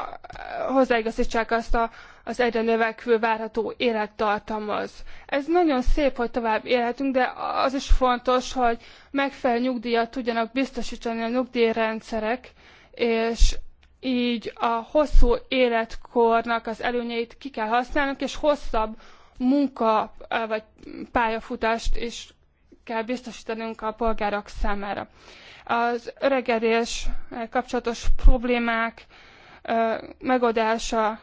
hozzáigazítsák azt a az egyre növekvő várható élet az. Ez nagyon szép, hogy tovább élhetünk, de az is fontos, hogy megfelelő nyugdíjat tudjanak biztosítani a nyugdíjrendszerek, és így a hosszú életkornak az előnyeit ki kell használnunk, és hosszabb munka eh, vagy pályafutást is kell biztosítanunk a polgárok számára. Az öregedés kapcsolatos problémák eh, megoldása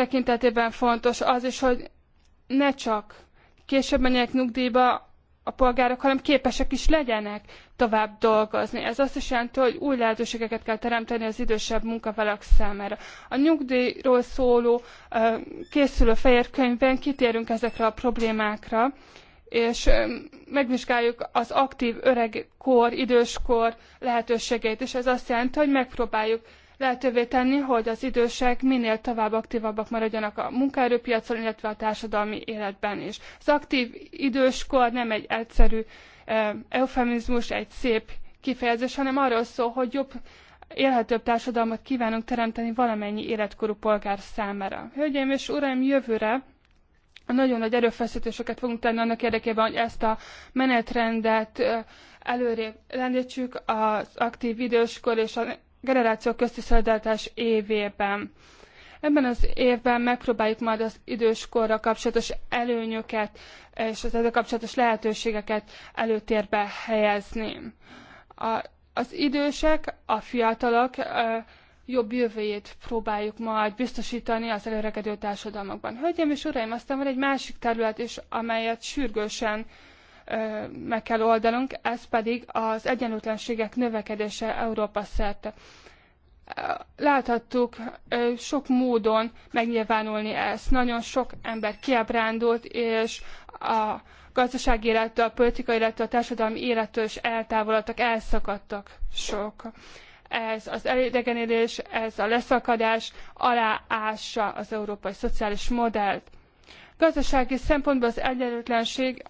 tekintetében fontos az is, hogy ne csak később menjenek nyugdíjba a polgárok, hanem képesek is legyenek tovább dolgozni. Ez azt is jelenti, hogy új lehetőségeket kell teremteni az idősebb munkavállalók számára. A nyugdíjról szóló készülő fehér könyvben kitérünk ezekre a problémákra, és megvizsgáljuk az aktív öregkor, időskor lehetőségeit, és ez azt jelenti, hogy megpróbáljuk lehetővé tenni, hogy az idősek minél tovább aktívabbak maradjanak a munkaerőpiacon, illetve a társadalmi életben is. Az aktív időskor nem egy egyszerű e, eufemizmus, egy szép kifejezés, hanem arról szól, hogy jobb élhetőbb társadalmat kívánunk teremteni valamennyi életkorú polgár számára. Hölgyeim és uraim, jövőre nagyon nagy erőfeszítéseket fogunk tenni annak érdekében, hogy ezt a menetrendet e, előrébb rendítsük az aktív időskor és a generáció közti szolidaritás évében. Ebben az évben megpróbáljuk majd az időskorra kapcsolatos előnyöket és az ezzel kapcsolatos lehetőségeket előtérbe helyezni. A, az idősek, a fiatalok a jobb jövőjét próbáljuk majd biztosítani az előregedő társadalmakban. Hölgyeim és uraim, aztán van egy másik terület is, amelyet sürgősen meg kell oldanunk, ez pedig az egyenlőtlenségek növekedése Európa szerte. Láthattuk sok módon megnyilvánulni ezt. Nagyon sok ember kiábrándult, és a gazdasági élettől, a politikai élettől, a társadalmi élettől is eltávolodtak, elszakadtak sok ez az elidegenedés, ez a leszakadás aláássa az európai szociális modellt. Gazdasági szempontból az egyenlőtlenség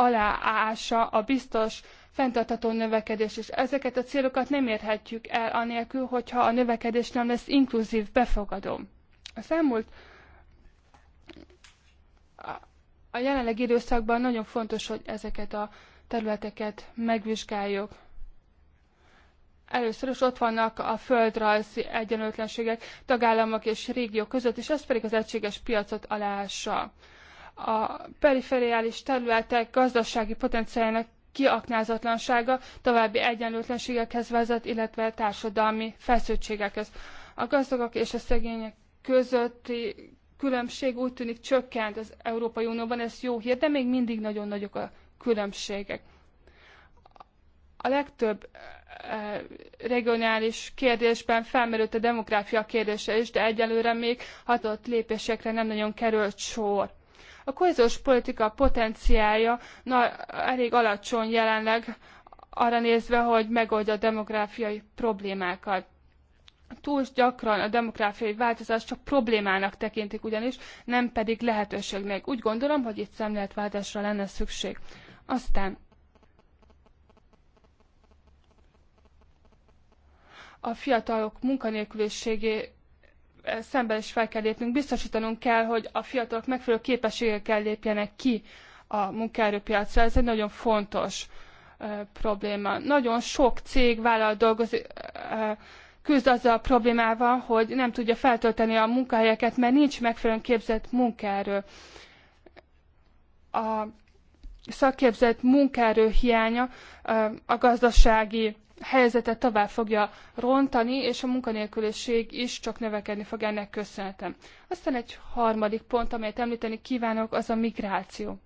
aláása a biztos fenntartható növekedés, és ezeket a célokat nem érhetjük el anélkül, hogyha a növekedés nem lesz inkluzív, befogadó. Az elmúlt a jelenlegi időszakban nagyon fontos, hogy ezeket a területeket megvizsgáljuk. Először is ott vannak a földrajzi egyenlőtlenségek tagállamok és régiók között, és ez pedig az egységes piacot aláássa a perifériális területek gazdasági potenciáljának kiaknázatlansága további egyenlőtlenségekhez vezet, illetve társadalmi feszültségekhez. A gazdagok és a szegények közötti különbség úgy tűnik csökkent az Európai Unióban, ez jó hír, de még mindig nagyon nagyok a különbségek. A legtöbb e, regionális kérdésben felmerült a demográfia kérdése is, de egyelőre még hatott lépésekre nem nagyon került sor a kohéziós politika potenciálja na, elég alacsony jelenleg arra nézve, hogy megoldja a demográfiai problémákat túl gyakran a demográfiai változás csak problémának tekintik ugyanis, nem pedig lehetőségnek. Úgy gondolom, hogy itt szemléletváltásra lenne szükség. Aztán a fiatalok munkanélküliségé szemben is fel kell lépnünk. Biztosítanunk kell, hogy a fiatalok megfelelő képességekkel lépjenek ki a munkaerőpiacra. Ez egy nagyon fontos probléma. Nagyon sok cég vállal dolgozik, küzd azzal a problémával, hogy nem tudja feltölteni a munkahelyeket, mert nincs megfelelően képzett munkaerő. A szakképzett munkaerő hiánya a gazdasági helyzetet tovább fogja rontani, és a munkanélküliség is csak növekedni fog ennek köszönhetően. Aztán egy harmadik pont, amelyet említeni kívánok, az a migráció.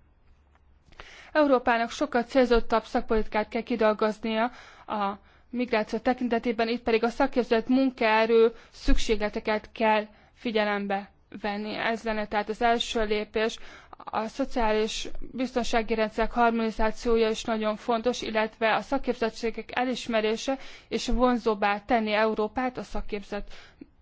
Európának sokkal célzottabb szakpolitikát kell kidolgoznia a migráció tekintetében, itt pedig a szakképzett munkaerő szükségleteket kell figyelembe venni. Ez lenne tehát az első lépés a szociális biztonsági rendszerek harmonizációja is nagyon fontos, illetve a szakképzettségek elismerése és vonzóbbá tenni Európát a szakképzett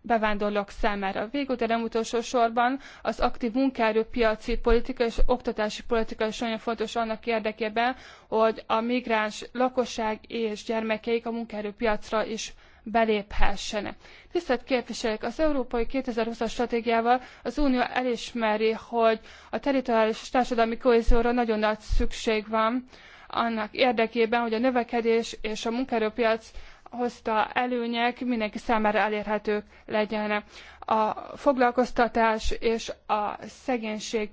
bevándorlók számára. Végül, de nem utolsó sorban az aktív munkaerőpiaci politika és oktatási politika is nagyon fontos annak érdekében, hogy a migráns lakosság és gyermekeik a munkaerőpiacra is beléphessenek. Tisztelt képviselők, az Európai 2020-as stratégiával az Unió elismeri, hogy a teritoriális és társadalmi kohézióra nagyon nagy szükség van annak érdekében, hogy a növekedés és a munkaerőpiac hozta előnyek mindenki számára elérhetők legyenek. A foglalkoztatás és a szegénység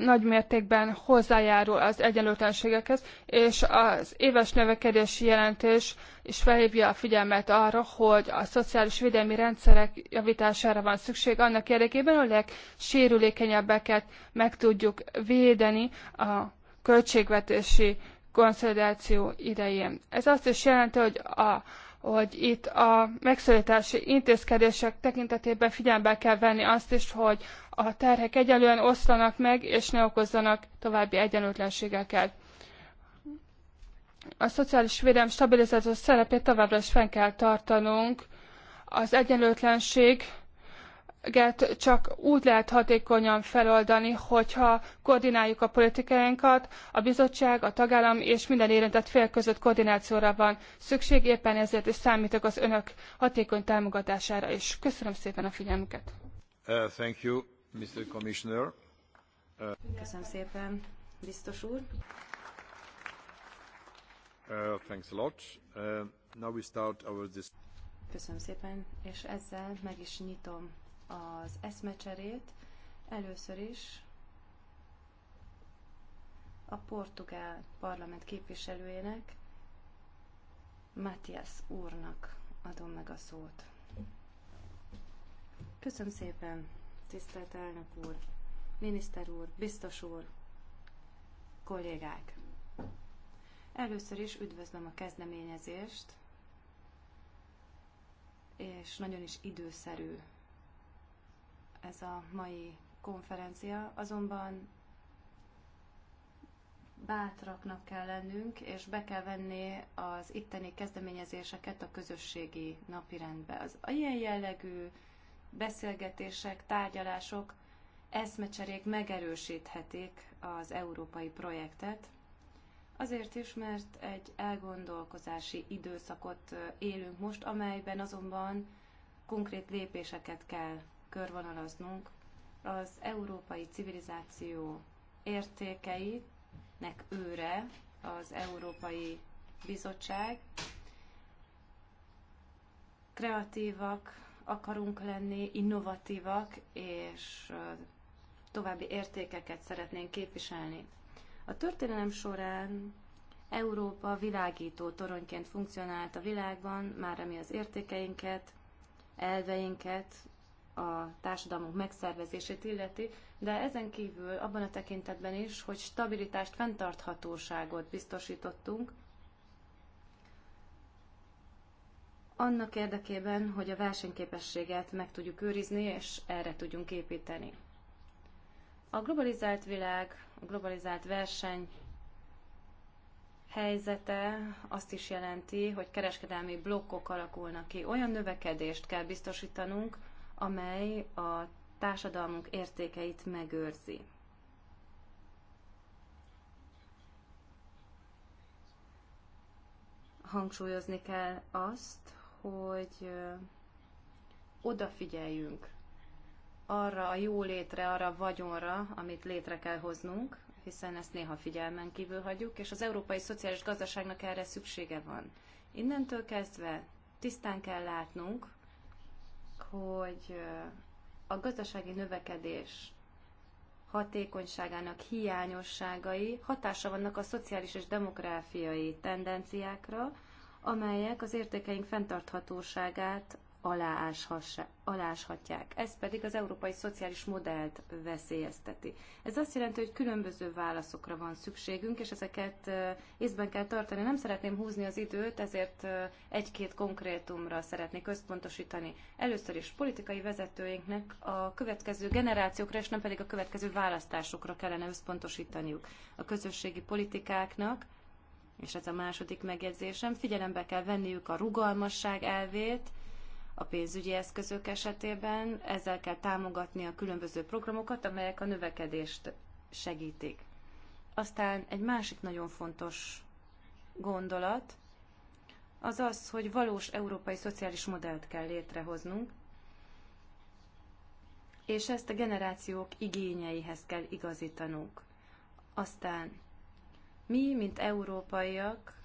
nagy mértékben hozzájárul az egyenlőtlenségekhez, és az éves növekedési jelentés is felhívja a figyelmet arra, hogy a szociális védelmi rendszerek javítására van szükség annak érdekében, hogy a legsérülékenyebbeket meg tudjuk védeni a költségvetési konszolidáció idején. Ez azt is jelenti, hogy a hogy itt a megszorítási intézkedések tekintetében figyelembe kell venni azt is, hogy a terhek egyenlően oszlanak meg, és ne okozzanak további egyenlőtlenségeket. A szociális védelem stabilizáló szerepét továbbra is fenn kell tartanunk. Az egyenlőtlenség ügyet csak úgy lehet hatékonyan feloldani, hogyha koordináljuk a politikáinkat, a bizottság, a tagállam és minden érintett fél között koordinációra van szükség, éppen ezért is számtok az önök hatékony támogatására is. Köszönöm szépen a figyelmüket. Uh, thank you, Mr. Commissioner. Uh, Köszönöm szépen, biztos úr. Uh, thanks a lot. now we start our Köszönöm szépen, és ezzel meg is nyitom az eszmecserét. Először is a portugál parlament képviselőjének, Matthias úrnak adom meg a szót. Köszönöm szépen, tisztelt elnök úr, miniszter úr, biztos úr, kollégák! Először is üdvözlöm a kezdeményezést, és nagyon is időszerű ez a mai konferencia, azonban bátraknak kell lennünk, és be kell venni az itteni kezdeményezéseket a közösségi napirendbe. Az ilyen jellegű beszélgetések, tárgyalások, eszmecserék megerősíthetik az európai projektet, Azért is, mert egy elgondolkozási időszakot élünk most, amelyben azonban konkrét lépéseket kell körvonalaznunk az európai civilizáció értékeinek őre az Európai Bizottság. Kreatívak akarunk lenni, innovatívak, és további értékeket szeretnénk képviselni. A történelem során Európa világító toronyként funkcionált a világban, már ami az értékeinket, elveinket, a társadalmunk megszervezését illeti, de ezen kívül abban a tekintetben is, hogy stabilitást, fenntarthatóságot biztosítottunk, annak érdekében, hogy a versenyképességet meg tudjuk őrizni, és erre tudjunk építeni. A globalizált világ, a globalizált verseny helyzete azt is jelenti, hogy kereskedelmi blokkok alakulnak ki. Olyan növekedést kell biztosítanunk, amely a társadalmunk értékeit megőrzi. Hangsúlyozni kell azt, hogy odafigyeljünk arra a jólétre, arra a vagyonra, amit létre kell hoznunk, hiszen ezt néha figyelmen kívül hagyjuk, és az európai szociális gazdaságnak erre szüksége van. Innentől kezdve tisztán kell látnunk, hogy a gazdasági növekedés hatékonyságának hiányosságai hatása vannak a szociális és demográfiai tendenciákra, amelyek az értékeink fenntarthatóságát aláshatják. Ez pedig az európai szociális modellt veszélyezteti. Ez azt jelenti, hogy különböző válaszokra van szükségünk, és ezeket észben kell tartani. Nem szeretném húzni az időt, ezért egy-két konkrétumra szeretnék összpontosítani. Először is politikai vezetőinknek a következő generációkra, és nem pedig a következő választásokra kellene összpontosítaniuk. A közösségi politikáknak, és ez a második megjegyzésem, figyelembe kell venniük a rugalmasság elvét, a pénzügyi eszközök esetében. Ezzel kell támogatni a különböző programokat, amelyek a növekedést segítik. Aztán egy másik nagyon fontos gondolat az az, hogy valós európai szociális modellt kell létrehoznunk, és ezt a generációk igényeihez kell igazítanunk. Aztán mi, mint európaiak,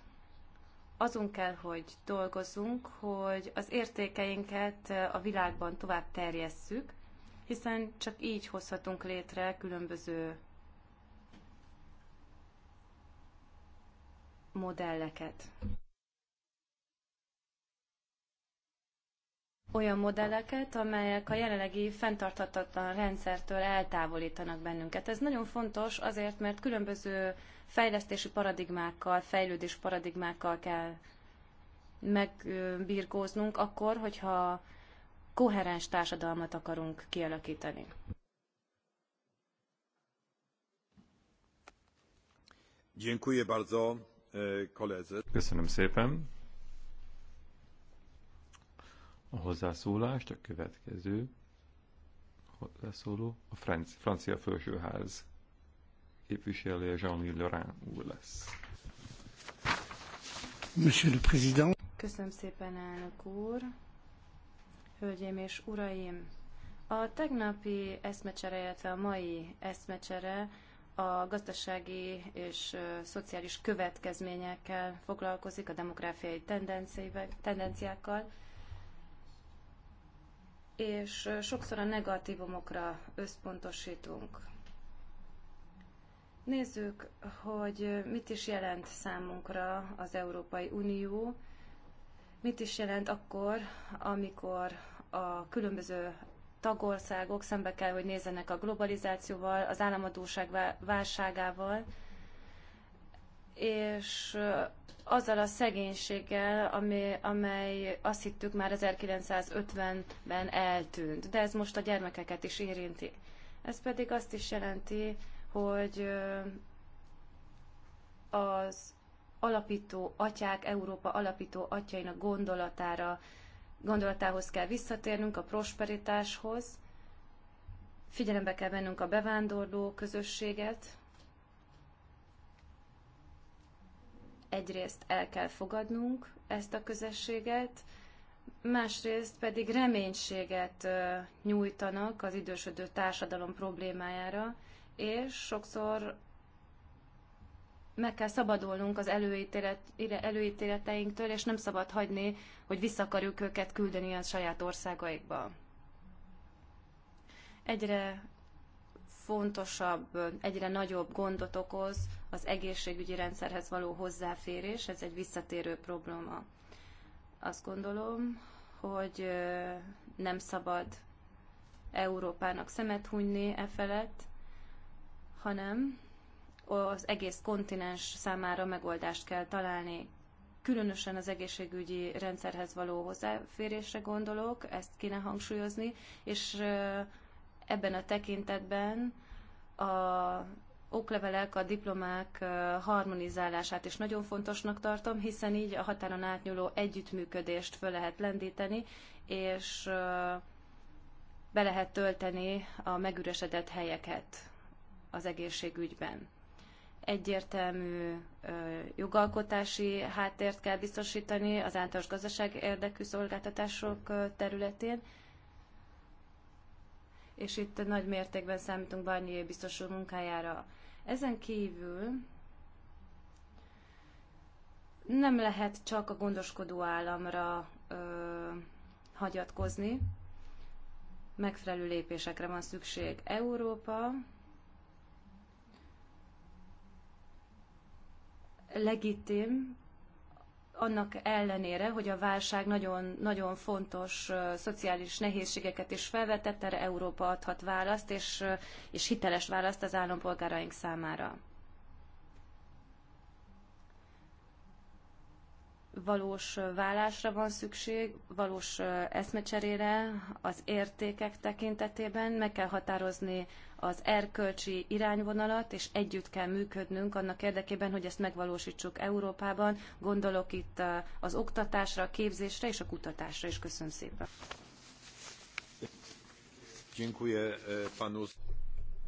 azon kell, hogy dolgozzunk, hogy az értékeinket a világban tovább terjesszük, hiszen csak így hozhatunk létre különböző modelleket. Olyan modelleket, amelyek a jelenlegi fenntarthatatlan rendszertől eltávolítanak bennünket. Ez nagyon fontos azért, mert különböző fejlesztési paradigmákkal, fejlődés paradigmákkal kell megbirkóznunk akkor, hogyha koherens társadalmat akarunk kialakítani. E, Köszönöm szépen a hozzászólást, a következő hozzászóló, a francia felsőház képviselője Jean-Louis Laurent úr lesz. Monsieur le Président. Köszönöm szépen, elnök úr. Hölgyeim és uraim! A tegnapi eszmecsere, illetve a mai eszmecsere a gazdasági és szociális következményekkel foglalkozik, a demográfiai tendenciákkal, és sokszor a negatívumokra összpontosítunk. Nézzük, hogy mit is jelent számunkra az Európai Unió, mit is jelent akkor, amikor a különböző tagországok szembe kell, hogy nézzenek a globalizációval, az államadóság válságával, és azzal a szegénységgel, ami, amely azt hittük már 1950-ben eltűnt. De ez most a gyermekeket is érinti. Ez pedig azt is jelenti, hogy az alapító atyák, Európa alapító atyainak gondolatára, gondolatához kell visszatérnünk, a prosperitáshoz, figyelembe kell vennünk a bevándorló közösséget, egyrészt el kell fogadnunk ezt a közösséget, másrészt pedig reménységet nyújtanak az idősödő társadalom problémájára, és sokszor meg kell szabadulnunk az előítélet, előítéleteinktől, és nem szabad hagyni, hogy visszakarjuk őket küldeni a saját országaikba. Egyre fontosabb, egyre nagyobb gondot okoz az egészségügyi rendszerhez való hozzáférés, ez egy visszatérő probléma. Azt gondolom, hogy nem szabad Európának szemet hunyni e felett, hanem az egész kontinens számára megoldást kell találni. Különösen az egészségügyi rendszerhez való hozzáférésre gondolok, ezt kéne hangsúlyozni, és ebben a tekintetben a oklevelek, a diplomák harmonizálását is nagyon fontosnak tartom, hiszen így a határon átnyúló együttműködést föl lehet lendíteni, és be lehet tölteni a megüresedett helyeket az egészségügyben. Egyértelmű jogalkotási háttért kell biztosítani az általános gazdaság érdekű szolgáltatások területén, és itt nagy mértékben számítunk Barnier biztos úr munkájára. Ezen kívül nem lehet csak a gondoskodó államra ö, hagyatkozni, megfelelő lépésekre van szükség. Európa legitim, annak ellenére, hogy a válság nagyon, nagyon fontos uh, szociális nehézségeket is felvetett, erre Európa adhat választ, és, uh, és hiteles választ az állampolgáraink számára. Valós vállásra van szükség, valós uh, eszmecserére az értékek tekintetében meg kell határozni az erkölcsi irányvonalat, és együtt kell működnünk annak érdekében, hogy ezt megvalósítsuk Európában. Gondolok itt eh, az oktatásra, a képzésre és a kutatásra is. Köszönöm szépen. Eh,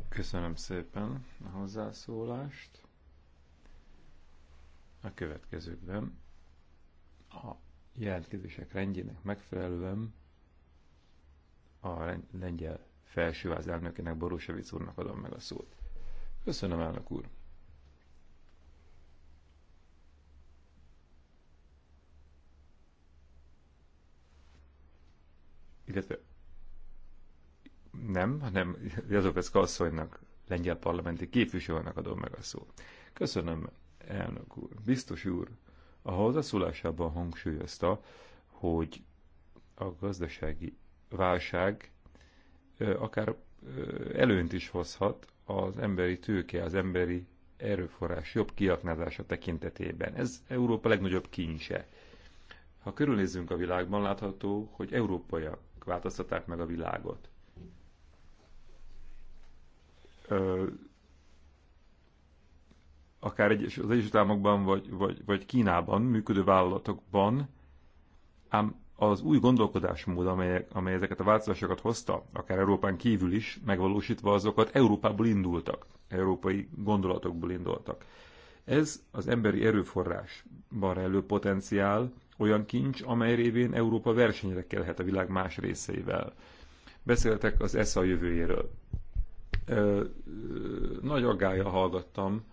Köszönöm szépen a hozzászólást. A következőkben a jelentkezések rendjének megfelelően a lengyel felsőház elnökének Borosevic úrnak adom meg a szót. Köszönöm, elnök úr! illetve nem, hanem Jazovecka asszonynak, lengyel parlamenti képviselőnek adom meg a szót. Köszönöm, elnök úr. Biztos úr, a hozzászólásában hangsúlyozta, hogy a gazdasági válság akár előnyt is hozhat az emberi tőke, az emberi erőforrás jobb kiaknázása tekintetében. Ez Európa legnagyobb kincse. Ha körülnézzünk a világban, látható, hogy európaiak változtatták meg a világot. Ö, akár egy, az Egyesült Államokban, vagy, vagy, vagy Kínában működő vállalatokban, ám az új gondolkodásmód, amely, amely ezeket a változásokat hozta, akár Európán kívül is, megvalósítva azokat, Európából indultak, európai gondolatokból indultak. Ez az emberi erőforrásban rejlő potenciál olyan kincs, amely révén Európa versenyre kelhet a világ más részeivel. Beszéltek az ESZA jövőjéről. Ö, ö, nagy aggája hallgattam,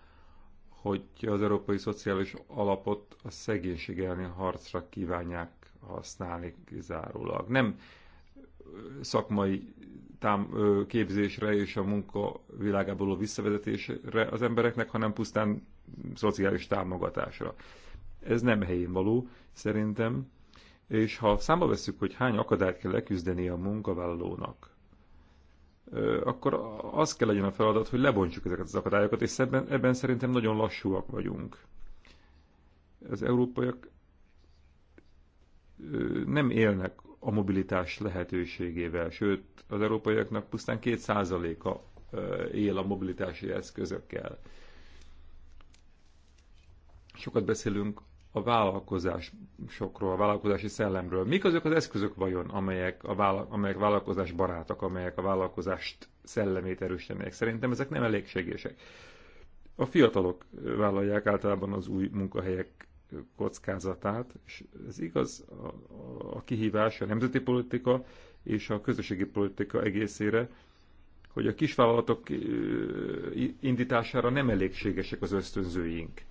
hogy az Európai Szociális Alapot a szegénység elleni harcra kívánják használni kizárólag. Nem szakmai tám, képzésre és a munka világából a visszavezetésre az embereknek, hanem pusztán szociális támogatásra. Ez nem helyén való, szerintem, és ha számba veszük, hogy hány akadályt kell leküzdeni a munkavállalónak, akkor az kell legyen a feladat, hogy lebontsuk ezeket az akadályokat, és ebben, ebben szerintem nagyon lassúak vagyunk. Az európaiak nem élnek a mobilitás lehetőségével, sőt az európaiaknak pusztán 2%-a él a mobilitási eszközökkel. Sokat beszélünk a vállalkozásokról, a vállalkozási szellemről. Mik azok az eszközök vajon, amelyek, a vála- amelyek vállalkozás barátok, amelyek a vállalkozást szellemét erősítenek? Szerintem ezek nem elégségesek. A fiatalok vállalják általában az új munkahelyek kockázatát, és ez igaz a, a kihívás a nemzeti politika és a közösségi politika egészére, hogy a kisvállalatok indítására nem elégségesek az ösztönzőink.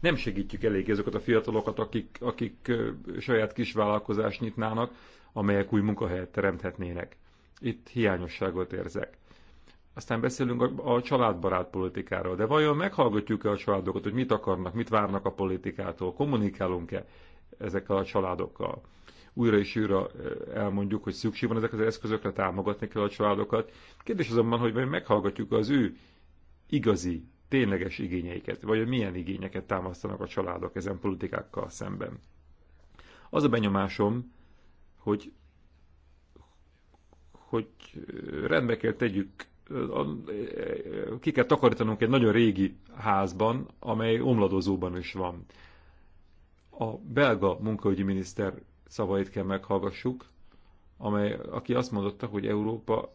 Nem segítjük elég azokat a fiatalokat, akik, akik saját kisvállalkozást nyitnának, amelyek új munkahelyet teremthetnének. Itt hiányosságot érzek. Aztán beszélünk a, a családbarát politikáról. De vajon meghallgatjuk-e a családokat, hogy mit akarnak, mit várnak a politikától? Kommunikálunk-e ezekkel a családokkal? Újra és újra elmondjuk, hogy szükség van ezek az eszközökre, támogatni kell a családokat. Kérdés azonban, hogy vajon meghallgatjuk az ő igazi, tényleges igényeiket, vagy milyen igényeket támasztanak a családok ezen politikákkal szemben. Az a benyomásom, hogy hogy rendbe kell tegyük ki kell takarítanunk egy nagyon régi házban, amely omladozóban is van. A belga munkaügyi miniszter szavait kell meghallgassuk, amely, aki azt mondotta, hogy Európa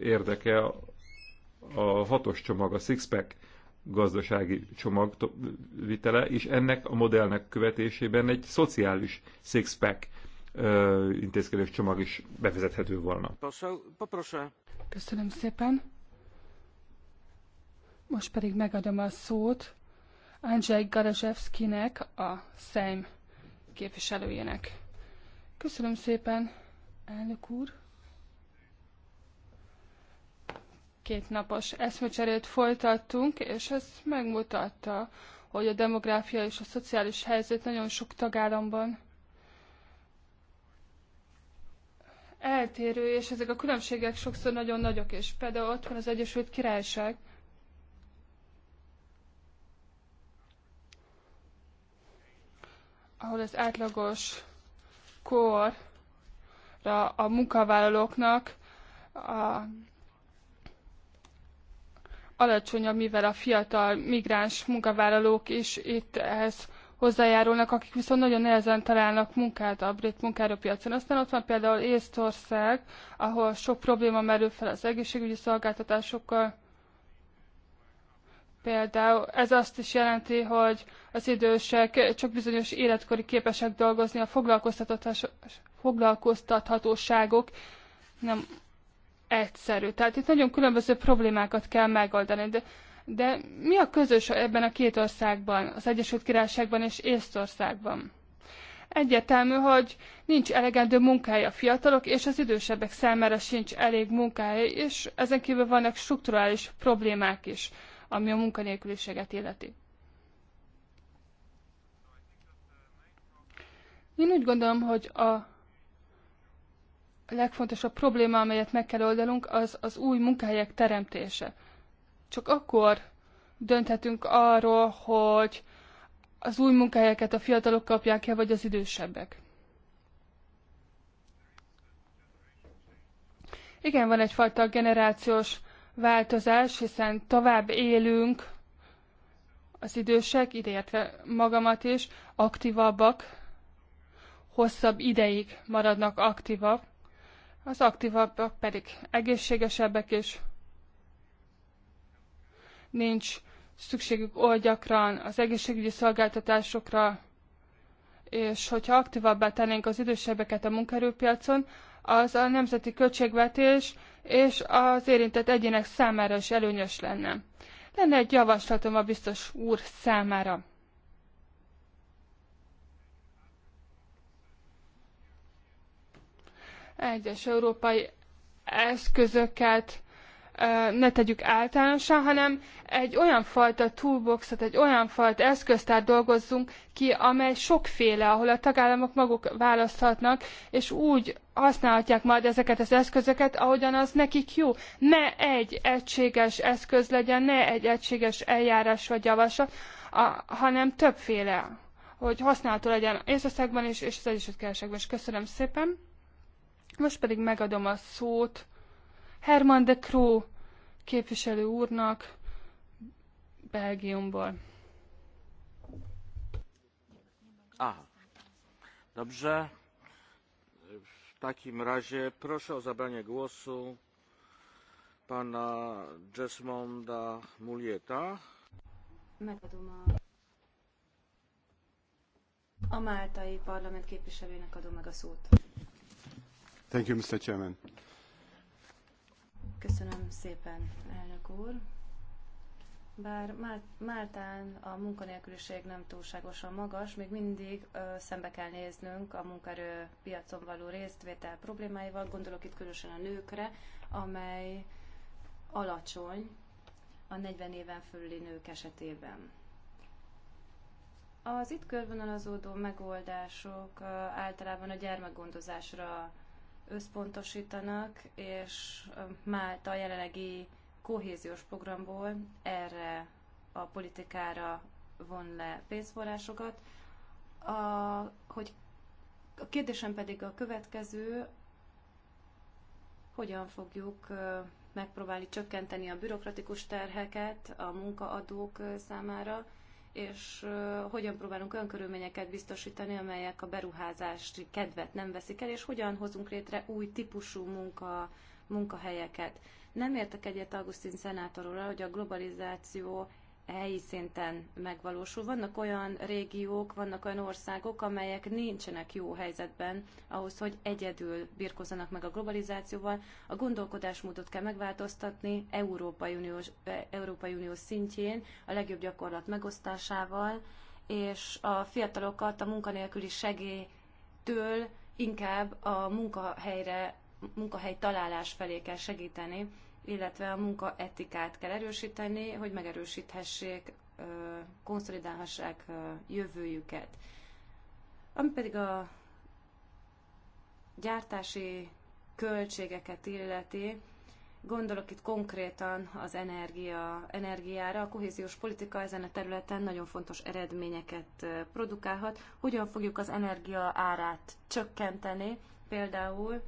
érdeke a hatos csomag, a six-pack gazdasági csomag vitele, és ennek a modellnek követésében egy szociális six-pack intézkedők csomag is bevezethető volna. Köszönöm szépen. Most pedig megadom a szót Andrzej Garazsevszkinek, a Szejm képviselőjének. Köszönöm szépen, elnök úr. Két napos eszmecserét folytattunk, és ez megmutatta, hogy a demográfia és a szociális helyzet nagyon sok tagállamban eltérő, és ezek a különbségek sokszor nagyon nagyok, és például ott van az Egyesült Királyság, ahol az átlagos korra a munkavállalóknak a alacsonyabb, mivel a fiatal migráns munkavállalók is itt ehhez hozzájárulnak, akik viszont nagyon nehezen találnak munkát a brit munkáropiacon. Aztán ott van például Észtország, ahol sok probléma merül fel az egészségügyi szolgáltatásokkal. Például ez azt is jelenti, hogy az idősek csak bizonyos életkori képesek dolgozni, a foglalkoztathatóságok nem egyszerű. Tehát itt nagyon különböző problémákat kell megoldani, de de mi a közös ebben a két országban, az Egyesült Királyságban és Észtországban? Egyetelmű, hogy nincs elegendő munkája a fiatalok, és az idősebbek számára sincs elég munkája, és ezen kívül vannak strukturális problémák is, ami a munkanélküliséget illeti. Én úgy gondolom, hogy a legfontosabb probléma, amelyet meg kell oldanunk, az az új munkahelyek teremtése csak akkor dönthetünk arról, hogy az új munkahelyeket a fiatalok kapják-e, vagy az idősebbek. Igen, van egyfajta generációs változás, hiszen tovább élünk az idősek, ideértve magamat is, aktívabbak, hosszabb ideig maradnak aktívak, az aktívabbak pedig egészségesebbek és nincs szükségük oly gyakran az egészségügyi szolgáltatásokra, és hogyha aktívabbá tennénk az idősebbeket a munkaerőpiacon, az a nemzeti költségvetés és az érintett egyének számára is előnyös lenne. Lenne egy javaslatom a biztos úr számára. Egyes európai eszközöket ne tegyük általánosan, hanem egy olyan fajta toolboxot, egy olyan fajta eszköztár dolgozzunk ki, amely sokféle, ahol a tagállamok maguk választhatnak, és úgy használhatják majd ezeket az eszközöket, ahogyan az nekik jó. Ne egy egységes eszköz legyen, ne egy egységes eljárás vagy javaslat, a, hanem többféle, hogy használható legyen Észországban is, és az Egyesült Királyságban is. Köszönöm szépen. Most pedig megadom a szót Herman de Croo képviselő úrnak Belgiumból. Aha. Dobrze. W takim razie proszę o zabranie głosu pana Jesmonda Mulieta. Megadom a, a máltai parlament képviselőjének adom meg a szót. Thank you, Mr. Chairman. Köszönöm szépen, elnök úr. Bár Máltán a munkanélküliség nem túlságosan magas, még mindig ö, szembe kell néznünk a munkaerőpiacon piacon való résztvétel problémáival, gondolok itt különösen a nőkre, amely alacsony a 40 éven fölüli nők esetében. Az itt körvonalazódó megoldások általában a gyermekgondozásra összpontosítanak, és Málta a jelenlegi kohéziós programból erre a politikára von le pénzforrásokat. A, hogy a kérdésem pedig a következő, hogyan fogjuk megpróbálni csökkenteni a bürokratikus terheket a munkaadók számára, és hogyan próbálunk olyan körülményeket biztosítani, amelyek a beruházást kedvet nem veszik el, és hogyan hozunk létre új típusú munka, munkahelyeket. Nem értek egyet Augustin szenátorról, hogy a globalizáció helyi szinten megvalósul. Vannak olyan régiók, vannak olyan országok, amelyek nincsenek jó helyzetben ahhoz, hogy egyedül birkozzanak meg a globalizációval. A gondolkodásmódot kell megváltoztatni Európai Unió, eh, Európai Unió szintjén, a legjobb gyakorlat megosztásával, és a fiatalokat a munkanélküli segélytől inkább a munkahelyre, munkahely találás felé kell segíteni illetve a munkaetikát kell erősíteni, hogy megerősíthessék, konszolidálhassák jövőjüket. Ami pedig a gyártási költségeket illeti, gondolok itt konkrétan az energia, energiára. A kohéziós politika ezen a területen nagyon fontos eredményeket produkálhat. Hogyan fogjuk az energia árát csökkenteni, például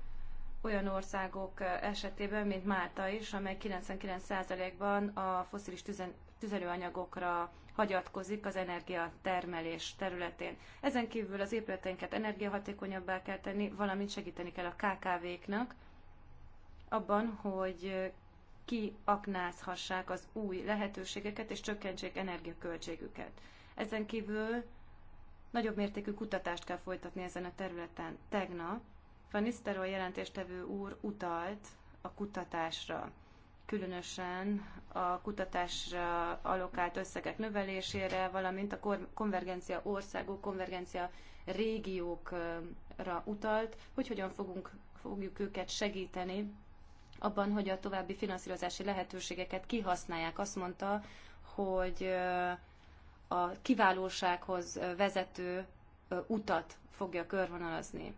olyan országok esetében, mint Málta is, amely 99%-ban a foszilis tüzen, tüzelőanyagokra hagyatkozik az energiatermelés területén. Ezen kívül az épületeinket energiahatékonyabbá kell tenni, valamint segíteni kell a KKV-knak abban, hogy kiaknázhassák az új lehetőségeket és csökkentsék energiaköltségüket. Ezen kívül nagyobb mértékű kutatást kell folytatni ezen a területen. Tegnap van Nisztelrooy jelentéstevő úr utalt a kutatásra, különösen a kutatásra alokált összegek növelésére, valamint a konvergencia országok, konvergencia régiókra utalt, hogy hogyan fogunk, fogjuk őket segíteni abban, hogy a további finanszírozási lehetőségeket kihasználják. Azt mondta, hogy a kiválósághoz vezető utat fogja körvonalazni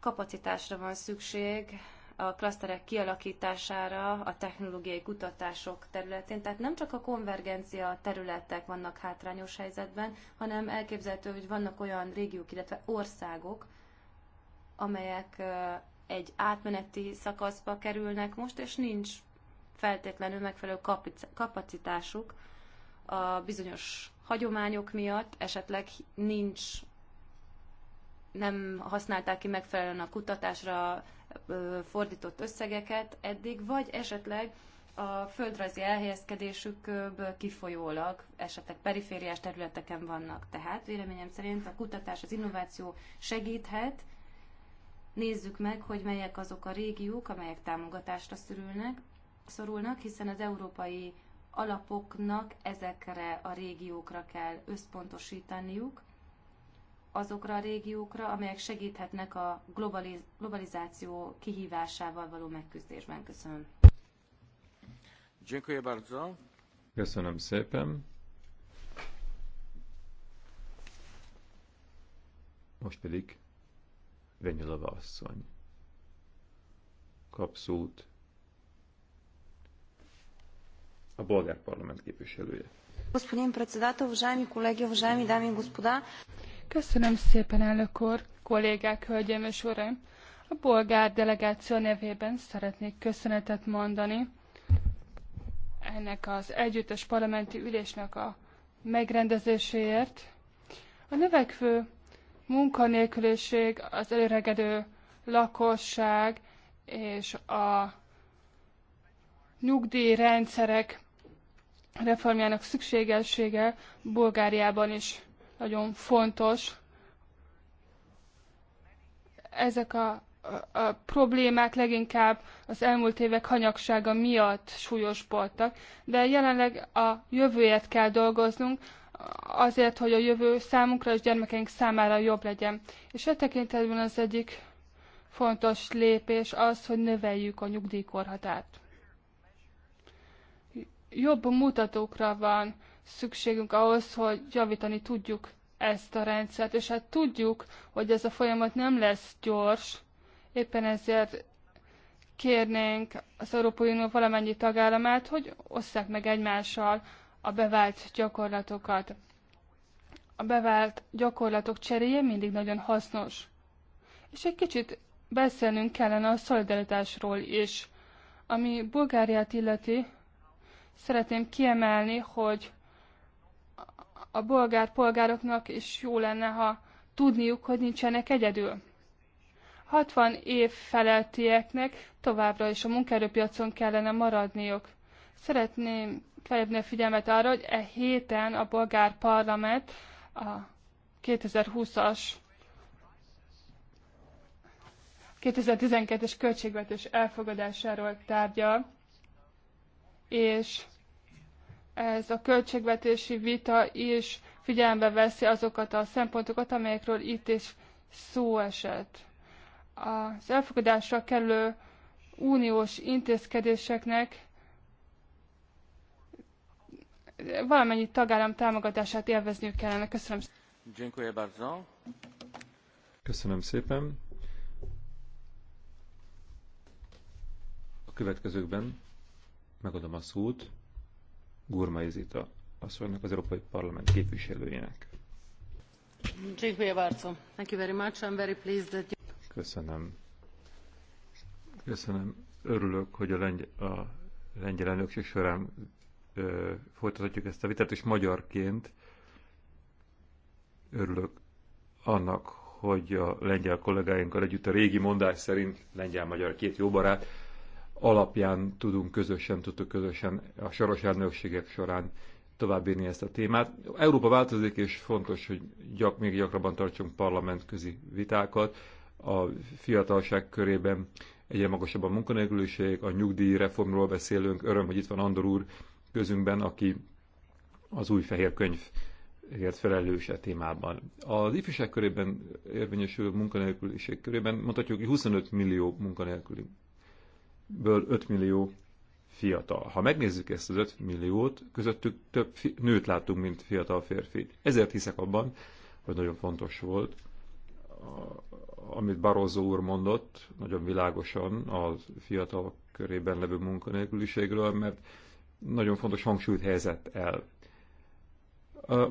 kapacitásra van szükség a klaszterek kialakítására a technológiai kutatások területén. Tehát nem csak a konvergencia területek vannak hátrányos helyzetben, hanem elképzelhető, hogy vannak olyan régiók, illetve országok, amelyek egy átmeneti szakaszba kerülnek most, és nincs feltétlenül megfelelő kapacitásuk a bizonyos hagyományok miatt, esetleg nincs nem használták ki megfelelően a kutatásra fordított összegeket eddig, vagy esetleg a földrajzi elhelyezkedésükből kifolyólag esetleg perifériás területeken vannak. Tehát véleményem szerint a kutatás, az innováció segíthet. Nézzük meg, hogy melyek azok a régiók, amelyek támogatásra szorulnak, szorulnak hiszen az európai alapoknak ezekre a régiókra kell összpontosítaniuk, azokra a régiókra, amelyek segíthetnek a globaliz globalizáció kihívásával való megküzdésben. Köszönöm. Dziękuję bardzo. Köszönöm szépen. Most pedig Venyelova asszony. Kap szót a bolgár parlament képviselője. Господин председател, уважаеми колеги, уважаеми дами и господа, Köszönöm szépen, elnök úr, kollégák, hölgyeim és uraim! A bolgár delegáció nevében szeretnék köszönetet mondani ennek az együttes parlamenti ülésnek a megrendezéséért. A növekvő munkanélküliség, az előregedő lakosság és a nyugdíjrendszerek reformjának szükségessége Bulgáriában is nagyon fontos. Ezek a, a, a problémák leginkább az elmúlt évek hanyagsága miatt súlyosbodtak, de jelenleg a jövőért kell dolgoznunk, azért, hogy a jövő számunkra és gyermekeink számára jobb legyen. És e tekintetben az egyik fontos lépés az, hogy növeljük a nyugdíjkorhatárt. Jobb mutatókra van szükségünk ahhoz, hogy javítani tudjuk ezt a rendszert, és hát tudjuk, hogy ez a folyamat nem lesz gyors, éppen ezért kérnénk az Európai Unió valamennyi tagállamát, hogy osszák meg egymással a bevált gyakorlatokat. A bevált gyakorlatok cseréje mindig nagyon hasznos. És egy kicsit beszélnünk kellene a szolidaritásról is. Ami Bulgáriát illeti, szeretném kiemelni, hogy a bolgár polgároknak is jó lenne, ha tudniuk, hogy nincsenek egyedül. 60 év feleltieknek továbbra is a munkaerőpiacon kellene maradniuk. Szeretném felhívni a figyelmet arra, hogy e héten a bolgár parlament a 2020-as 2012-es költségvetés elfogadásáról tárgyal, és ez a költségvetési vita is figyelembe veszi azokat a szempontokat, amelyekről itt is szó esett. Az elfogadásra kerülő uniós intézkedéseknek valamennyi tagállam támogatását élvezniük kellene. Köszönöm szépen. Köszönöm szépen. A következőkben megadom a szót Gurmaizita asszonynak, az Európai Parlament képviselőjének. Köszönöm. Köszönöm. Örülök, hogy a, lengy a lengyel elnökség során ö, folytatjuk ezt a vitát, és magyarként örülök annak, hogy a lengyel kollégáinkkal együtt a régi mondás szerint lengyel-magyar két jó barát, alapján tudunk közösen, tudtuk közösen a soros elnökségek során továbbírni ezt a témát. Európa változik, és fontos, hogy gyak, még gyakrabban tartsunk parlamentközi vitákat. A fiatalság körében egyre magasabb a munkanélküliség, a nyugdíjreformról beszélünk. Öröm, hogy itt van Andor úr közünkben, aki az új fehér könyvért felelős a e témában. Az ifjúság körében érvényesülő munkanélküliség körében mondhatjuk, hogy 25 millió munkanélküli ből 5 millió fiatal. Ha megnézzük ezt az 5 milliót, közöttük több nőt látunk, mint fiatal férfit. Ezért hiszek abban, hogy nagyon fontos volt, amit Barozó úr mondott, nagyon világosan a fiatalok körében levő munkanélküliségről, mert nagyon fontos hangsúlyt helyezett el.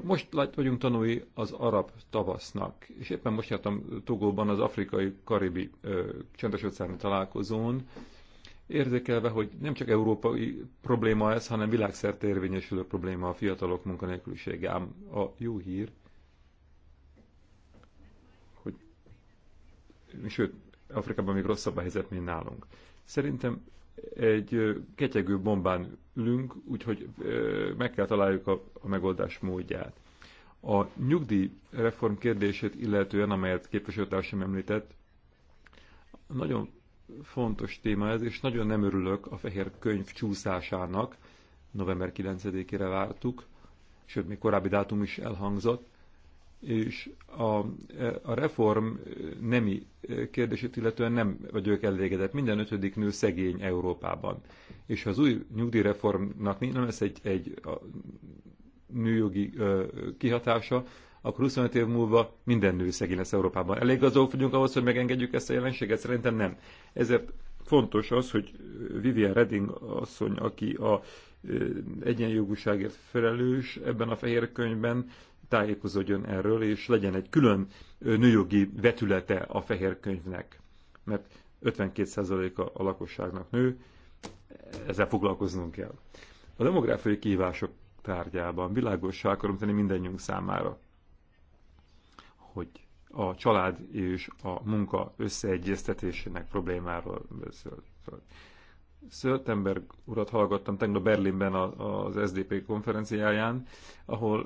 Most vagyunk tanulni az arab tavasznak, és éppen most jártam Togóban az afrikai-karibi csendes óceáni találkozón, érzékelve, hogy nem csak európai probléma ez, hanem világszerte érvényesülő probléma a fiatalok munkanélkülisége. Ám a jó hír, hogy sőt, Afrikában még rosszabb a helyzet, mint nálunk. Szerintem egy ketyegő bombán ülünk, úgyhogy meg kell találjuk a, a megoldás módját. A nyugdíjreform kérdését illetően, amelyet képviselőtársam említett, nagyon fontos téma ez, és nagyon nem örülök a fehér könyv csúszásának. November 9-ére vártuk, sőt, még korábbi dátum is elhangzott, és a, a reform nemi kérdését illetően nem vagyok elégedett. Minden ötödik nő szegény Európában. És ha az új nyugdíjreformnak nem lesz egy, egy a, nőjogi ö, kihatása, akkor 25 év múlva minden nő szegény lesz Európában. Elég gazdagok vagyunk ahhoz, hogy megengedjük ezt a jelenséget? Szerintem nem. Ezért fontos az, hogy Vivian Redding asszony, aki a egyenjogúságért felelős ebben a fehér könyvben, tájékozódjon erről, és legyen egy külön nőjogi vetülete a fehér könyvnek. Mert 52%-a a lakosságnak nő, ezzel foglalkoznunk kell. A demográfiai kihívások tárgyában világossá akarom tenni mindannyiunk számára, hogy a család és a munka összeegyeztetésének problémáról beszélt. Szöltember urat hallgattam tegnap Berlinben az SDP konferenciáján, ahol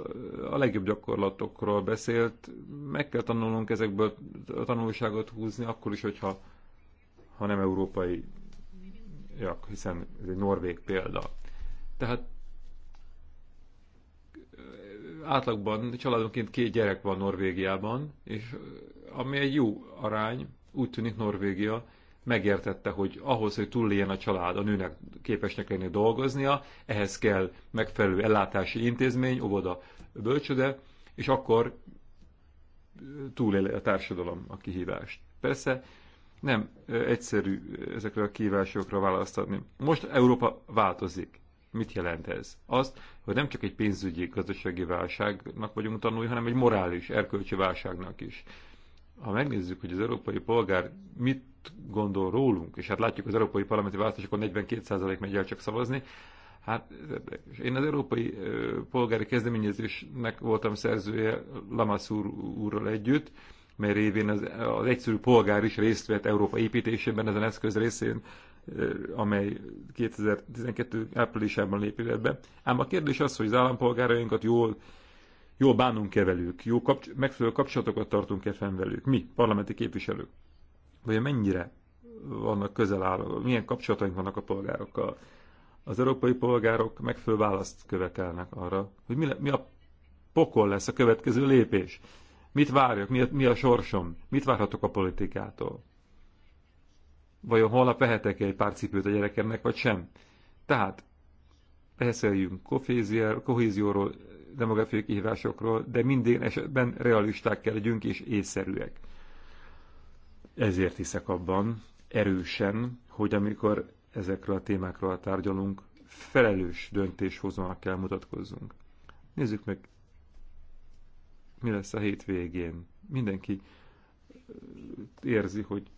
a legjobb gyakorlatokról beszélt. Meg kell tanulnunk ezekből a tanulságot húzni, akkor is, hogyha ha nem európai, ja, hiszen ez egy norvég példa. Tehát átlagban családonként két gyerek van Norvégiában, és ami egy jó arány, úgy tűnik Norvégia megértette, hogy ahhoz, hogy túléljen a család, a nőnek képesnek lenni dolgoznia, ehhez kell megfelelő ellátási intézmény, óvoda, bölcsöde, és akkor túléli a társadalom a kihívást. Persze nem egyszerű ezekre a kihívásokra választani. Most Európa változik. Mit jelent ez? Azt, hogy nem csak egy pénzügyi, gazdasági válságnak vagyunk tanulni, hanem egy morális, erkölcsi válságnak is. Ha megnézzük, hogy az európai polgár mit gondol rólunk, és hát látjuk az európai parlamenti választásokon 42% megy el csak szavazni, Hát én az európai polgári kezdeményezésnek voltam szerzője Lamassur úrral együtt, mert révén az, az egyszerű polgár is részt vett Európa építésében ezen eszköz részén amely 2012. áprilisában lép életbe. Ám a kérdés az, hogy az állampolgárainkat jól, jól bánunk-e velük, jó kapcs- megfelelő kapcsolatokat tartunk-e fenn velük, mi, parlamenti képviselők, vagy mennyire vannak közel álló, milyen kapcsolataink vannak a polgárokkal. Az európai polgárok megfelelő választ követelnek arra, hogy mi, le, mi a pokol lesz a következő lépés. Mit várjak, mi a, mi a sorsom, mit várhatok a politikától Vajon holnap vehetek -e egy pár cipőt a gyerekemnek, vagy sem? Tehát beszéljünk kohézióról, demográfiai kihívásokról, de minden esetben realisták kell legyünk és észszerűek. Ezért hiszek abban erősen, hogy amikor ezekről a témákról tárgyalunk, felelős döntéshozónak kell mutatkozzunk. Nézzük meg, mi lesz a hétvégén. Mindenki érzi, hogy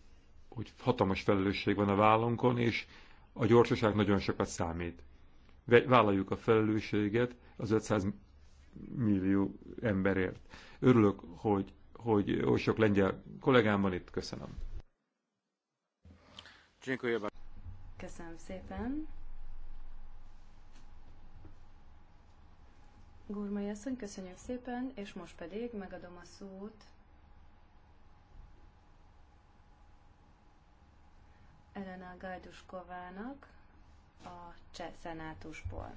hogy hatalmas felelősség van a vállunkon, és a gyorsaság nagyon sokat számít. Vállaljuk a felelősséget az 500 millió emberért. Örülök, hogy, hogy oly sok lengyel kollégám van itt. Köszönöm. Köszönöm szépen. Gurmai asszony, köszönjük szépen, és most pedig megadom a szót Elena Gajduskovának a Cseh Szenátusból.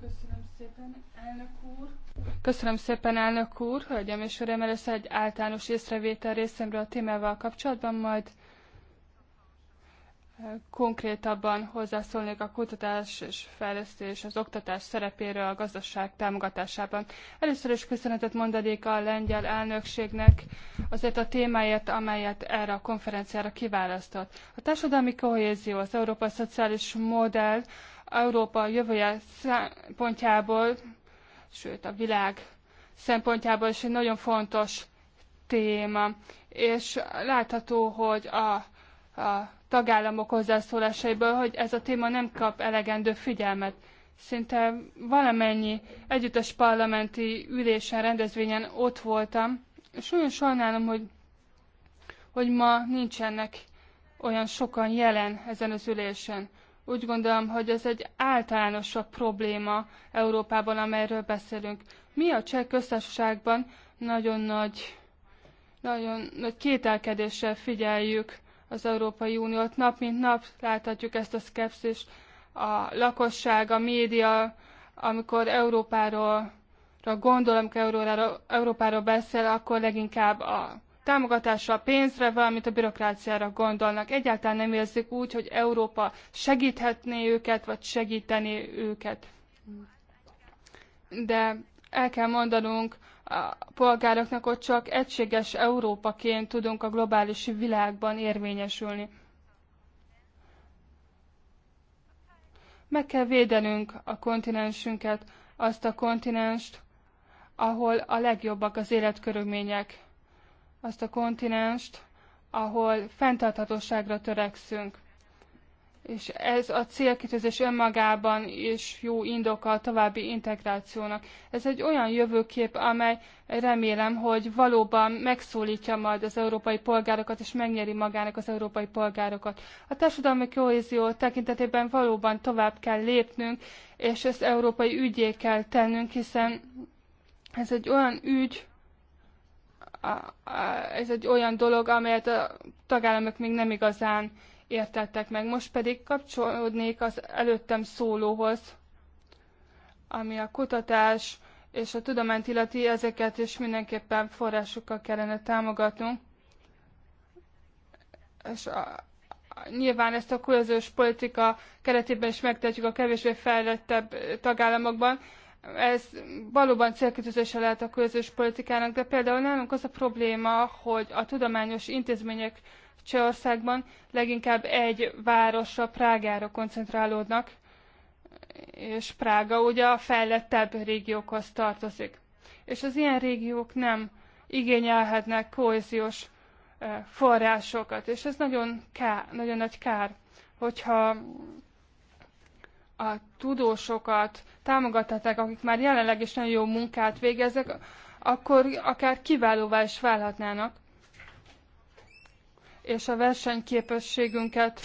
Köszönöm szépen, elnök úr! Köszönöm szépen, elnök úr! Hölgyem és uram, először egy általános észrevétel részemről a témával kapcsolatban, majd konkrétabban hozzászólnék a kutatás és fejlesztés, az oktatás szerepéről a gazdaság támogatásában. Először is köszönetet mondanék a lengyel elnökségnek azért a témáért, amelyet erre a konferenciára kiválasztott. A társadalmi kohézió, az Európa Szociális Modell, Európa jövője szempontjából, sőt a világ szempontjából is egy nagyon fontos téma. És látható, hogy a a tagállamok hozzászólásaiból, hogy ez a téma nem kap elegendő figyelmet. Szinte valamennyi együttes parlamenti ülésen, rendezvényen ott voltam, és nagyon sajnálom, hogy, hogy ma nincsenek olyan sokan jelen ezen az ülésen. Úgy gondolom, hogy ez egy általánosabb probléma Európában, amelyről beszélünk. Mi a cseh köztársaságban nagyon nagy, nagyon nagy kételkedéssel figyeljük az Európai Uniót. Nap mint nap láthatjuk ezt a szkepszis a lakosság, a média, amikor Európáról gondol, amikor Európáról, Európáról beszél, akkor leginkább a támogatásra, a pénzre, valamint a bürokráciára gondolnak. Egyáltalán nem érzik úgy, hogy Európa segíthetné őket, vagy segíteni őket. De el kell mondanunk, a polgároknak, ott csak egységes Európaként tudunk a globális világban érvényesülni. Meg kell védenünk a kontinensünket, azt a kontinenst, ahol a legjobbak az életkörülmények. Azt a kontinenst, ahol fenntarthatóságra törekszünk és ez a célkitűzés önmagában is jó indok a további integrációnak. Ez egy olyan jövőkép, amely remélem, hogy valóban megszólítja majd az európai polgárokat, és megnyeri magának az európai polgárokat. A társadalmi kohézió tekintetében valóban tovább kell lépnünk, és ezt európai ügyé kell tennünk, hiszen ez egy olyan ügy, ez egy olyan dolog, amelyet a tagállamok még nem igazán érteltek meg. Most pedig kapcsolódnék az előttem szólóhoz, ami a kutatás és a tudományt illeti, ezeket is mindenképpen forrásokkal kellene támogatnunk. És a, nyilván ezt a kohéziós politika keretében is megtehetjük a kevésbé fejlettebb tagállamokban. Ez valóban célkitűzése lehet a közös politikának, de például nálunk az a probléma, hogy a tudományos intézmények Csehországban leginkább egy városra, Prágára koncentrálódnak, és Prága ugye a fejlettebb régiókhoz tartozik. És az ilyen régiók nem igényelhetnek kohéziós eh, forrásokat, és ez nagyon, kár, nagyon nagy kár, hogyha a tudósokat támogathatnak, akik már jelenleg is nagyon jó munkát végeznek, akkor akár kiválóvá is válhatnának és a versenyképességünket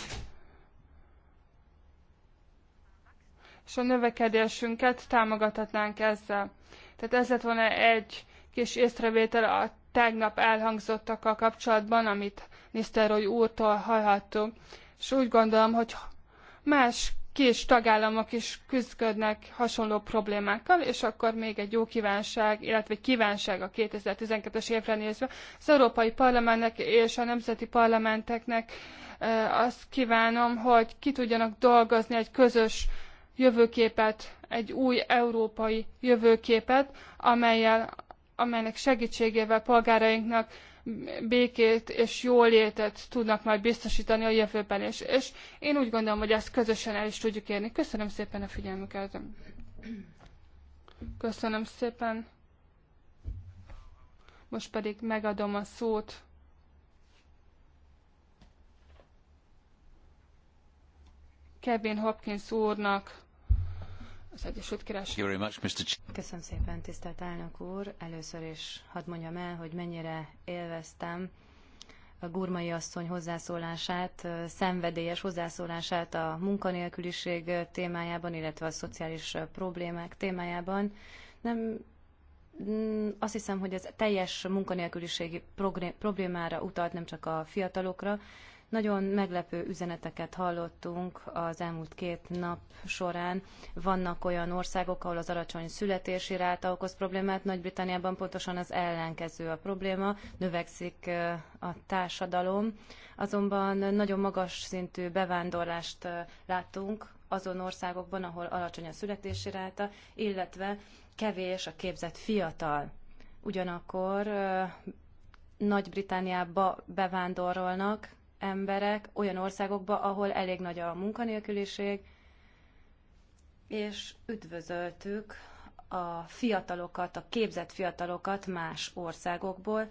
és a növekedésünket támogathatnánk ezzel. Tehát ez lett volna egy kis észrevétel a tegnap elhangzottakkal kapcsolatban, amit Roy úrtól hallhattunk. És úgy gondolom, hogy más kis tagállamok is küzdködnek hasonló problémákkal, és akkor még egy jó kívánság, illetve egy kívánság a 2012-es évre nézve az Európai Parlamentnek és a nemzeti parlamenteknek azt kívánom, hogy ki tudjanak dolgozni egy közös jövőképet, egy új európai jövőképet, amelyel, amelynek segítségével polgárainknak békét és jólétet tudnak majd biztosítani a jövőben is. És én úgy gondolom, hogy ezt közösen el is tudjuk érni. Köszönöm szépen a figyelmüket. Köszönöm szépen. Most pedig megadom a szót. Kevin Hopkins úrnak az Egyesült Királyság. Köszönöm szépen, tisztelt elnök úr. Először is hadd mondjam el, hogy mennyire élveztem a gurmai asszony hozzászólását, szenvedélyes hozzászólását a munkanélküliség témájában, illetve a szociális problémák témájában. Nem mm, azt hiszem, hogy ez teljes munkanélküliségi problémára utalt, nem csak a fiatalokra, nagyon meglepő üzeneteket hallottunk az elmúlt két nap során. Vannak olyan országok, ahol az alacsony születési ráta okoz problémát, Nagy-Britanniában pontosan az ellenkező a probléma, növekszik a társadalom. Azonban nagyon magas szintű bevándorlást láttunk azon országokban, ahol alacsony a születési ráta, illetve kevés a képzett fiatal. Ugyanakkor nagy-Britániába bevándorolnak, emberek olyan országokba, ahol elég nagy a munkanélküliség, és üdvözöltük a fiatalokat, a képzett fiatalokat más országokból,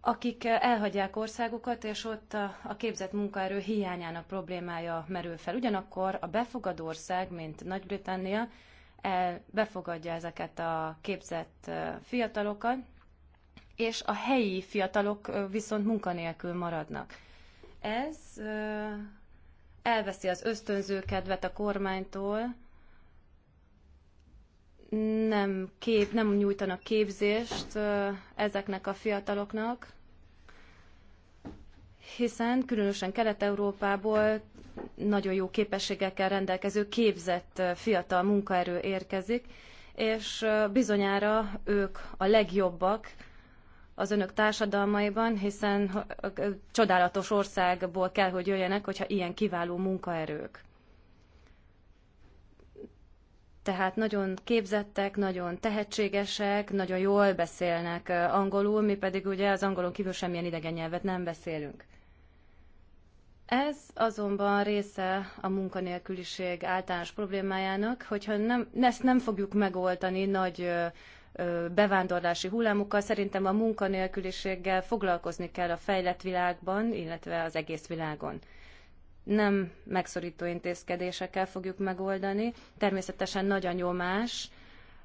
akik elhagyják országukat, és ott a képzett munkaerő hiányának problémája merül fel. Ugyanakkor a befogadó ország, mint Nagy-Britannia, befogadja ezeket a képzett fiatalokat, és a helyi fiatalok viszont munkanélkül maradnak. Ez elveszi az ösztönző kedvet a kormánytól, nem, kép, nem nyújtanak képzést ezeknek a fiataloknak, hiszen különösen Kelet-Európából nagyon jó képességekkel rendelkező képzett fiatal munkaerő érkezik, és bizonyára ők a legjobbak az önök társadalmaiban, hiszen csodálatos országból kell, hogy jöjjenek, hogyha ilyen kiváló munkaerők. Tehát nagyon képzettek, nagyon tehetségesek, nagyon jól beszélnek angolul, mi pedig ugye az angolon kívül semmilyen idegen nyelvet nem beszélünk. Ez azonban része a munkanélküliség általános problémájának, hogyha nem, ezt nem fogjuk megoldani nagy bevándorlási hullámokkal, szerintem a munkanélküliséggel foglalkozni kell a fejlett világban, illetve az egész világon. Nem megszorító intézkedésekkel fogjuk megoldani. Természetesen nagy a nyomás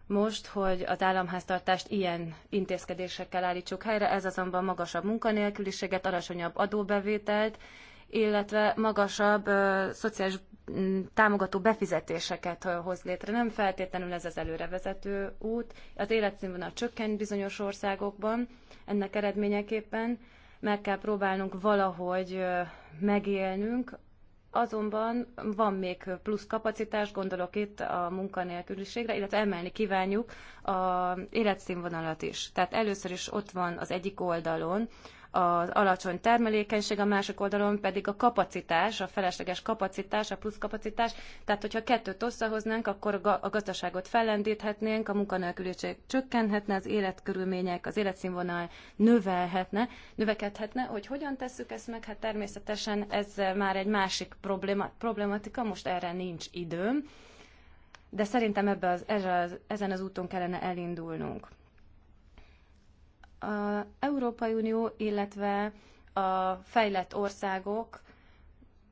most, hogy az államháztartást ilyen intézkedésekkel állítsuk helyre, ez azonban magasabb munkanélküliséget, alacsonyabb adóbevételt, illetve magasabb ö, szociális Mm, támogató befizetéseket hoz létre. Nem feltétlenül ez az előrevezető út. Az életszínvonal csökkent bizonyos országokban ennek eredményeképpen. Meg kell próbálnunk valahogy megélnünk, azonban van még plusz kapacitás, gondolok itt a munkanélküliségre, illetve emelni kívánjuk a életszínvonalat is. Tehát először is ott van az egyik oldalon az alacsony termelékenység, a másik oldalon pedig a kapacitás, a felesleges kapacitás, a plusz kapacitás. Tehát, hogyha kettőt összehoznánk, akkor a gazdaságot fellendíthetnénk, a munkanélküliség csökkenhetne, az életkörülmények, az életszínvonal növelhetne, növekedhetne. Hogy hogyan tesszük ezt meg? Hát természetesen ez már egy másik probléma, problematika, most erre nincs időm de szerintem ebbe az, ez az, ezen az úton kellene elindulnunk. Európai Unió, illetve a fejlett országok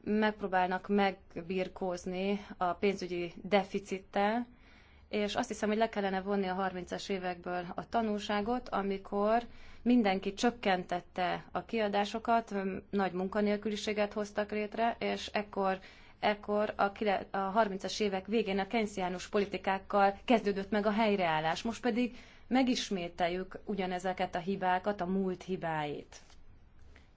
megpróbálnak megbirkózni a pénzügyi deficittel, és azt hiszem, hogy le kellene vonni a 30-as évekből a tanulságot, amikor mindenki csökkentette a kiadásokat, nagy munkanélküliséget hoztak létre, és ekkor ekkor a, a 30-as évek végén a kenciánus politikákkal kezdődött meg a helyreállás. Most pedig megismételjük ugyanezeket a hibákat, a múlt hibáit.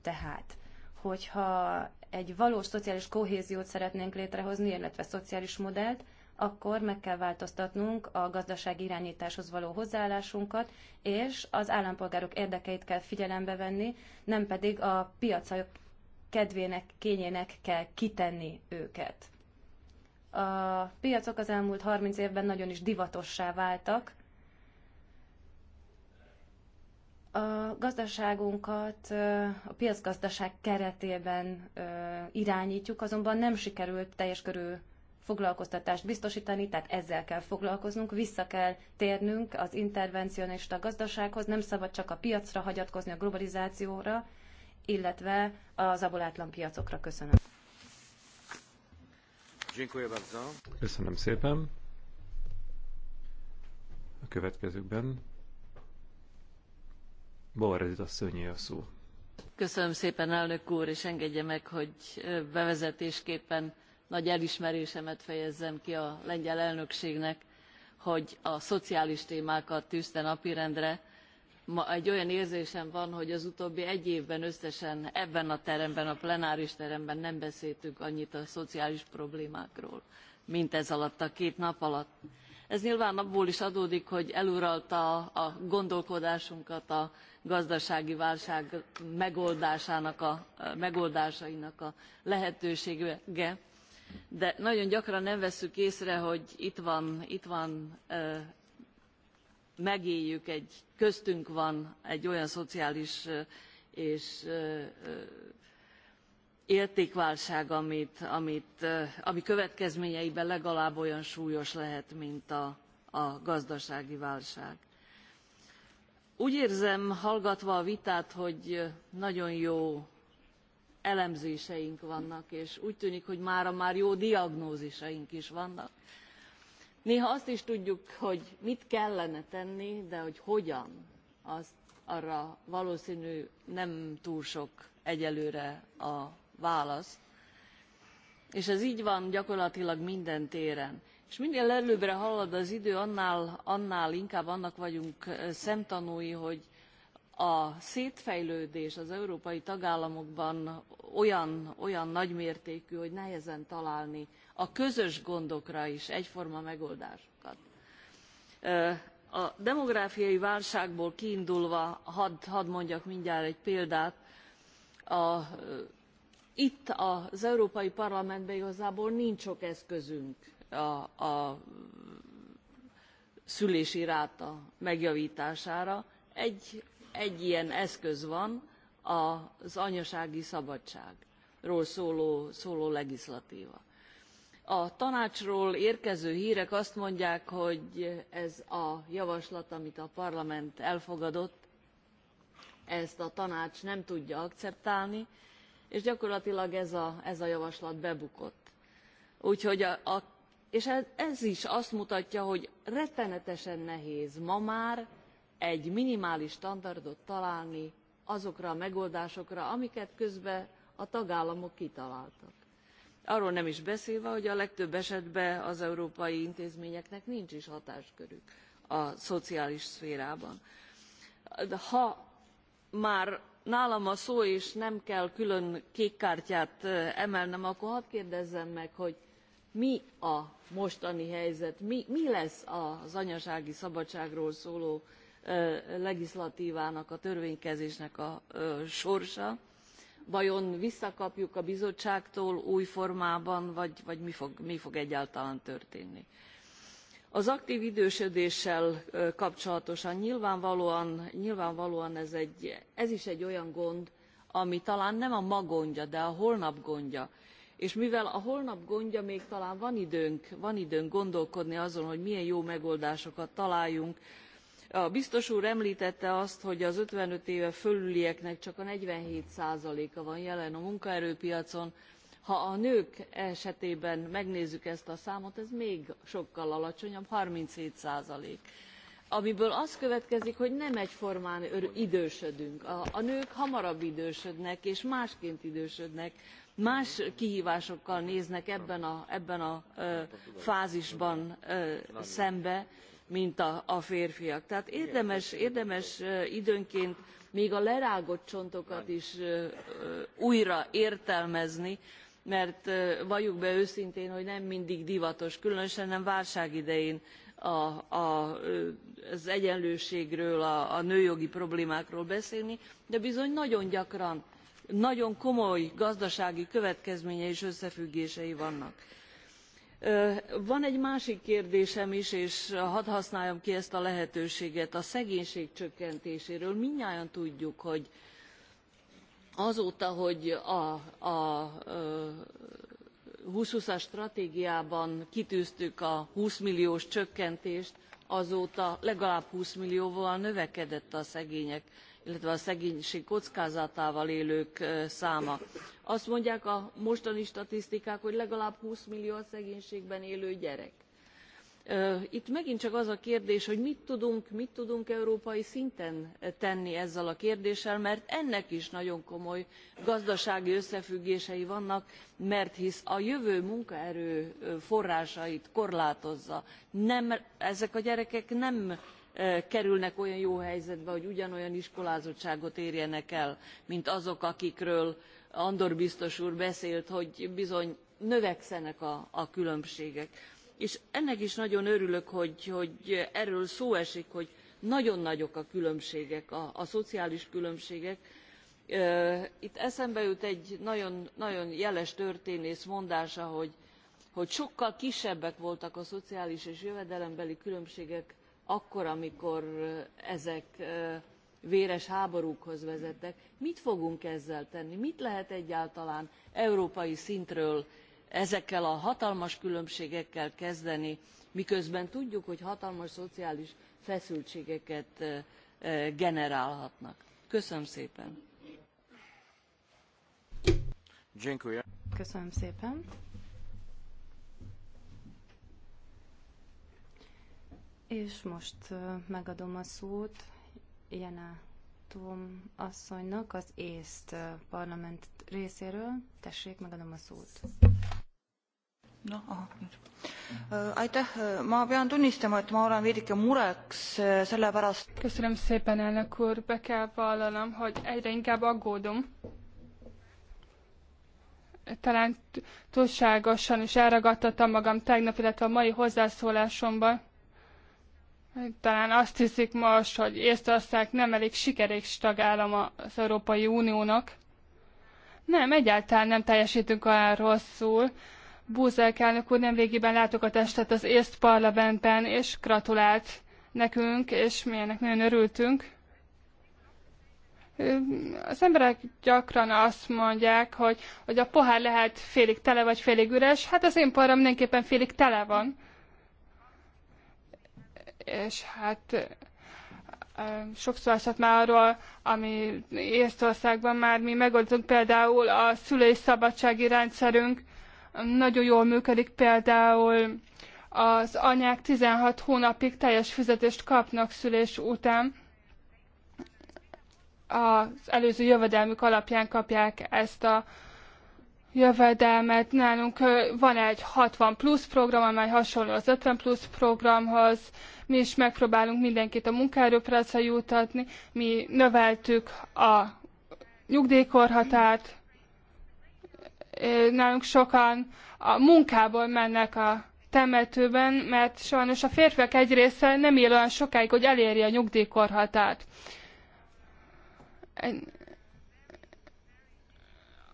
Tehát, hogyha egy valós szociális kohéziót szeretnénk létrehozni, illetve szociális modellt, akkor meg kell változtatnunk a gazdasági irányításhoz való hozzáállásunkat, és az állampolgárok érdekeit kell figyelembe venni, nem pedig a piacok kedvének, kényének kell kitenni őket. A piacok az elmúlt 30 évben nagyon is divatossá váltak, a gazdaságunkat a piacgazdaság keretében irányítjuk, azonban nem sikerült teljes körül foglalkoztatást biztosítani, tehát ezzel kell foglalkoznunk, vissza kell térnünk az intervencionista gazdasághoz, nem szabad csak a piacra hagyatkozni, a globalizációra, illetve az abolátlan piacokra. Köszönöm. Köszönöm szépen. A következőkben a szó. Köszönöm szépen, elnök úr, és engedje meg, hogy bevezetésképpen nagy elismerésemet fejezzem ki a lengyel elnökségnek, hogy a szociális témákat tűzte napirendre. Ma egy olyan érzésem van, hogy az utóbbi egy évben összesen ebben a teremben, a plenáris teremben nem beszéltünk annyit a szociális problémákról, mint ez alatt a két nap alatt. Ez nyilván abból is adódik, hogy eluralta a gondolkodásunkat a gazdasági válság megoldásának a, megoldásainak a lehetősége de nagyon gyakran nem vesszük észre hogy itt van, itt van megéljük egy köztünk van egy olyan szociális és értékválság amit, amit, ami következményeiben legalább olyan súlyos lehet mint a, a gazdasági válság úgy érzem hallgatva a vitát hogy nagyon jó elemzéseink vannak és úgy tűnik hogy mára már jó diagnózisaink is vannak. néha azt is tudjuk hogy mit kellene tenni de hogy hogyan azt arra valószínű nem túl sok egyelőre a válasz és ez gy van gyakorlatilag minden téren és minél előbbre halad az idő annál, annál inkább annak vagyunk szemtanúi hogy a szétfejlődés az európai tagállamokban olyan, olyan nagymértékű hogy nehezen találni a közös gondokra is egyforma megoldásokat. a demográfiai válságból kiindulva hadd had mondjak mindjárt egy példát a, itt az európai parlamentben igazából nincs sok eszközünk a, a szülési ráta megjavtására egy, egy ilyen eszköz van az anyasági szabadságról szóló, szóló legislatíva. A tanácsról érkező hírek azt mondják, hogy ez a javaslat, amit a parlament elfogadott, ezt a tanács nem tudja akceptálni, és gyakorlatilag ez a, ez a javaslat bebukott. Úgyhogy a, a és ez, ez is azt mutatja hogy rettenetesen nehéz ma már egy minimális standardot találni azokra a megoldásokra amiket közben a tagállamok kitaláltak. arról nem is beszélve hogy a legtöbb esetben az európai intézményeknek nincs is hatáskörük a szociális szférában. De ha már nálam a szó és nem kell külön kék kártyát emelnem akkor hadd kérdezzem meg hogy mi a mostani helyzet, mi, mi lesz az anyasági szabadságról szóló legislatívának, a törvénykezésnek a sorsa. Vajon visszakapjuk a bizottságtól új formában, vagy, vagy mi, fog, mi fog egyáltalán történni? Az aktív idősödéssel kapcsolatosan nyilvánvalóan, nyilvánvalóan ez, egy, ez is egy olyan gond, ami talán nem a ma gondja, de a holnap gondja és mivel a holnap gondja még talán van időnk, van időnk gondolkodni azon, hogy milyen jó megoldásokat találjunk, a biztos úr emltette azt hogy az fifty five éve fölülieknek csak a forty seven a van jelen a munkaerőpiacon ha a nők esetében megnézzük ezt a számot ez még sokkal alacsonyabb thirty seven amiből az következik hogy nem egyformán idősödünk a, a nők hamarabb idősödnek és másként idősödnek más kihvásokkal néznek ebben a, fázisban szembe mint a, férfiak. tehát érdemes, időnként még a lerágott csontokat is újra értelmezni mert valljuk be őszintén hogy nem mindig divatos különösen nem válság idején az egyenlőségről a, a nőjogi problémákról beszélni de bizony nagyon gyakran nagyon komoly gazdasági következményei és összefüggései vannak. van egy másik kérdésem is és hadd használjam ki ezt a lehetőséget a szegénység csökkentéséről mindnyájan tudjuk hogy azóta hogy a, a, two thousand and twenty as stratégiában kitűztük a twenty milliós csökkentést azóta legalább twenty millióval növekedett a szegények illetve a szegénység kockázatával élők száma. azt mondják a mostani statisztikák hogy legalább twenty millió a szegénységben élő gyerek. itt megint csak az a kérdés hogy mit tudunk mit tudunk európai szinten tenni ezzel a kérdéssel mert ennek is nagyon komoly gazdasági összefüggései vannak mert hisz a jövő munkaerő forrásait korlátozza. Nem, ezek a gyerekek nem kerülnek olyan jó helyzetbe hogy ugyanolyan iskolázottságot érjenek el mint azok akikről andor biztos úr beszélt hogy bizony növekszenek a, különbségek. és ennek is nagyon örülök hogy, erről szó esik hogy nagyon nagyok a különbségek a, szociális különbségek. itt eszembe jut egy nagyon, nagyon jeles történész mondása hogy sokkal kisebbek voltak a szociális és jövedelembeli különbségek akkor, amikor ezek véres háborúkhoz vezettek. Mit fogunk ezzel tenni? Mit lehet egyáltalán európai szintről ezekkel a hatalmas különbségekkel kezdeni, miközben tudjuk, hogy hatalmas szociális feszültségeket generálhatnak. Köszönöm szépen! Köszönöm szépen! És most megadom a szót Jena Tom asszonynak az észt parlament részéről. Tessék, megadom a szót. No, aha, aitäh, ma pean tunnistama, et ma olen veidike mureks sellepärast. Köszönöm szépen, elnök úr, be kell vallanom, hogy egyre inkább aggódom. Talán túlságosan is elragadtattam magam tegnap, illetve a mai hozzászólásomban talán azt hiszik most, hogy Észtország nem elég sikeres tagállam az Európai Uniónak. Nem, egyáltalán nem teljesítünk olyan rosszul. Búzelk elnök úr nemrégiben látogatást tett az észt parlamentben, és gratulált nekünk, és mi ennek nagyon örültünk. Az emberek gyakran azt mondják, hogy, hogy a pohár lehet félig tele vagy félig üres, hát az én parlam mindenképpen félig tele van és hát sokszor esett már arról, ami Észtországban már mi megoldunk, például a szülői szabadsági rendszerünk nagyon jól működik, például az anyák 16 hónapig teljes fizetést kapnak szülés után, az előző jövedelmük alapján kapják ezt a jövedelmet. Nálunk van egy 60 plusz program, amely hasonló az 50 plusz programhoz. Mi is megpróbálunk mindenkit a munkaerőpiacra jutatni. Mi növeltük a nyugdíjkorhatárt. Nálunk sokan a munkából mennek a temetőben, mert sajnos a férfiak egy része nem él olyan sokáig, hogy elérje a nyugdíjkorhatárt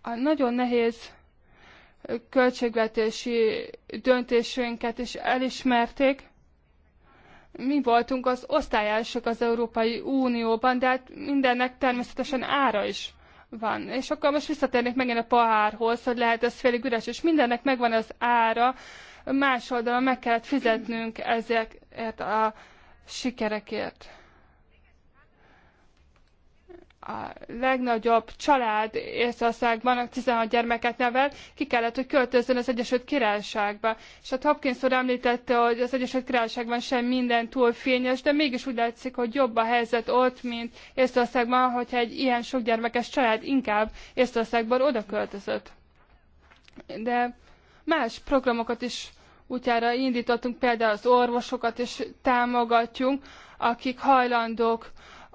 a nagyon nehéz költségvetési döntésünket is elismerték. Mi voltunk az osztályások az Európai Unióban, de hát mindennek természetesen ára is van. És akkor most visszatérnék megint a pohárhoz, hogy lehet ez félig üres, és mindennek megvan az ára, más oldalon meg kellett fizetnünk ezekért a sikerekért a legnagyobb család Észországban, a 16 gyermeket nevel, ki kellett, hogy költözzön az Egyesült Királyságba. És a hát Hopkins úr említette, hogy az Egyesült Királyságban sem minden túl fényes, de mégis úgy látszik, hogy jobb a helyzet ott, mint Észországban, hogyha egy ilyen sok gyermekes család inkább Észországban oda költözött. De más programokat is útjára indítottunk, például az orvosokat is támogatjunk, akik hajlandók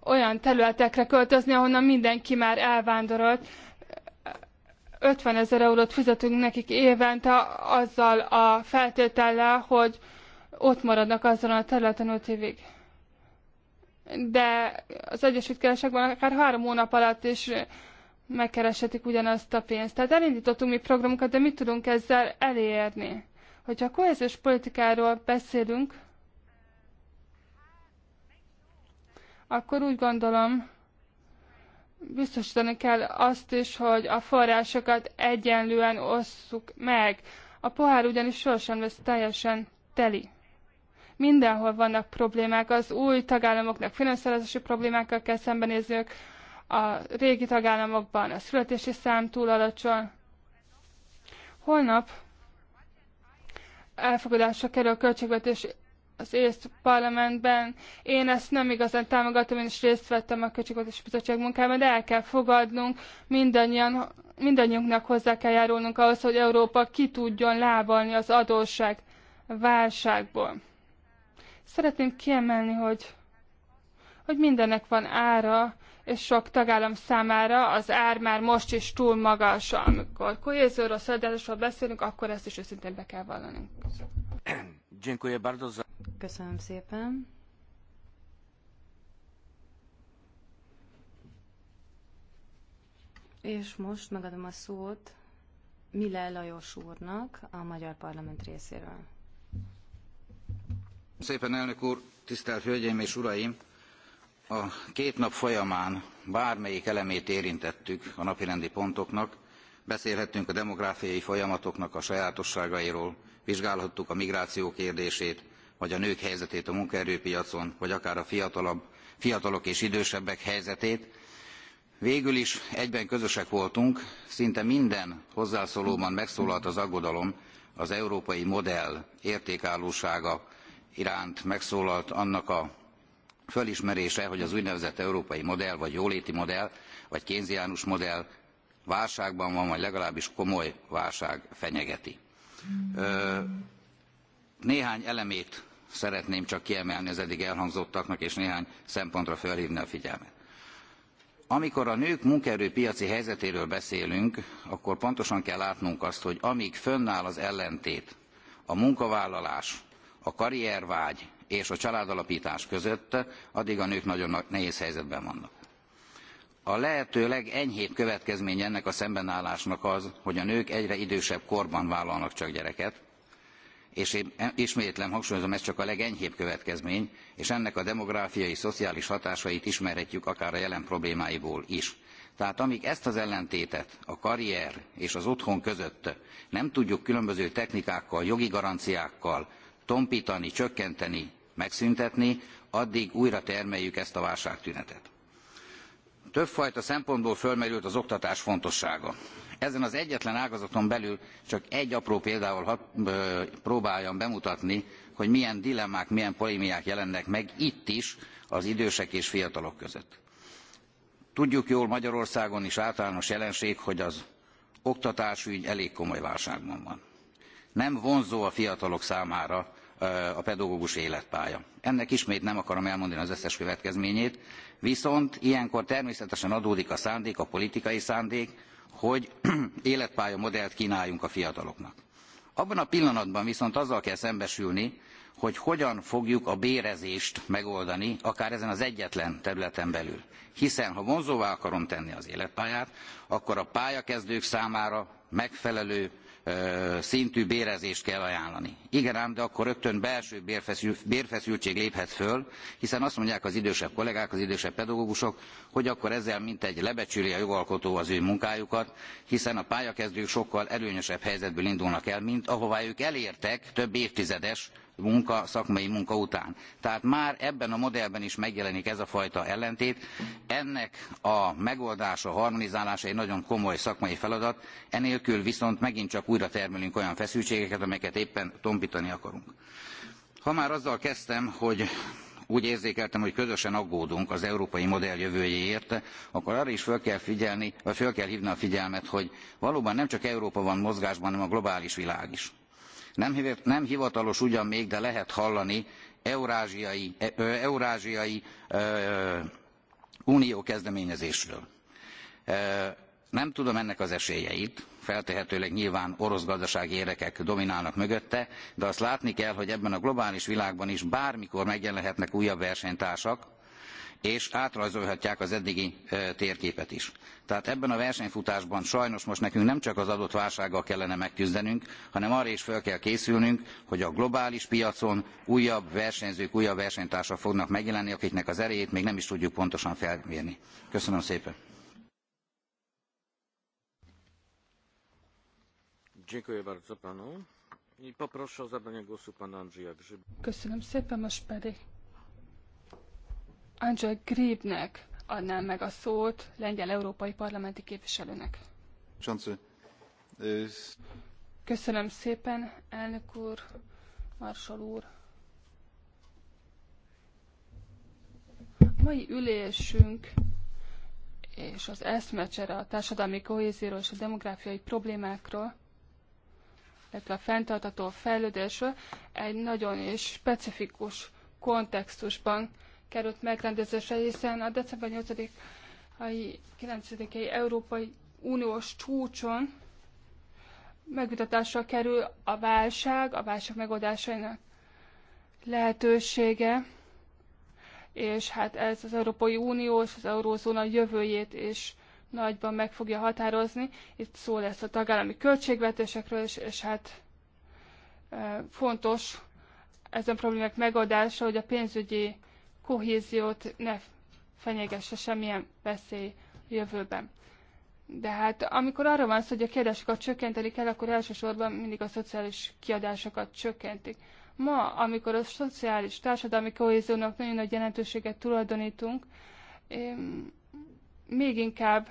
olyan területekre költözni, ahonnan mindenki már elvándorolt. 50 ezer eurót fizetünk nekik évente azzal a feltétellel, hogy ott maradnak azon a területen 5 évig. De az Egyesült Királyságban akár három hónap alatt is megkereshetik ugyanazt a pénzt. Tehát elindítottunk mi programokat, de mit tudunk ezzel elérni? Hogyha kohéziós politikáról beszélünk, akkor úgy gondolom, biztosítani kell azt is, hogy a forrásokat egyenlően osszuk meg. A pohár ugyanis sohasem lesz teljesen teli. Mindenhol vannak problémák, az új tagállamoknak finanszírozási problémákkal kell szembenézniük, a régi tagállamokban a születési szám túl alacsony. Holnap elfogadásra kerül a költségvetés az észt parlamentben. Én ezt nem igazán támogatom, én is részt vettem a Költségvetési Bizottság munkában, de el kell fogadnunk, mindannyian, mindannyiunknak hozzá kell járulnunk ahhoz, hogy Európa ki tudjon lábalni az adósság válságból. Szeretném kiemelni, hogy, hogy mindennek van ára, és sok tagállam számára az ár már most is túl magas. Amikor kohézőről, szolidaritásról beszélünk, akkor ezt is őszintén be kell vallanunk. Köszönöm szépen. És most megadom a szót mille Lajos úrnak a Magyar Parlament részéről. Szépen elnök úr, tisztelt Hölgyeim és Uraim! A két nap folyamán bármelyik elemét érintettük a napirendi pontoknak, beszélhettünk a demográfiai folyamatoknak a sajátosságairól, vizsgálhattuk a migráció kérdését vagy a nők helyzetét a munkaerőpiacon vagy akár a fiatalok és idősebbek helyzetét végül is egyben közösek voltunk szinte minden hozzászólóban megszólalt az aggodalom az európai modell értékállósága iránt megszólalt annak a fölismerése hogy az úgynevezett európai modell vagy jóléti modell vagy kénziánus modell válságban van vagy legalábbis komoly válság fenyegeti. Néhány elemét szeretném csak kiemelni az eddig elhangzottaknak, és néhány szempontra felhívni a figyelmet. Amikor a nők munkaerőpiaci helyzetéről beszélünk, akkor pontosan kell látnunk azt, hogy amíg fönnáll az ellentét a munkavállalás, a karriervágy és a családalapítás között, addig a nők nagyon nehéz helyzetben vannak. A lehető legenyhébb következménye ennek a szembenállásnak az, hogy a nők egyre idősebb korban vállalnak csak gyereket, és én ismétlem hangsúlyozom, ez csak a legenyhébb következmény, és ennek a demográfiai, szociális hatásait ismerhetjük akár a jelen problémáiból is. Tehát amíg ezt az ellentétet a karrier és az otthon között nem tudjuk különböző technikákkal, jogi garanciákkal tompítani, csökkenteni, megszüntetni, addig újra termeljük ezt a válságtünetet. Többfajta szempontból fölmerült az oktatás fontossága. Ezen az egyetlen ágazaton belül csak egy apró példával hat, ö, próbáljam bemutatni, hogy milyen dilemmák, milyen polémiák jelennek meg itt is az idősek és fiatalok között. Tudjuk jól Magyarországon is általános jelenség, hogy az oktatásügy elég komoly válságban van. Nem vonzó a fiatalok számára a pedagógus életpálya. Ennek ismét nem akarom elmondani az összes következményét, viszont ilyenkor természetesen adódik a szándék, a politikai szándék, hogy életpálya modellt kínáljunk a fiataloknak. Abban a pillanatban viszont azzal kell szembesülni, hogy hogyan fogjuk a bérezést megoldani, akár ezen az egyetlen területen belül. Hiszen, ha vonzóvá akarom tenni az életpályát, akkor a pályakezdők számára megfelelő szintű bérezést kell ajánlani. Igen ám, de akkor rögtön belső bérfeszül, bérfeszültség léphet föl, hiszen azt mondják az idősebb kollégák, az idősebb pedagógusok, hogy akkor ezzel mintegy lebecsüli a jogalkotó az ő munkájukat, hiszen a pályakezdők sokkal előnyösebb helyzetből indulnak el, mint ahová ők elértek több évtizedes munka, szakmai munka után. Tehát már ebben a modellben is megjelenik ez a fajta ellentét. Ennek a megoldása, harmonizálása egy nagyon komoly szakmai feladat, enélkül viszont megint csak újra termelünk olyan feszültségeket, amelyeket éppen tompítani akarunk. Ha már azzal kezdtem, hogy úgy érzékeltem, hogy közösen aggódunk az európai modell jövőjéért, akkor arra is föl kell, figyelni, vagy föl kell hívni a figyelmet, hogy valóban nem csak Európa van mozgásban, hanem a globális világ is nem, hivatalos ugyan még, de lehet hallani eurázsiai, e, unió kezdeményezésről. nem tudom ennek az esélyeit, feltehetőleg nyilván orosz gazdasági érdekek dominálnak mögötte, de azt látni kell, hogy ebben a globális világban is bármikor megjelenhetnek újabb versenytársak, és átrajzolhatják az eddigi térképet is. Tehát ebben a versenyfutásban sajnos most nekünk nem csak az adott válsággal kellene megküzdenünk, hanem arra is fel kell készülnünk, hogy a globális piacon újabb versenyzők, újabb versenytársak fognak megjelenni, akiknek az erejét még nem is tudjuk pontosan felmérni. Köszönöm szépen! Köszönöm szépen, most pedig Andrzej Grébnek adnám meg a szót, lengyel európai parlamenti képviselőnek. Köszönöm szépen, elnök úr, Marsal úr. A mai ülésünk és az eszmecsere a társadalmi kohézióról és a demográfiai problémákról, illetve a fenntartató fejlődésről egy nagyon is specifikus kontextusban került megrendezésre, hiszen a december 8-ai, 9-ai Európai Uniós csúcson megvitatásra kerül a válság, a válság megoldásainak lehetősége, és hát ez az Európai Unió és az Eurózóna jövőjét is nagyban meg fogja határozni. Itt szó lesz a tagállami költségvetésekről, és, és hát e, fontos ezen problémák megoldása, hogy a pénzügyi kohéziót ne fenyegesse semmilyen veszély jövőben. De hát amikor arra van szó, hogy a kiadásokat csökkenteni kell, akkor elsősorban mindig a szociális kiadásokat csökkentik. Ma, amikor a szociális társadalmi kohéziónak nagyon nagy jelentőséget tulajdonítunk, még inkább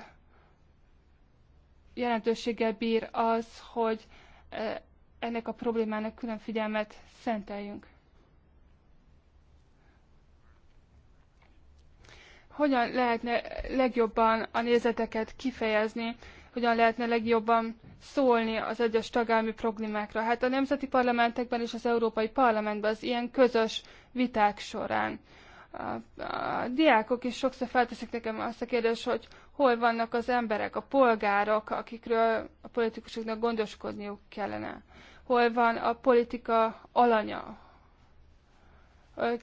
jelentőséggel bír az, hogy eh, ennek a problémának külön figyelmet szenteljünk. hogyan lehetne legjobban a nézeteket kifejezni, hogyan lehetne legjobban szólni az egyes tagállami problémákra. Hát a nemzeti parlamentekben és az Európai Parlamentben az ilyen közös viták során. A, a diákok is sokszor felteszik nekem azt a kérdést, hogy hol vannak az emberek, a polgárok, akikről a politikusoknak gondoskodniuk kellene. Hol van a politika alanya?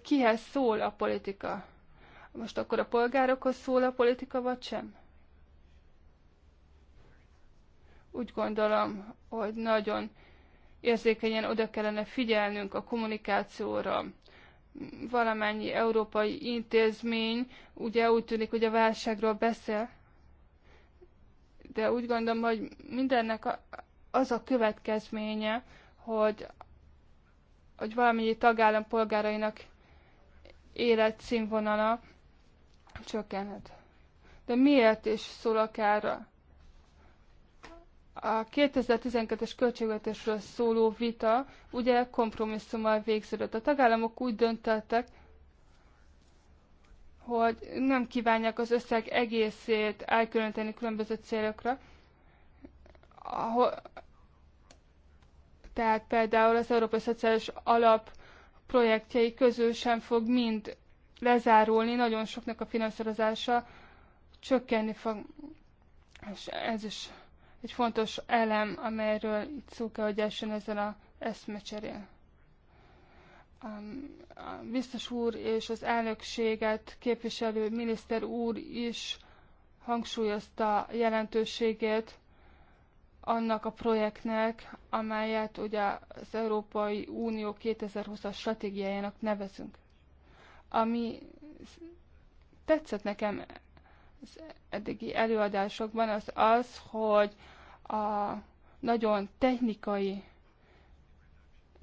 Kihez szól a politika? Most akkor a polgárokhoz szól a politika, vagy sem? Úgy gondolom, hogy nagyon érzékenyen oda kellene figyelnünk a kommunikációra. Valamennyi európai intézmény ugye úgy tűnik, hogy a válságról beszél, de úgy gondolom, hogy mindennek a, az a következménye, hogy, hogy valamennyi tagállam polgárainak életszínvonala csökkenhet. De miért is a kárra? A 2012-es költségvetésről szóló vita ugye kompromisszummal végződött. A tagállamok úgy döntöttek, hogy nem kívánják az összeg egészét elkülöníteni különböző célokra. Ahol, tehát például az Európai Szociális Alap projektjei közül sem fog mind lezárulni, nagyon soknak a finanszírozása csökkenni fog. És ez is egy fontos elem, amelyről itt szó kell, hogy essen ezen a eszmecserén. Um, a biztos úr és az elnökséget képviselő miniszter úr is hangsúlyozta jelentőségét annak a projektnek, amelyet ugye az Európai Unió 2020-as stratégiájának nevezünk ami tetszett nekem az eddigi előadásokban, az az, hogy a nagyon technikai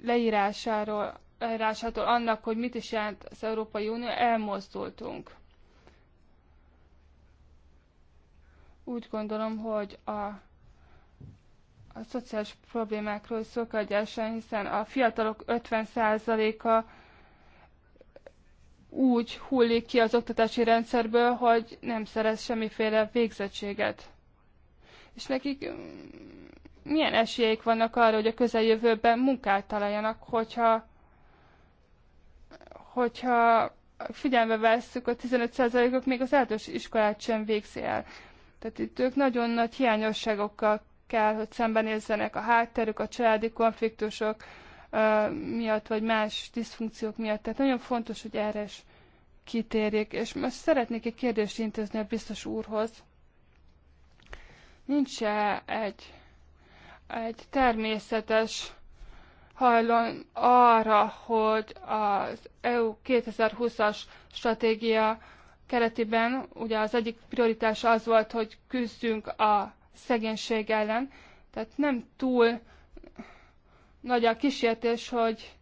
leírásáról, leírásától annak, hogy mit is jelent az Európai Unió, elmozdultunk. Úgy gondolom, hogy a, a szociális problémákról szokadjásán, hiszen a fiatalok 50%-a úgy hullik ki az oktatási rendszerből, hogy nem szerez semmiféle végzettséget. És nekik mm, milyen esélyek vannak arra, hogy a közeljövőben munkát találjanak, hogyha, hogyha figyelme vesszük, a 15%-ok még az általános iskolát sem végzi el. Tehát itt ők nagyon nagy hiányosságokkal kell, hogy szembenézzenek a hátterük, a családi konfliktusok, miatt, vagy más diszfunkciók miatt. Tehát nagyon fontos, hogy erre is kitérjék. És most szeretnék egy kérdést intézni a biztos úrhoz. nincs -e egy, egy természetes hajlon arra, hogy az EU 2020-as stratégia keretében ugye az egyik prioritása az volt, hogy küzdjünk a szegénység ellen, tehát nem túl nagy a kísértés, hogy,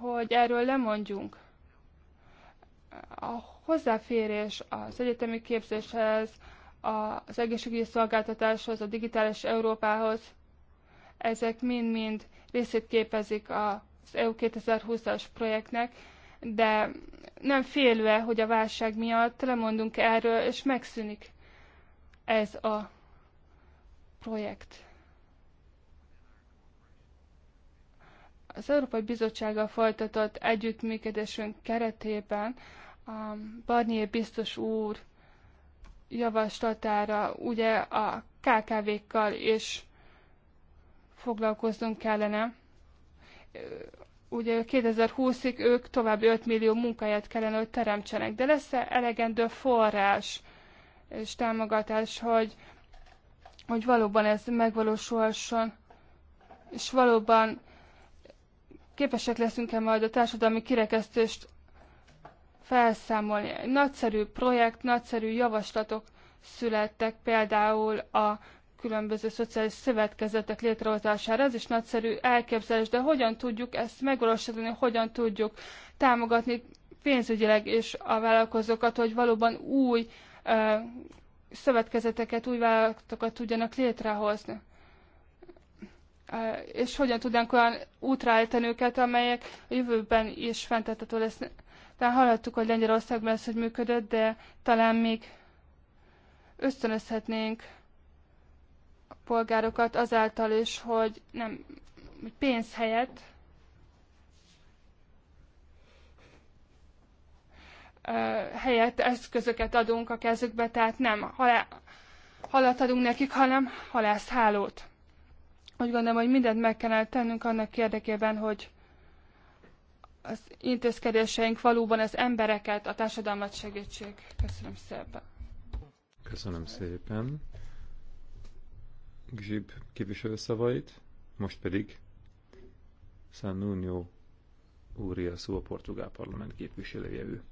hogy erről lemondjunk. A hozzáférés az egyetemi képzéshez, az egészségügyi szolgáltatáshoz, a digitális Európához, ezek mind-mind részét képezik az EU 2020-as projektnek, de nem félve, hogy a válság miatt lemondunk erről, és megszűnik ez a projekt. az Európai Bizottsággal folytatott együttműködésünk keretében a Barnier biztos úr javaslatára ugye a KKV-kkal is foglalkoznunk kellene. Ugye 2020-ig ők további 5 millió munkáját kellene, hogy teremtsenek, de lesz -e elegendő forrás és támogatás, hogy, hogy valóban ez megvalósulhasson, és valóban képesek leszünk-e majd a társadalmi kirekesztést felszámolni. Nagyszerű projekt, nagyszerű javaslatok születtek például a különböző szociális szövetkezetek létrehozására. Ez is nagyszerű elképzelés, de hogyan tudjuk ezt megvalósítani, hogyan tudjuk támogatni pénzügyileg és a vállalkozókat, hogy valóban új uh, szövetkezeteket, új vállalatokat tudjanak létrehozni és hogyan tudnánk olyan útra állítani őket, amelyek a jövőben is fenntartható lesznek. Talán hallottuk, hogy Lengyelországban ez hogy működött, de talán még ösztönözhetnénk a polgárokat azáltal is, hogy nem hogy pénz helyett helyett eszközöket adunk a kezükbe, tehát nem halá, halat adunk nekik, hanem halászhálót úgy gondolom, hogy mindent meg kellene tennünk annak érdekében, hogy az intézkedéseink valóban az embereket, a társadalmat segítsék. Köszönöm szépen. Köszönöm szépen. Gzsib képviselő szavait, most pedig Sanunio úri a szó a portugál parlament képviselője ő.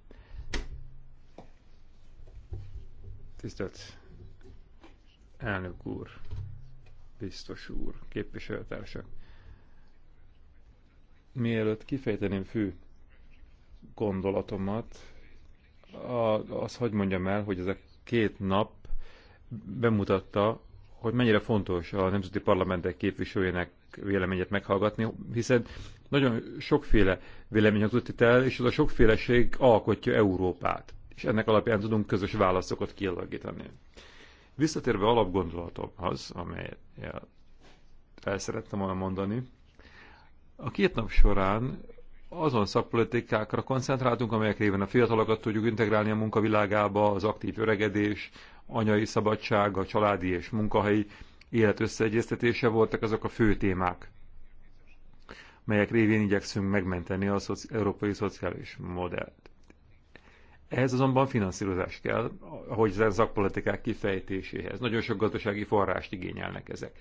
Tisztelt elnök úr, biztos úr, képviselőtársak. Mielőtt kifejteném fő gondolatomat, az hogy mondjam el, hogy ez a két nap bemutatta, hogy mennyire fontos a nemzeti parlamentek képviselőjének véleményet meghallgatni, hiszen nagyon sokféle vélemény az itt el, és az a sokféleség alkotja Európát, és ennek alapján tudunk közös válaszokat kialakítani. Visszatérve alapgondolatomhoz, amelyet el szerettem volna mondani, a két nap során azon szakpolitikákra koncentráltunk, amelyek révén a fiatalokat tudjuk integrálni a munkavilágába, az aktív öregedés, anyai szabadság, a családi és munkahelyi élet összeegyeztetése voltak azok a fő témák, melyek révén igyekszünk megmenteni az európai szociális modellt. Ehhez azonban finanszírozás kell, ahogy az szakpolitikák kifejtéséhez. Nagyon sok gazdasági forrást igényelnek ezek.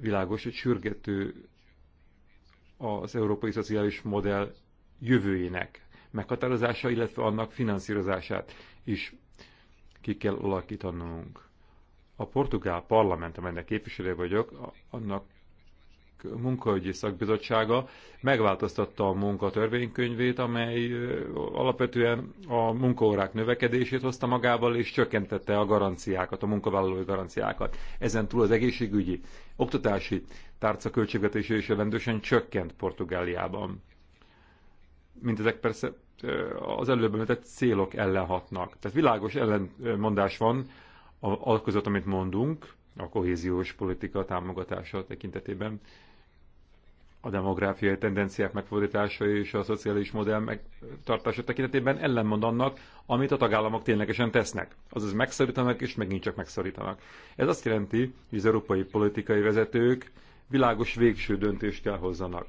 Világos, hogy sürgető az európai szociális modell jövőjének meghatározása, illetve annak finanszírozását is ki kell alakítanunk. A portugál parlament, amelynek képviselő vagyok, annak munkaügyi szakbizottsága megváltoztatta a munkatörvénykönyvét, amely alapvetően a munkaórák növekedését hozta magával, és csökkentette a garanciákat, a munkavállalói garanciákat. Ezen túl az egészségügyi, oktatási tárca költségvetése is jelentősen csökkent Portugáliában. Mint ezek persze az előbb említett célok ellen hatnak. Tehát világos ellenmondás van a, között, amit mondunk, a kohéziós politika támogatása tekintetében, a demográfiai tendenciák megfordítása és a szociális modell megtartása tekintetében ellenmond annak, amit a tagállamok ténylegesen tesznek. Azaz megszorítanak és megint csak megszorítanak. Ez azt jelenti, hogy az európai politikai vezetők világos végső döntést kell hozzanak.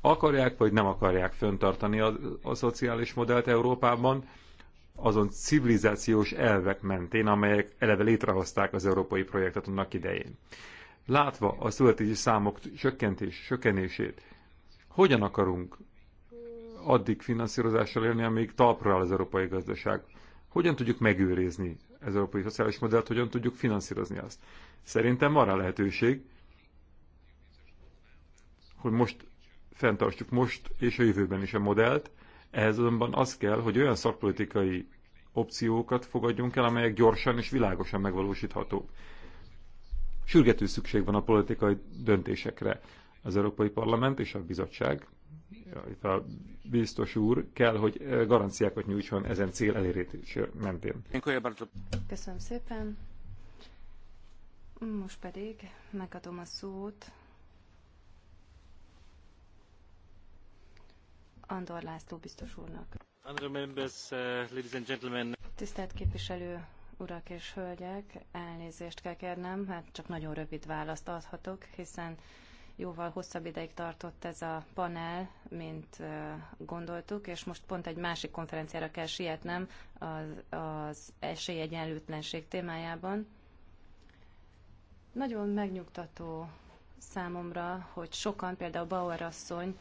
Akarják vagy nem akarják föntartani a, a szociális modellt Európában, azon civilizációs elvek mentén, amelyek eleve létrehozták az európai projektet annak idején látva a születési számok csökkentés, csökkenését, hogyan akarunk addig finanszírozással élni, amíg talpra áll az európai gazdaság? Hogyan tudjuk megőrizni az európai szociális modellt, hogyan tudjuk finanszírozni azt? Szerintem van rá lehetőség, hogy most fenntartsuk most és a jövőben is a modellt, ehhez azonban az kell, hogy olyan szakpolitikai opciókat fogadjunk el, amelyek gyorsan és világosan megvalósíthatók. Sürgető szükség van a politikai döntésekre. Az Európai Parlament és a bizottság, a biztos úr kell, hogy garanciákat nyújtson ezen cél elérés mentén. Köszönöm szépen. Most pedig megadom a szót Andor László biztos úrnak. Uh, Tisztelt képviselő urak és hölgyek, elnézést kell kérnem, hát csak nagyon rövid választ adhatok, hiszen jóval hosszabb ideig tartott ez a panel, mint gondoltuk, és most pont egy másik konferenciára kell sietnem az, az esélyegyenlőtlenség témájában. Nagyon megnyugtató számomra, hogy sokan, például Bauer asszony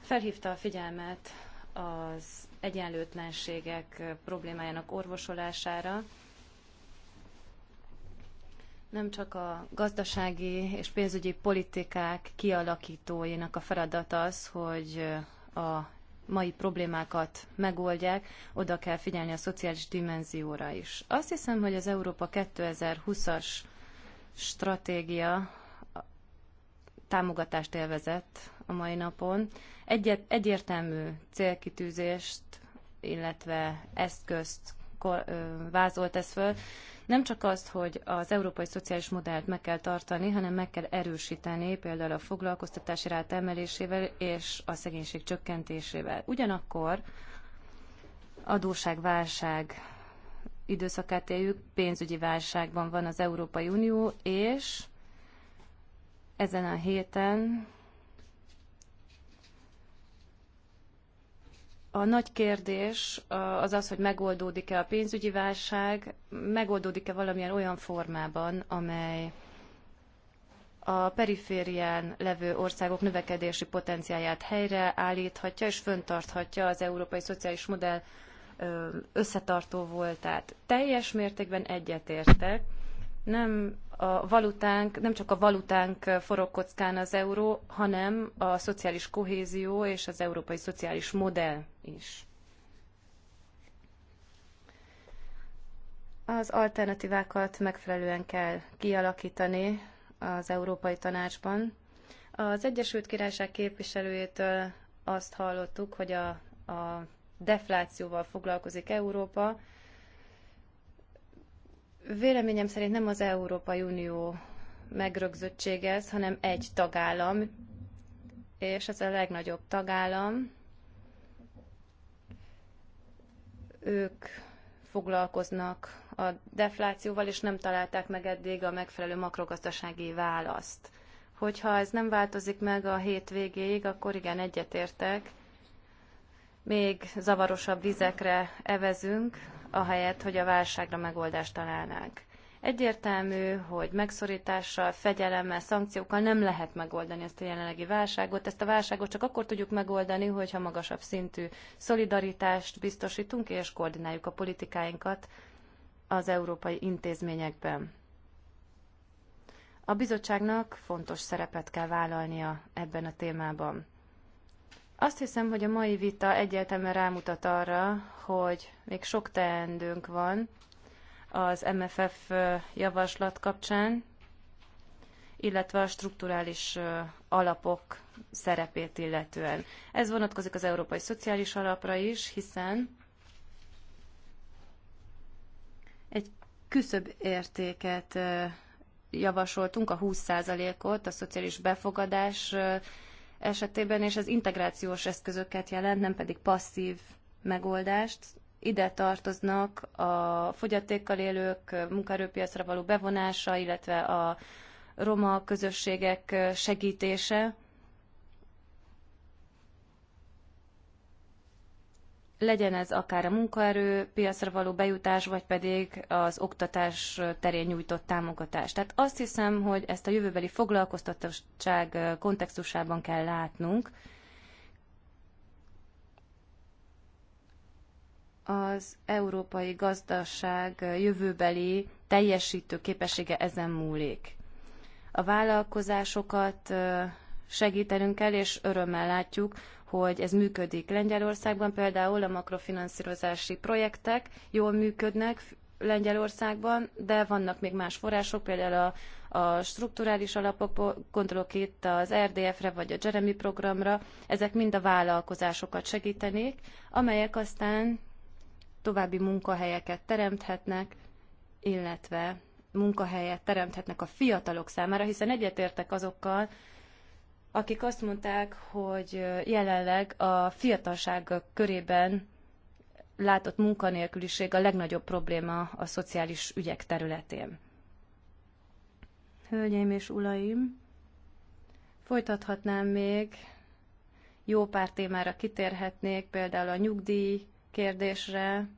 felhívta a figyelmet az egyenlőtlenségek problémájának orvosolására, nem csak a gazdasági és pénzügyi politikák kialakítóinak a feladat az, hogy a mai problémákat megoldják, oda kell figyelni a szociális dimenzióra is. Azt hiszem, hogy az Európa 2020-as stratégia támogatást élvezett a mai napon. Egyet, egyértelmű célkitűzést, illetve eszközt vázolt ez föl. Nem csak azt, hogy az európai szociális modellt meg kell tartani, hanem meg kell erősíteni például a foglalkoztatási rát emelésével és a szegénység csökkentésével. Ugyanakkor adóságválság időszakát éljük, pénzügyi válságban van az Európai Unió, és ezen a héten a nagy kérdés az az, hogy megoldódik-e a pénzügyi válság, megoldódik-e valamilyen olyan formában, amely a periférián levő országok növekedési potenciáját helyreállíthatja és föntarthatja az európai szociális modell összetartó voltát. Teljes mértékben egyetértek. Nem a valutánk, nem csak a valutánk forog kockán az euró, hanem a szociális kohézió és az európai szociális modell is. Az alternatívákat megfelelően kell kialakítani az Európai Tanácsban. Az Egyesült Királyság képviselőjétől azt hallottuk, hogy a, a deflációval foglalkozik Európa, Véleményem szerint nem az Európai Unió megrögzöttsége ez, hanem egy tagállam, és ez a legnagyobb tagállam. Ők foglalkoznak a deflációval, és nem találták meg eddig a megfelelő makrogazdasági választ. Hogyha ez nem változik meg a hét végéig, akkor igen, egyetértek, még zavarosabb vizekre evezünk, ahelyett, hogy a válságra megoldást találnánk. Egyértelmű, hogy megszorítással, fegyelemmel, szankciókkal nem lehet megoldani ezt a jelenlegi válságot. Ezt a válságot csak akkor tudjuk megoldani, hogyha magasabb szintű szolidaritást biztosítunk és koordináljuk a politikáinkat az európai intézményekben. A bizottságnak fontos szerepet kell vállalnia ebben a témában. Azt hiszem, hogy a mai vita egyértelműen rámutat arra, hogy még sok teendőnk van az MFF javaslat kapcsán, illetve a strukturális alapok szerepét illetően. Ez vonatkozik az Európai Szociális Alapra is, hiszen egy küszöbb értéket javasoltunk, a 20%-ot a szociális befogadás esetében, és az integrációs eszközöket jelent, nem pedig passzív megoldást. Ide tartoznak a fogyatékkal élők munkaerőpiacra való bevonása, illetve a roma közösségek segítése, legyen ez akár a munkaerő piacra való bejutás, vagy pedig az oktatás terén nyújtott támogatás. Tehát azt hiszem, hogy ezt a jövőbeli foglalkoztatottság kontextusában kell látnunk. Az európai gazdaság jövőbeli teljesítő képessége ezen múlik. A vállalkozásokat segítenünk kell, és örömmel látjuk, hogy ez működik. Lengyelországban például a makrofinanszírozási projektek jól működnek, Lengyelországban, de vannak még más források, például a, a strukturális alapokból, gondolok itt az RDF-re vagy a Jeremy programra, ezek mind a vállalkozásokat segítenék, amelyek aztán további munkahelyeket teremthetnek, illetve munkahelyet teremthetnek a fiatalok számára, hiszen egyetértek azokkal, akik azt mondták, hogy jelenleg a fiatalság körében látott munkanélküliség a legnagyobb probléma a szociális ügyek területén. Hölgyeim és ulaim, folytathatnám még, jó pár témára kitérhetnék, például a nyugdíj kérdésre.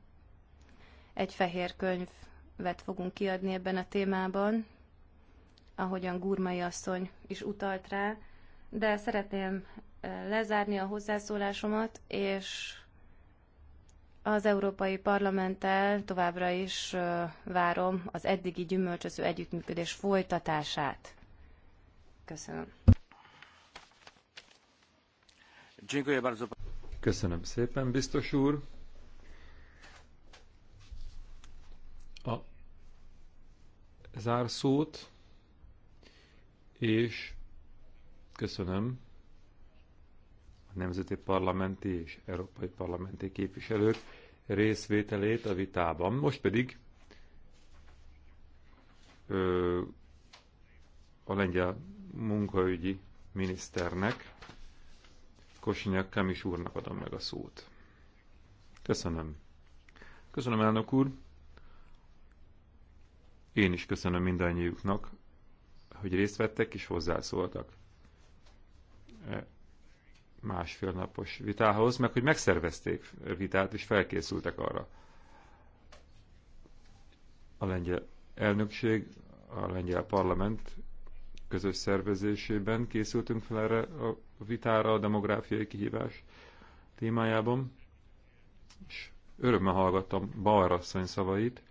Egy fehér könyvet fogunk kiadni ebben a témában, ahogyan Gurmai asszony is utalt rá de szeretném lezárni a hozzászólásomat, és az Európai Parlamenttel továbbra is várom az eddigi gyümölcsöző együttműködés folytatását. Köszönöm. Köszönöm szépen, biztos úr. A zárszót és Köszönöm a nemzeti parlamenti és európai parlamenti képviselők részvételét a vitában. Most pedig ö, a lengyel munkaügyi miniszternek, Kosinyak Kamis úrnak adom meg a szót. Köszönöm. Köszönöm, elnök úr. Én is köszönöm mindannyiuknak, hogy részt vettek és hozzászóltak másfél napos vitához, meg hogy megszervezték vitát, és felkészültek arra. A lengyel elnökség, a lengyel parlament közös szervezésében készültünk fel erre a vitára a demográfiai kihívás témájában, és örömmel hallgattam Balrasszony szavait,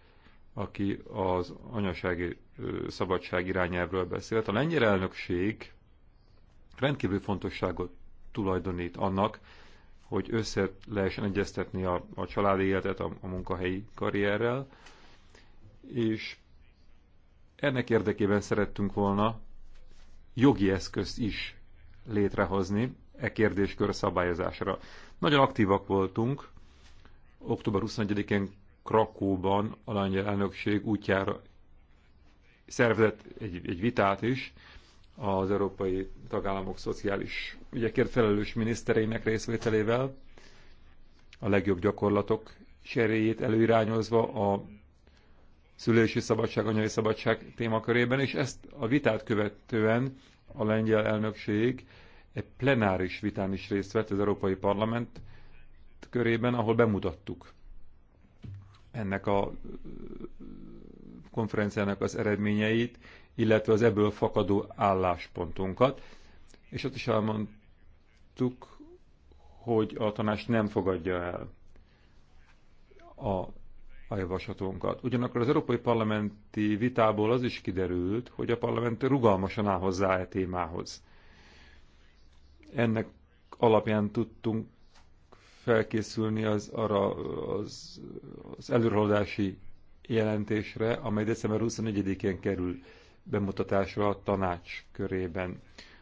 aki az anyasági szabadság irányelvről beszélt. A lengyel elnökség rendkívül fontosságot tulajdonít annak, hogy össze lehessen egyeztetni a, a családi életet a, a munkahelyi karrierrel, és ennek érdekében szerettünk volna jogi eszközt is létrehozni e kérdéskör szabályozásra. Nagyon aktívak voltunk, október 21-én Krakóban a lengyel elnökség útjára szervezett egy, egy vitát is, az európai tagállamok szociális ügyekért felelős minisztereinek részvételével, a legjobb gyakorlatok seréjét előirányozva a szülési szabadság, anyai szabadság témakörében, és ezt a vitát követően a lengyel elnökség egy plenáris vitán is részt vett az Európai Parlament körében, ahol bemutattuk ennek a konferenciának az eredményeit, illetve az ebből fakadó álláspontunkat. És ott is elmondtuk, hogy a tanács nem fogadja el a, a javaslatunkat. Ugyanakkor az Európai Parlamenti vitából az is kiderült, hogy a parlament rugalmasan áll hozzá a e témához. Ennek alapján tudtunk felkészülni az, arra az, az előrehaladási jelentésre, amely december 24-én kerül bemutatásra a tanács körében.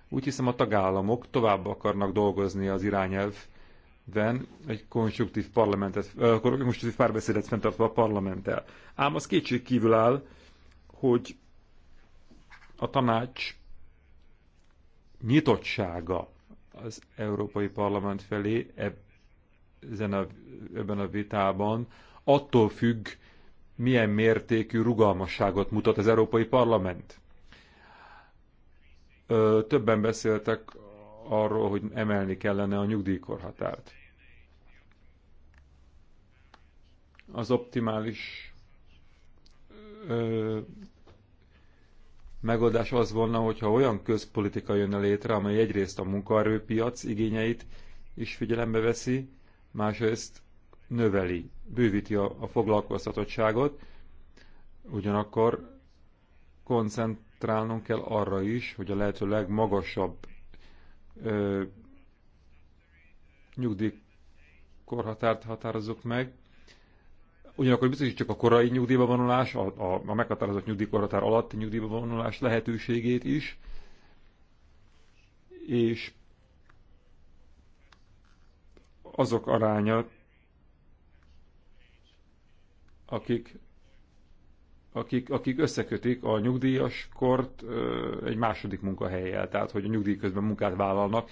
Úgy hiszem a tagállamok tovább akarnak dolgozni az irányelvben, egy konstruktív parlamentet, konstruktív párbeszédet fenntartva a parlamenttel. Ám az kétség kívül áll, hogy a tanács nyitottsága az Európai Parlament felé ebben a, ebben a vitában attól függ, milyen mértékű rugalmasságot mutat az Európai Parlament. Ö, többen beszéltek arról, hogy emelni kellene a nyugdíjkorhatárt. Az optimális ö, megoldás az volna, hogyha olyan közpolitika jönne létre, amely egyrészt a munkaerőpiac igényeit is figyelembe veszi, másrészt növeli, bővíti a, a foglalkoztatottságot, ugyanakkor koncentrálnunk kell arra is, hogy a lehető legmagasabb ö, nyugdíjkorhatárt határozzuk meg, Ugyanakkor biztos, hogy csak a korai nyugdíjba vonulás, a, a, a meghatározott nyugdíjkorhatár alatti nyugdíjba vonulás lehetőségét is, és azok aránya akik, akik, akik összekötik a nyugdíjas kort egy második munkahelyjel, tehát hogy a nyugdíj közben munkát vállalnak,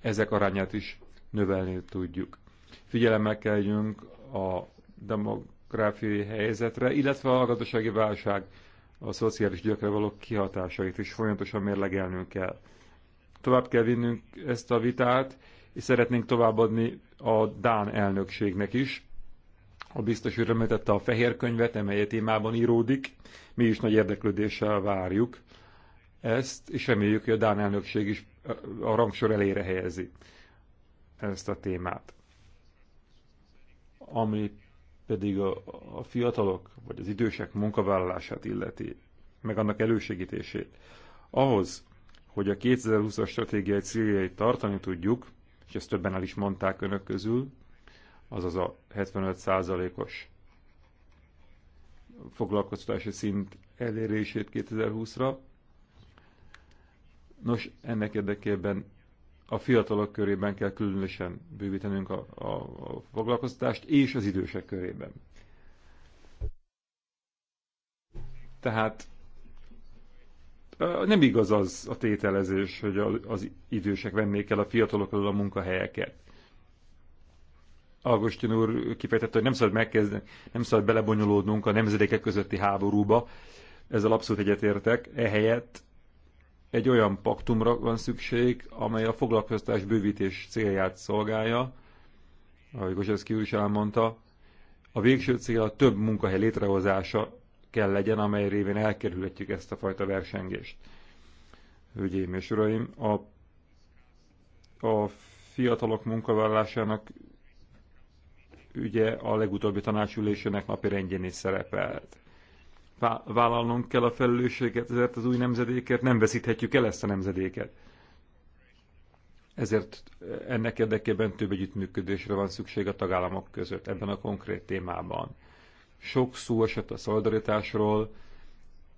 ezek arányát is növelni tudjuk. Figyelemmel kell a demográfiai helyzetre, illetve a gazdasági válság a szociális gyökre való kihatásait is folyamatosan mérlegelnünk kell. Tovább kell vinnünk ezt a vitát, és szeretnénk továbbadni a Dán elnökségnek is, a biztos úr említette a fehér könyvet, amely témában íródik. Mi is nagy érdeklődéssel várjuk ezt, és reméljük, hogy a Dán elnökség is a rangsor elére helyezi ezt a témát. Ami pedig a, a fiatalok vagy az idősek munkavállalását illeti, meg annak elősegítését. Ahhoz, hogy a 2020-as stratégiai céljait tartani tudjuk, és ezt többen el is mondták önök közül, azaz a 75%-os foglalkoztatási szint elérését 2020-ra. Nos, ennek érdekében a fiatalok körében kell különösen bővítenünk a, a, a foglalkoztatást, és az idősek körében. Tehát nem igaz az a tételezés, hogy az idősek vennék el a fiatalok alól a munkahelyeket. Augustin úr kifejtette, hogy nem szabad megkezdeni, nem szabad belebonyolódnunk a nemzedékek közötti háborúba. Ezzel abszolút egyetértek. Ehelyett egy olyan paktumra van szükség, amely a foglalkoztatás bővítés célját szolgálja, ahogy Gozsevszki úr is elmondta. A végső cél a több munkahely létrehozása kell legyen, amely révén elkerülhetjük ezt a fajta versengést. Hölgyeim és uraim, a, a fiatalok munkavállalásának ugye a legutóbbi tanácsülésének napi rendjén is szerepelt. Vállalnunk kell a felelősséget ezért az új nemzedékért, nem veszíthetjük el ezt a nemzedéket. Ezért eh, ennek érdekében több együttműködésre van szükség a tagállamok között ebben a konkrét témában. Sok szó esett a szolidaritásról,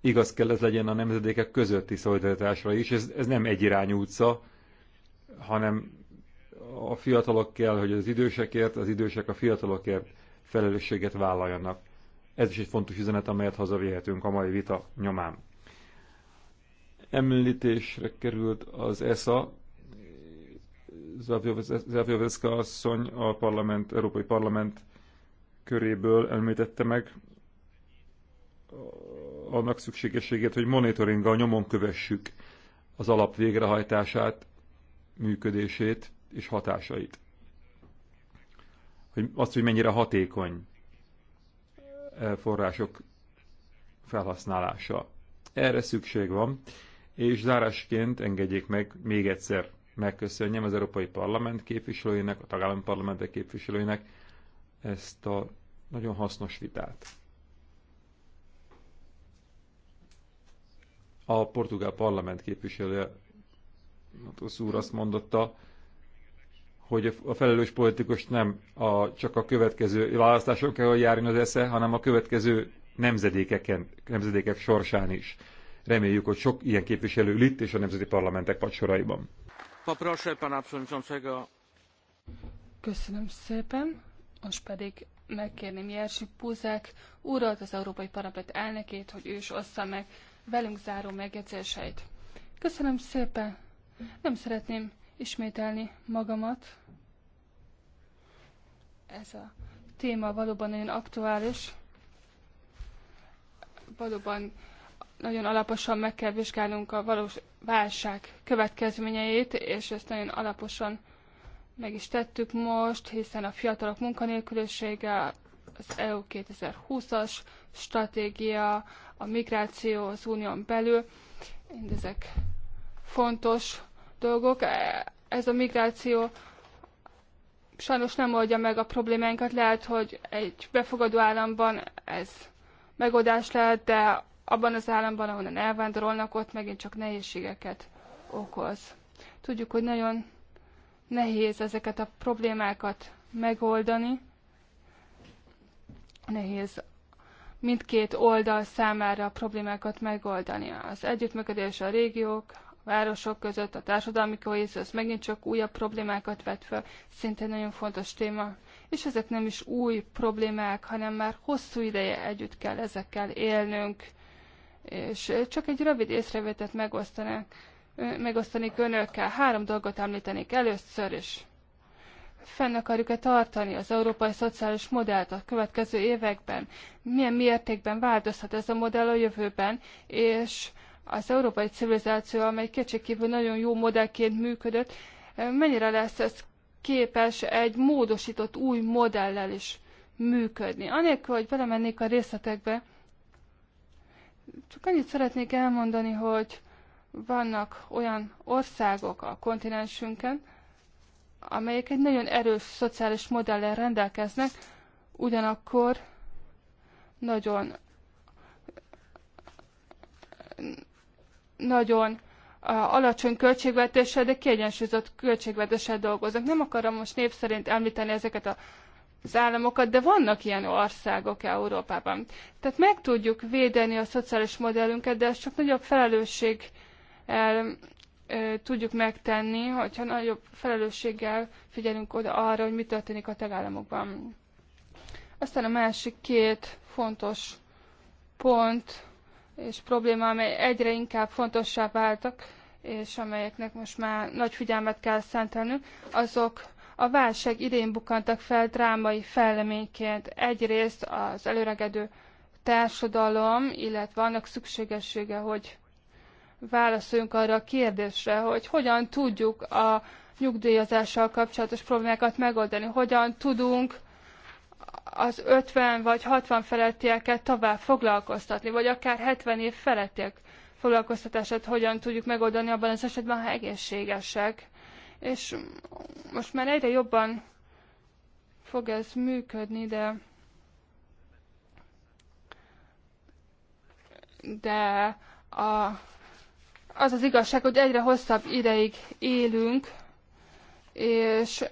igaz kell ez legyen a nemzedékek közötti szolidaritásra is, ez, ez nem egyirányú utca, hanem a fiatalok kell, hogy az idősekért, az idősek a fiatalokért felelősséget vállaljanak. Ez is egy fontos üzenet, amelyet hazavihetünk a mai vita nyomán. Említésre került az ESA, Zavjoveszka asszony a parlament, Európai Parlament köréből említette meg annak szükségességét, hogy monitoringgal nyomon kövessük az alap végrehajtását, működését, és hatásait. Hogy azt, hogy mennyire hatékony források felhasználása. Erre szükség van, és zárásként engedjék meg még egyszer megköszönjem az Európai Parlament képviselőinek, a tagállami parlamentek képviselőinek ezt a nagyon hasznos vitát. A portugál parlament képviselője az úr azt mondotta, hogy a felelős politikus nem a, csak a következő választáson kell járni az esze, hanem a következő nemzedékeken, nemzedékek sorsán is. Reméljük, hogy sok ilyen képviselő ül itt és a nemzeti parlamentek padsoraiban. Köszönöm szépen. Most pedig megkérném Jerzy Buzek úrat, az Európai Parlament elnökét, hogy ő is ossza meg velünk záró megjegyzéseit. Köszönöm szépen. Nem szeretném ismételni magamat, ez a téma valóban nagyon aktuális. Valóban nagyon alaposan meg kell vizsgálnunk a valós válság következményeit, és ezt nagyon alaposan meg is tettük most, hiszen a fiatalok munkanélkülisége, az EU 2020-as stratégia, a migráció az unión belül, mindezek fontos dolgok. Ez a migráció sajnos nem oldja meg a problémáinkat. Lehet, hogy egy befogadó államban ez megoldás lehet, de abban az államban, ahonnan elvándorolnak, ott megint csak nehézségeket okoz. Tudjuk, hogy nagyon nehéz ezeket a problémákat megoldani. Nehéz mindkét oldal számára a problémákat megoldani. Az együttműködés a régiók, városok között, a társadalmi kohéz, az megint csak újabb problémákat vet fel, szintén nagyon fontos téma. És ezek nem is új problémák, hanem már hosszú ideje együtt kell ezekkel élnünk. És eh, csak egy rövid észrevételt megosztanak, megosztanék önökkel. Három dolgot említenék először is. Fenn akarjuk-e tartani az európai szociális modellt a következő években? Milyen mértékben változhat ez a modell a jövőben? És az európai civilizáció, amely kétségkívül nagyon jó modellként működött, eh, mennyire lesz ez képes egy módosított új modellel is működni. Anélkül, hogy belemennék a részletekbe, csak annyit szeretnék elmondani, hogy vannak olyan országok a kontinensünkön, amelyek egy nagyon erős szociális modellel rendelkeznek, ugyanakkor nagyon nagyon alacsony költségvetéssel, de kiegyensúlyozott költségvetéssel dolgoznak. Nem akarom most név szerint említeni ezeket a az államokat, de vannak ilyen országok Európában. Tehát meg tudjuk védeni a szociális modellünket, de ezt csak nagyobb felelősséggel e, tudjuk megtenni, hogyha nagyobb felelősséggel figyelünk oda arra, hogy mi történik a tagállamokban. Aztán a másik két fontos pont, és probléma, amely egyre inkább fontossá váltak, és amelyeknek most már nagy figyelmet kell szentelnünk, azok a válság idén bukantak fel drámai fejleményként. Egyrészt az előregedő társadalom, illetve annak szükségessége, hogy válaszoljunk arra a kérdésre, hogy hogyan tudjuk a nyugdíjazással kapcsolatos problémákat megoldani, hogyan tudunk az 50 vagy 60 felettieket tovább foglalkoztatni, vagy akár 70 év felettiek foglalkoztatását hogyan tudjuk megoldani abban az esetben, ha egészségesek. És most már egyre jobban fog ez működni, de de a, az az igazság, hogy egyre hosszabb ideig élünk, és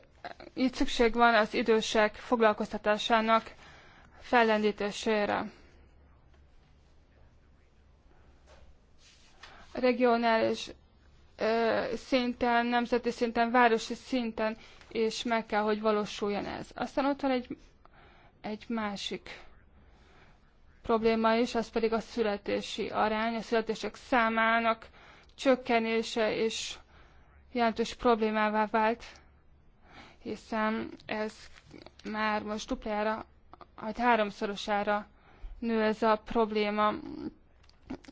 itt szükség van az idősek foglalkoztatásának fellendítésére. Regionális ö, szinten, nemzeti szinten, városi szinten és meg kell, hogy valósuljon ez. Aztán ott van egy, egy másik probléma is, az pedig a születési arány, a születések számának csökkenése és jelentős problémává vált hiszen ez már most duplára, vagy háromszorosára nő ez a probléma.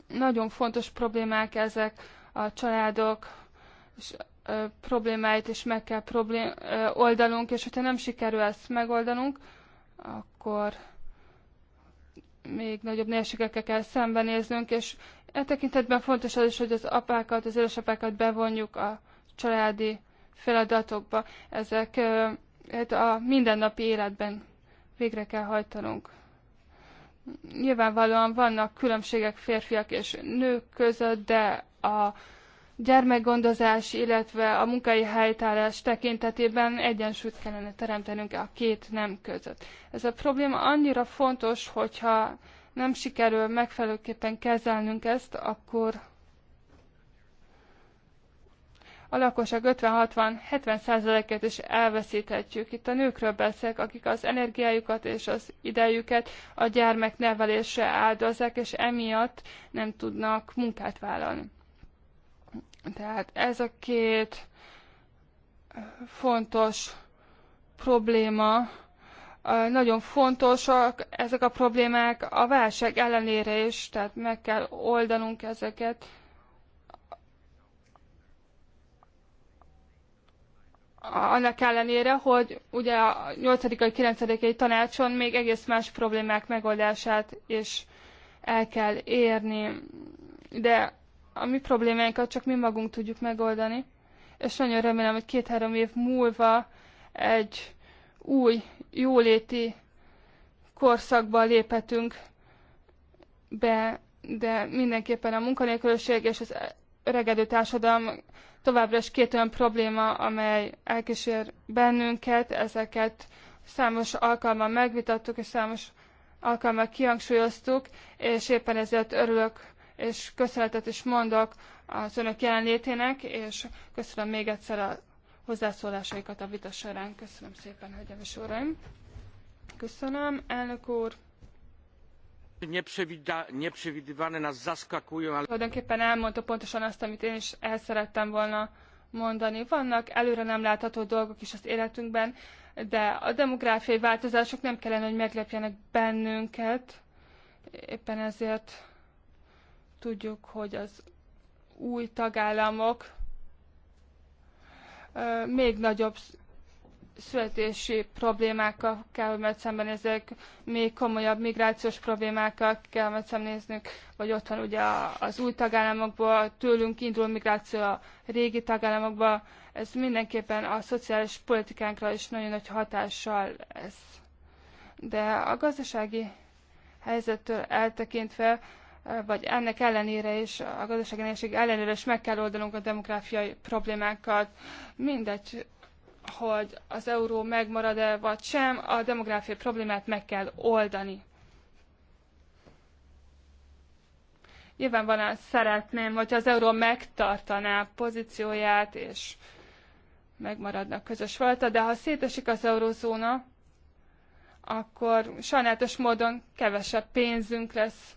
Nagyon fontos problémák ezek a családok és, ö, problémáit is meg kell problém, ö, oldanunk, és hogyha nem sikerül ezt megoldanunk, akkor még nagyobb nehézségekkel kell szembenéznünk, és e tekintetben fontos az is, hogy az apákat, az édesapákat bevonjuk a családi feladatokba, hát a mindennapi életben végre kell hajtanunk. Nyilvánvalóan vannak különbségek férfiak és nők között, de a gyermekgondozás, illetve a munkai helytállás tekintetében egyensúlyt kellene teremtenünk a két nem között. Ez a probléma annyira fontos, hogyha nem sikerül megfelelőképpen kezelnünk ezt, akkor a lakosság 50-60-70%-et is elveszíthetjük. Itt a nőkről beszélek, akik az energiájukat és az idejüket a gyermek nevelésre áldozzák, és emiatt nem tudnak munkát vállalni. Tehát ez a két fontos probléma, nagyon fontosak ezek a problémák a válság ellenére is, tehát meg kell oldanunk ezeket annak ellenére, hogy ugye a 8. 9. tanácson még egész más problémák megoldását is el kell érni. De a mi problémáinkat csak mi magunk tudjuk megoldani. És nagyon remélem, hogy két-három év múlva egy új, jóléti korszakba léphetünk be, de mindenképpen a munkanélküliség és az öregedő társadalom továbbra is két olyan probléma, amely elkísér bennünket, ezeket számos alkalommal megvitattuk, és számos alkalommal kihangsúlyoztuk, és éppen ezért örülök, és köszönetet is mondok az önök jelenlétének, és köszönöm még egyszer a hozzászólásaikat a vita során. Köszönöm szépen, hölgyeim és uraim! Köszönöm, elnök úr! Tulajdonképpen elmondta pontosan azt, amit én is el szerettem volna mondani. Vannak előre nem látható dolgok is az életünkben, de a demográfiai változások nem kellene, hogy meglepjenek bennünket. Éppen ezért tudjuk, hogy az új tagállamok még nagyobb születési problémákkal kell, hogy majd ezek még komolyabb migrációs problémákkal kell majd szembenéznünk, vagy ott ugye az új tagállamokból, tőlünk indul migráció a régi tagállamokba. Ez mindenképpen a szociális politikánkra is nagyon nagy hatással lesz. De a gazdasági helyzettől eltekintve, vagy ennek ellenére is, a gazdasági nehézség ellenére is meg kell oldanunk a demográfiai problémákat. Mindegy, hogy az euró megmarad-e vagy sem, a demográfiai problémát meg kell oldani. Nyilvánvalóan szeretném, hogy az euró megtartaná pozícióját, és megmaradna közös valta. de ha szétesik az eurózóna, akkor sajnálatos módon kevesebb pénzünk lesz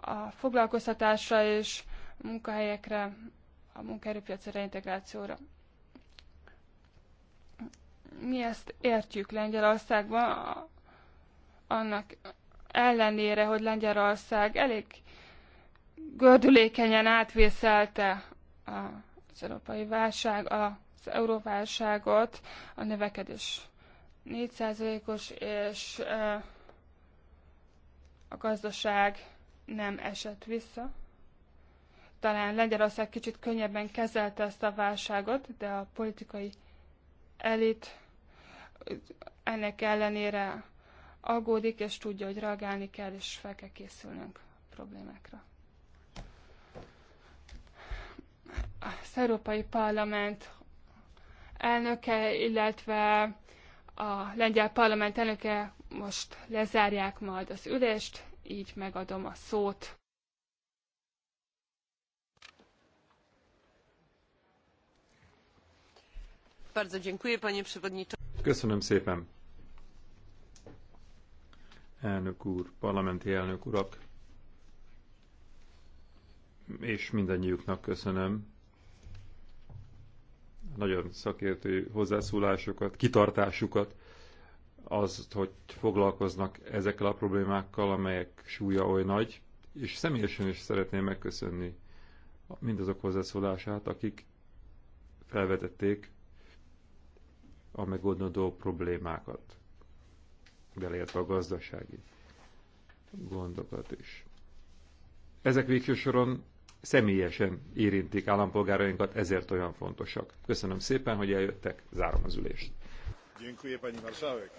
a foglalkoztatásra és a munkahelyekre, a munkaerőpiacra integrációra mi ezt értjük Lengyelországban, annak ellenére, hogy Lengyelország elég gördülékenyen átvészelte az európai válság, az euróválságot, a növekedés 4%-os, és a gazdaság nem esett vissza. Talán Lengyelország kicsit könnyebben kezelte ezt a válságot, de a politikai elit ennek ellenére aggódik, és tudja, hogy reagálni kell, és fel kell készülnünk a problémákra. Az Európai Parlament elnöke, illetve a lengyel parlament elnöke most lezárják majd az ülést, így megadom a szót. Köszönöm szépen. Elnök úr, parlamenti elnök urak, és mindannyiuknak köszönöm nagyon szakértő hozzászólásokat, kitartásukat, azt, hogy foglalkoznak ezekkel a problémákkal, amelyek súlya oly nagy, és személyesen is szeretném megköszönni mindazok hozzászólását, akik felvetették a megoldandó problémákat, beleértve a gazdasági gondokat is. Ezek végső soron személyesen érintik állampolgárainkat, ezért olyan fontosak. Köszönöm szépen, hogy eljöttek, zárom az ülést. Dziękuję, pani marszałek.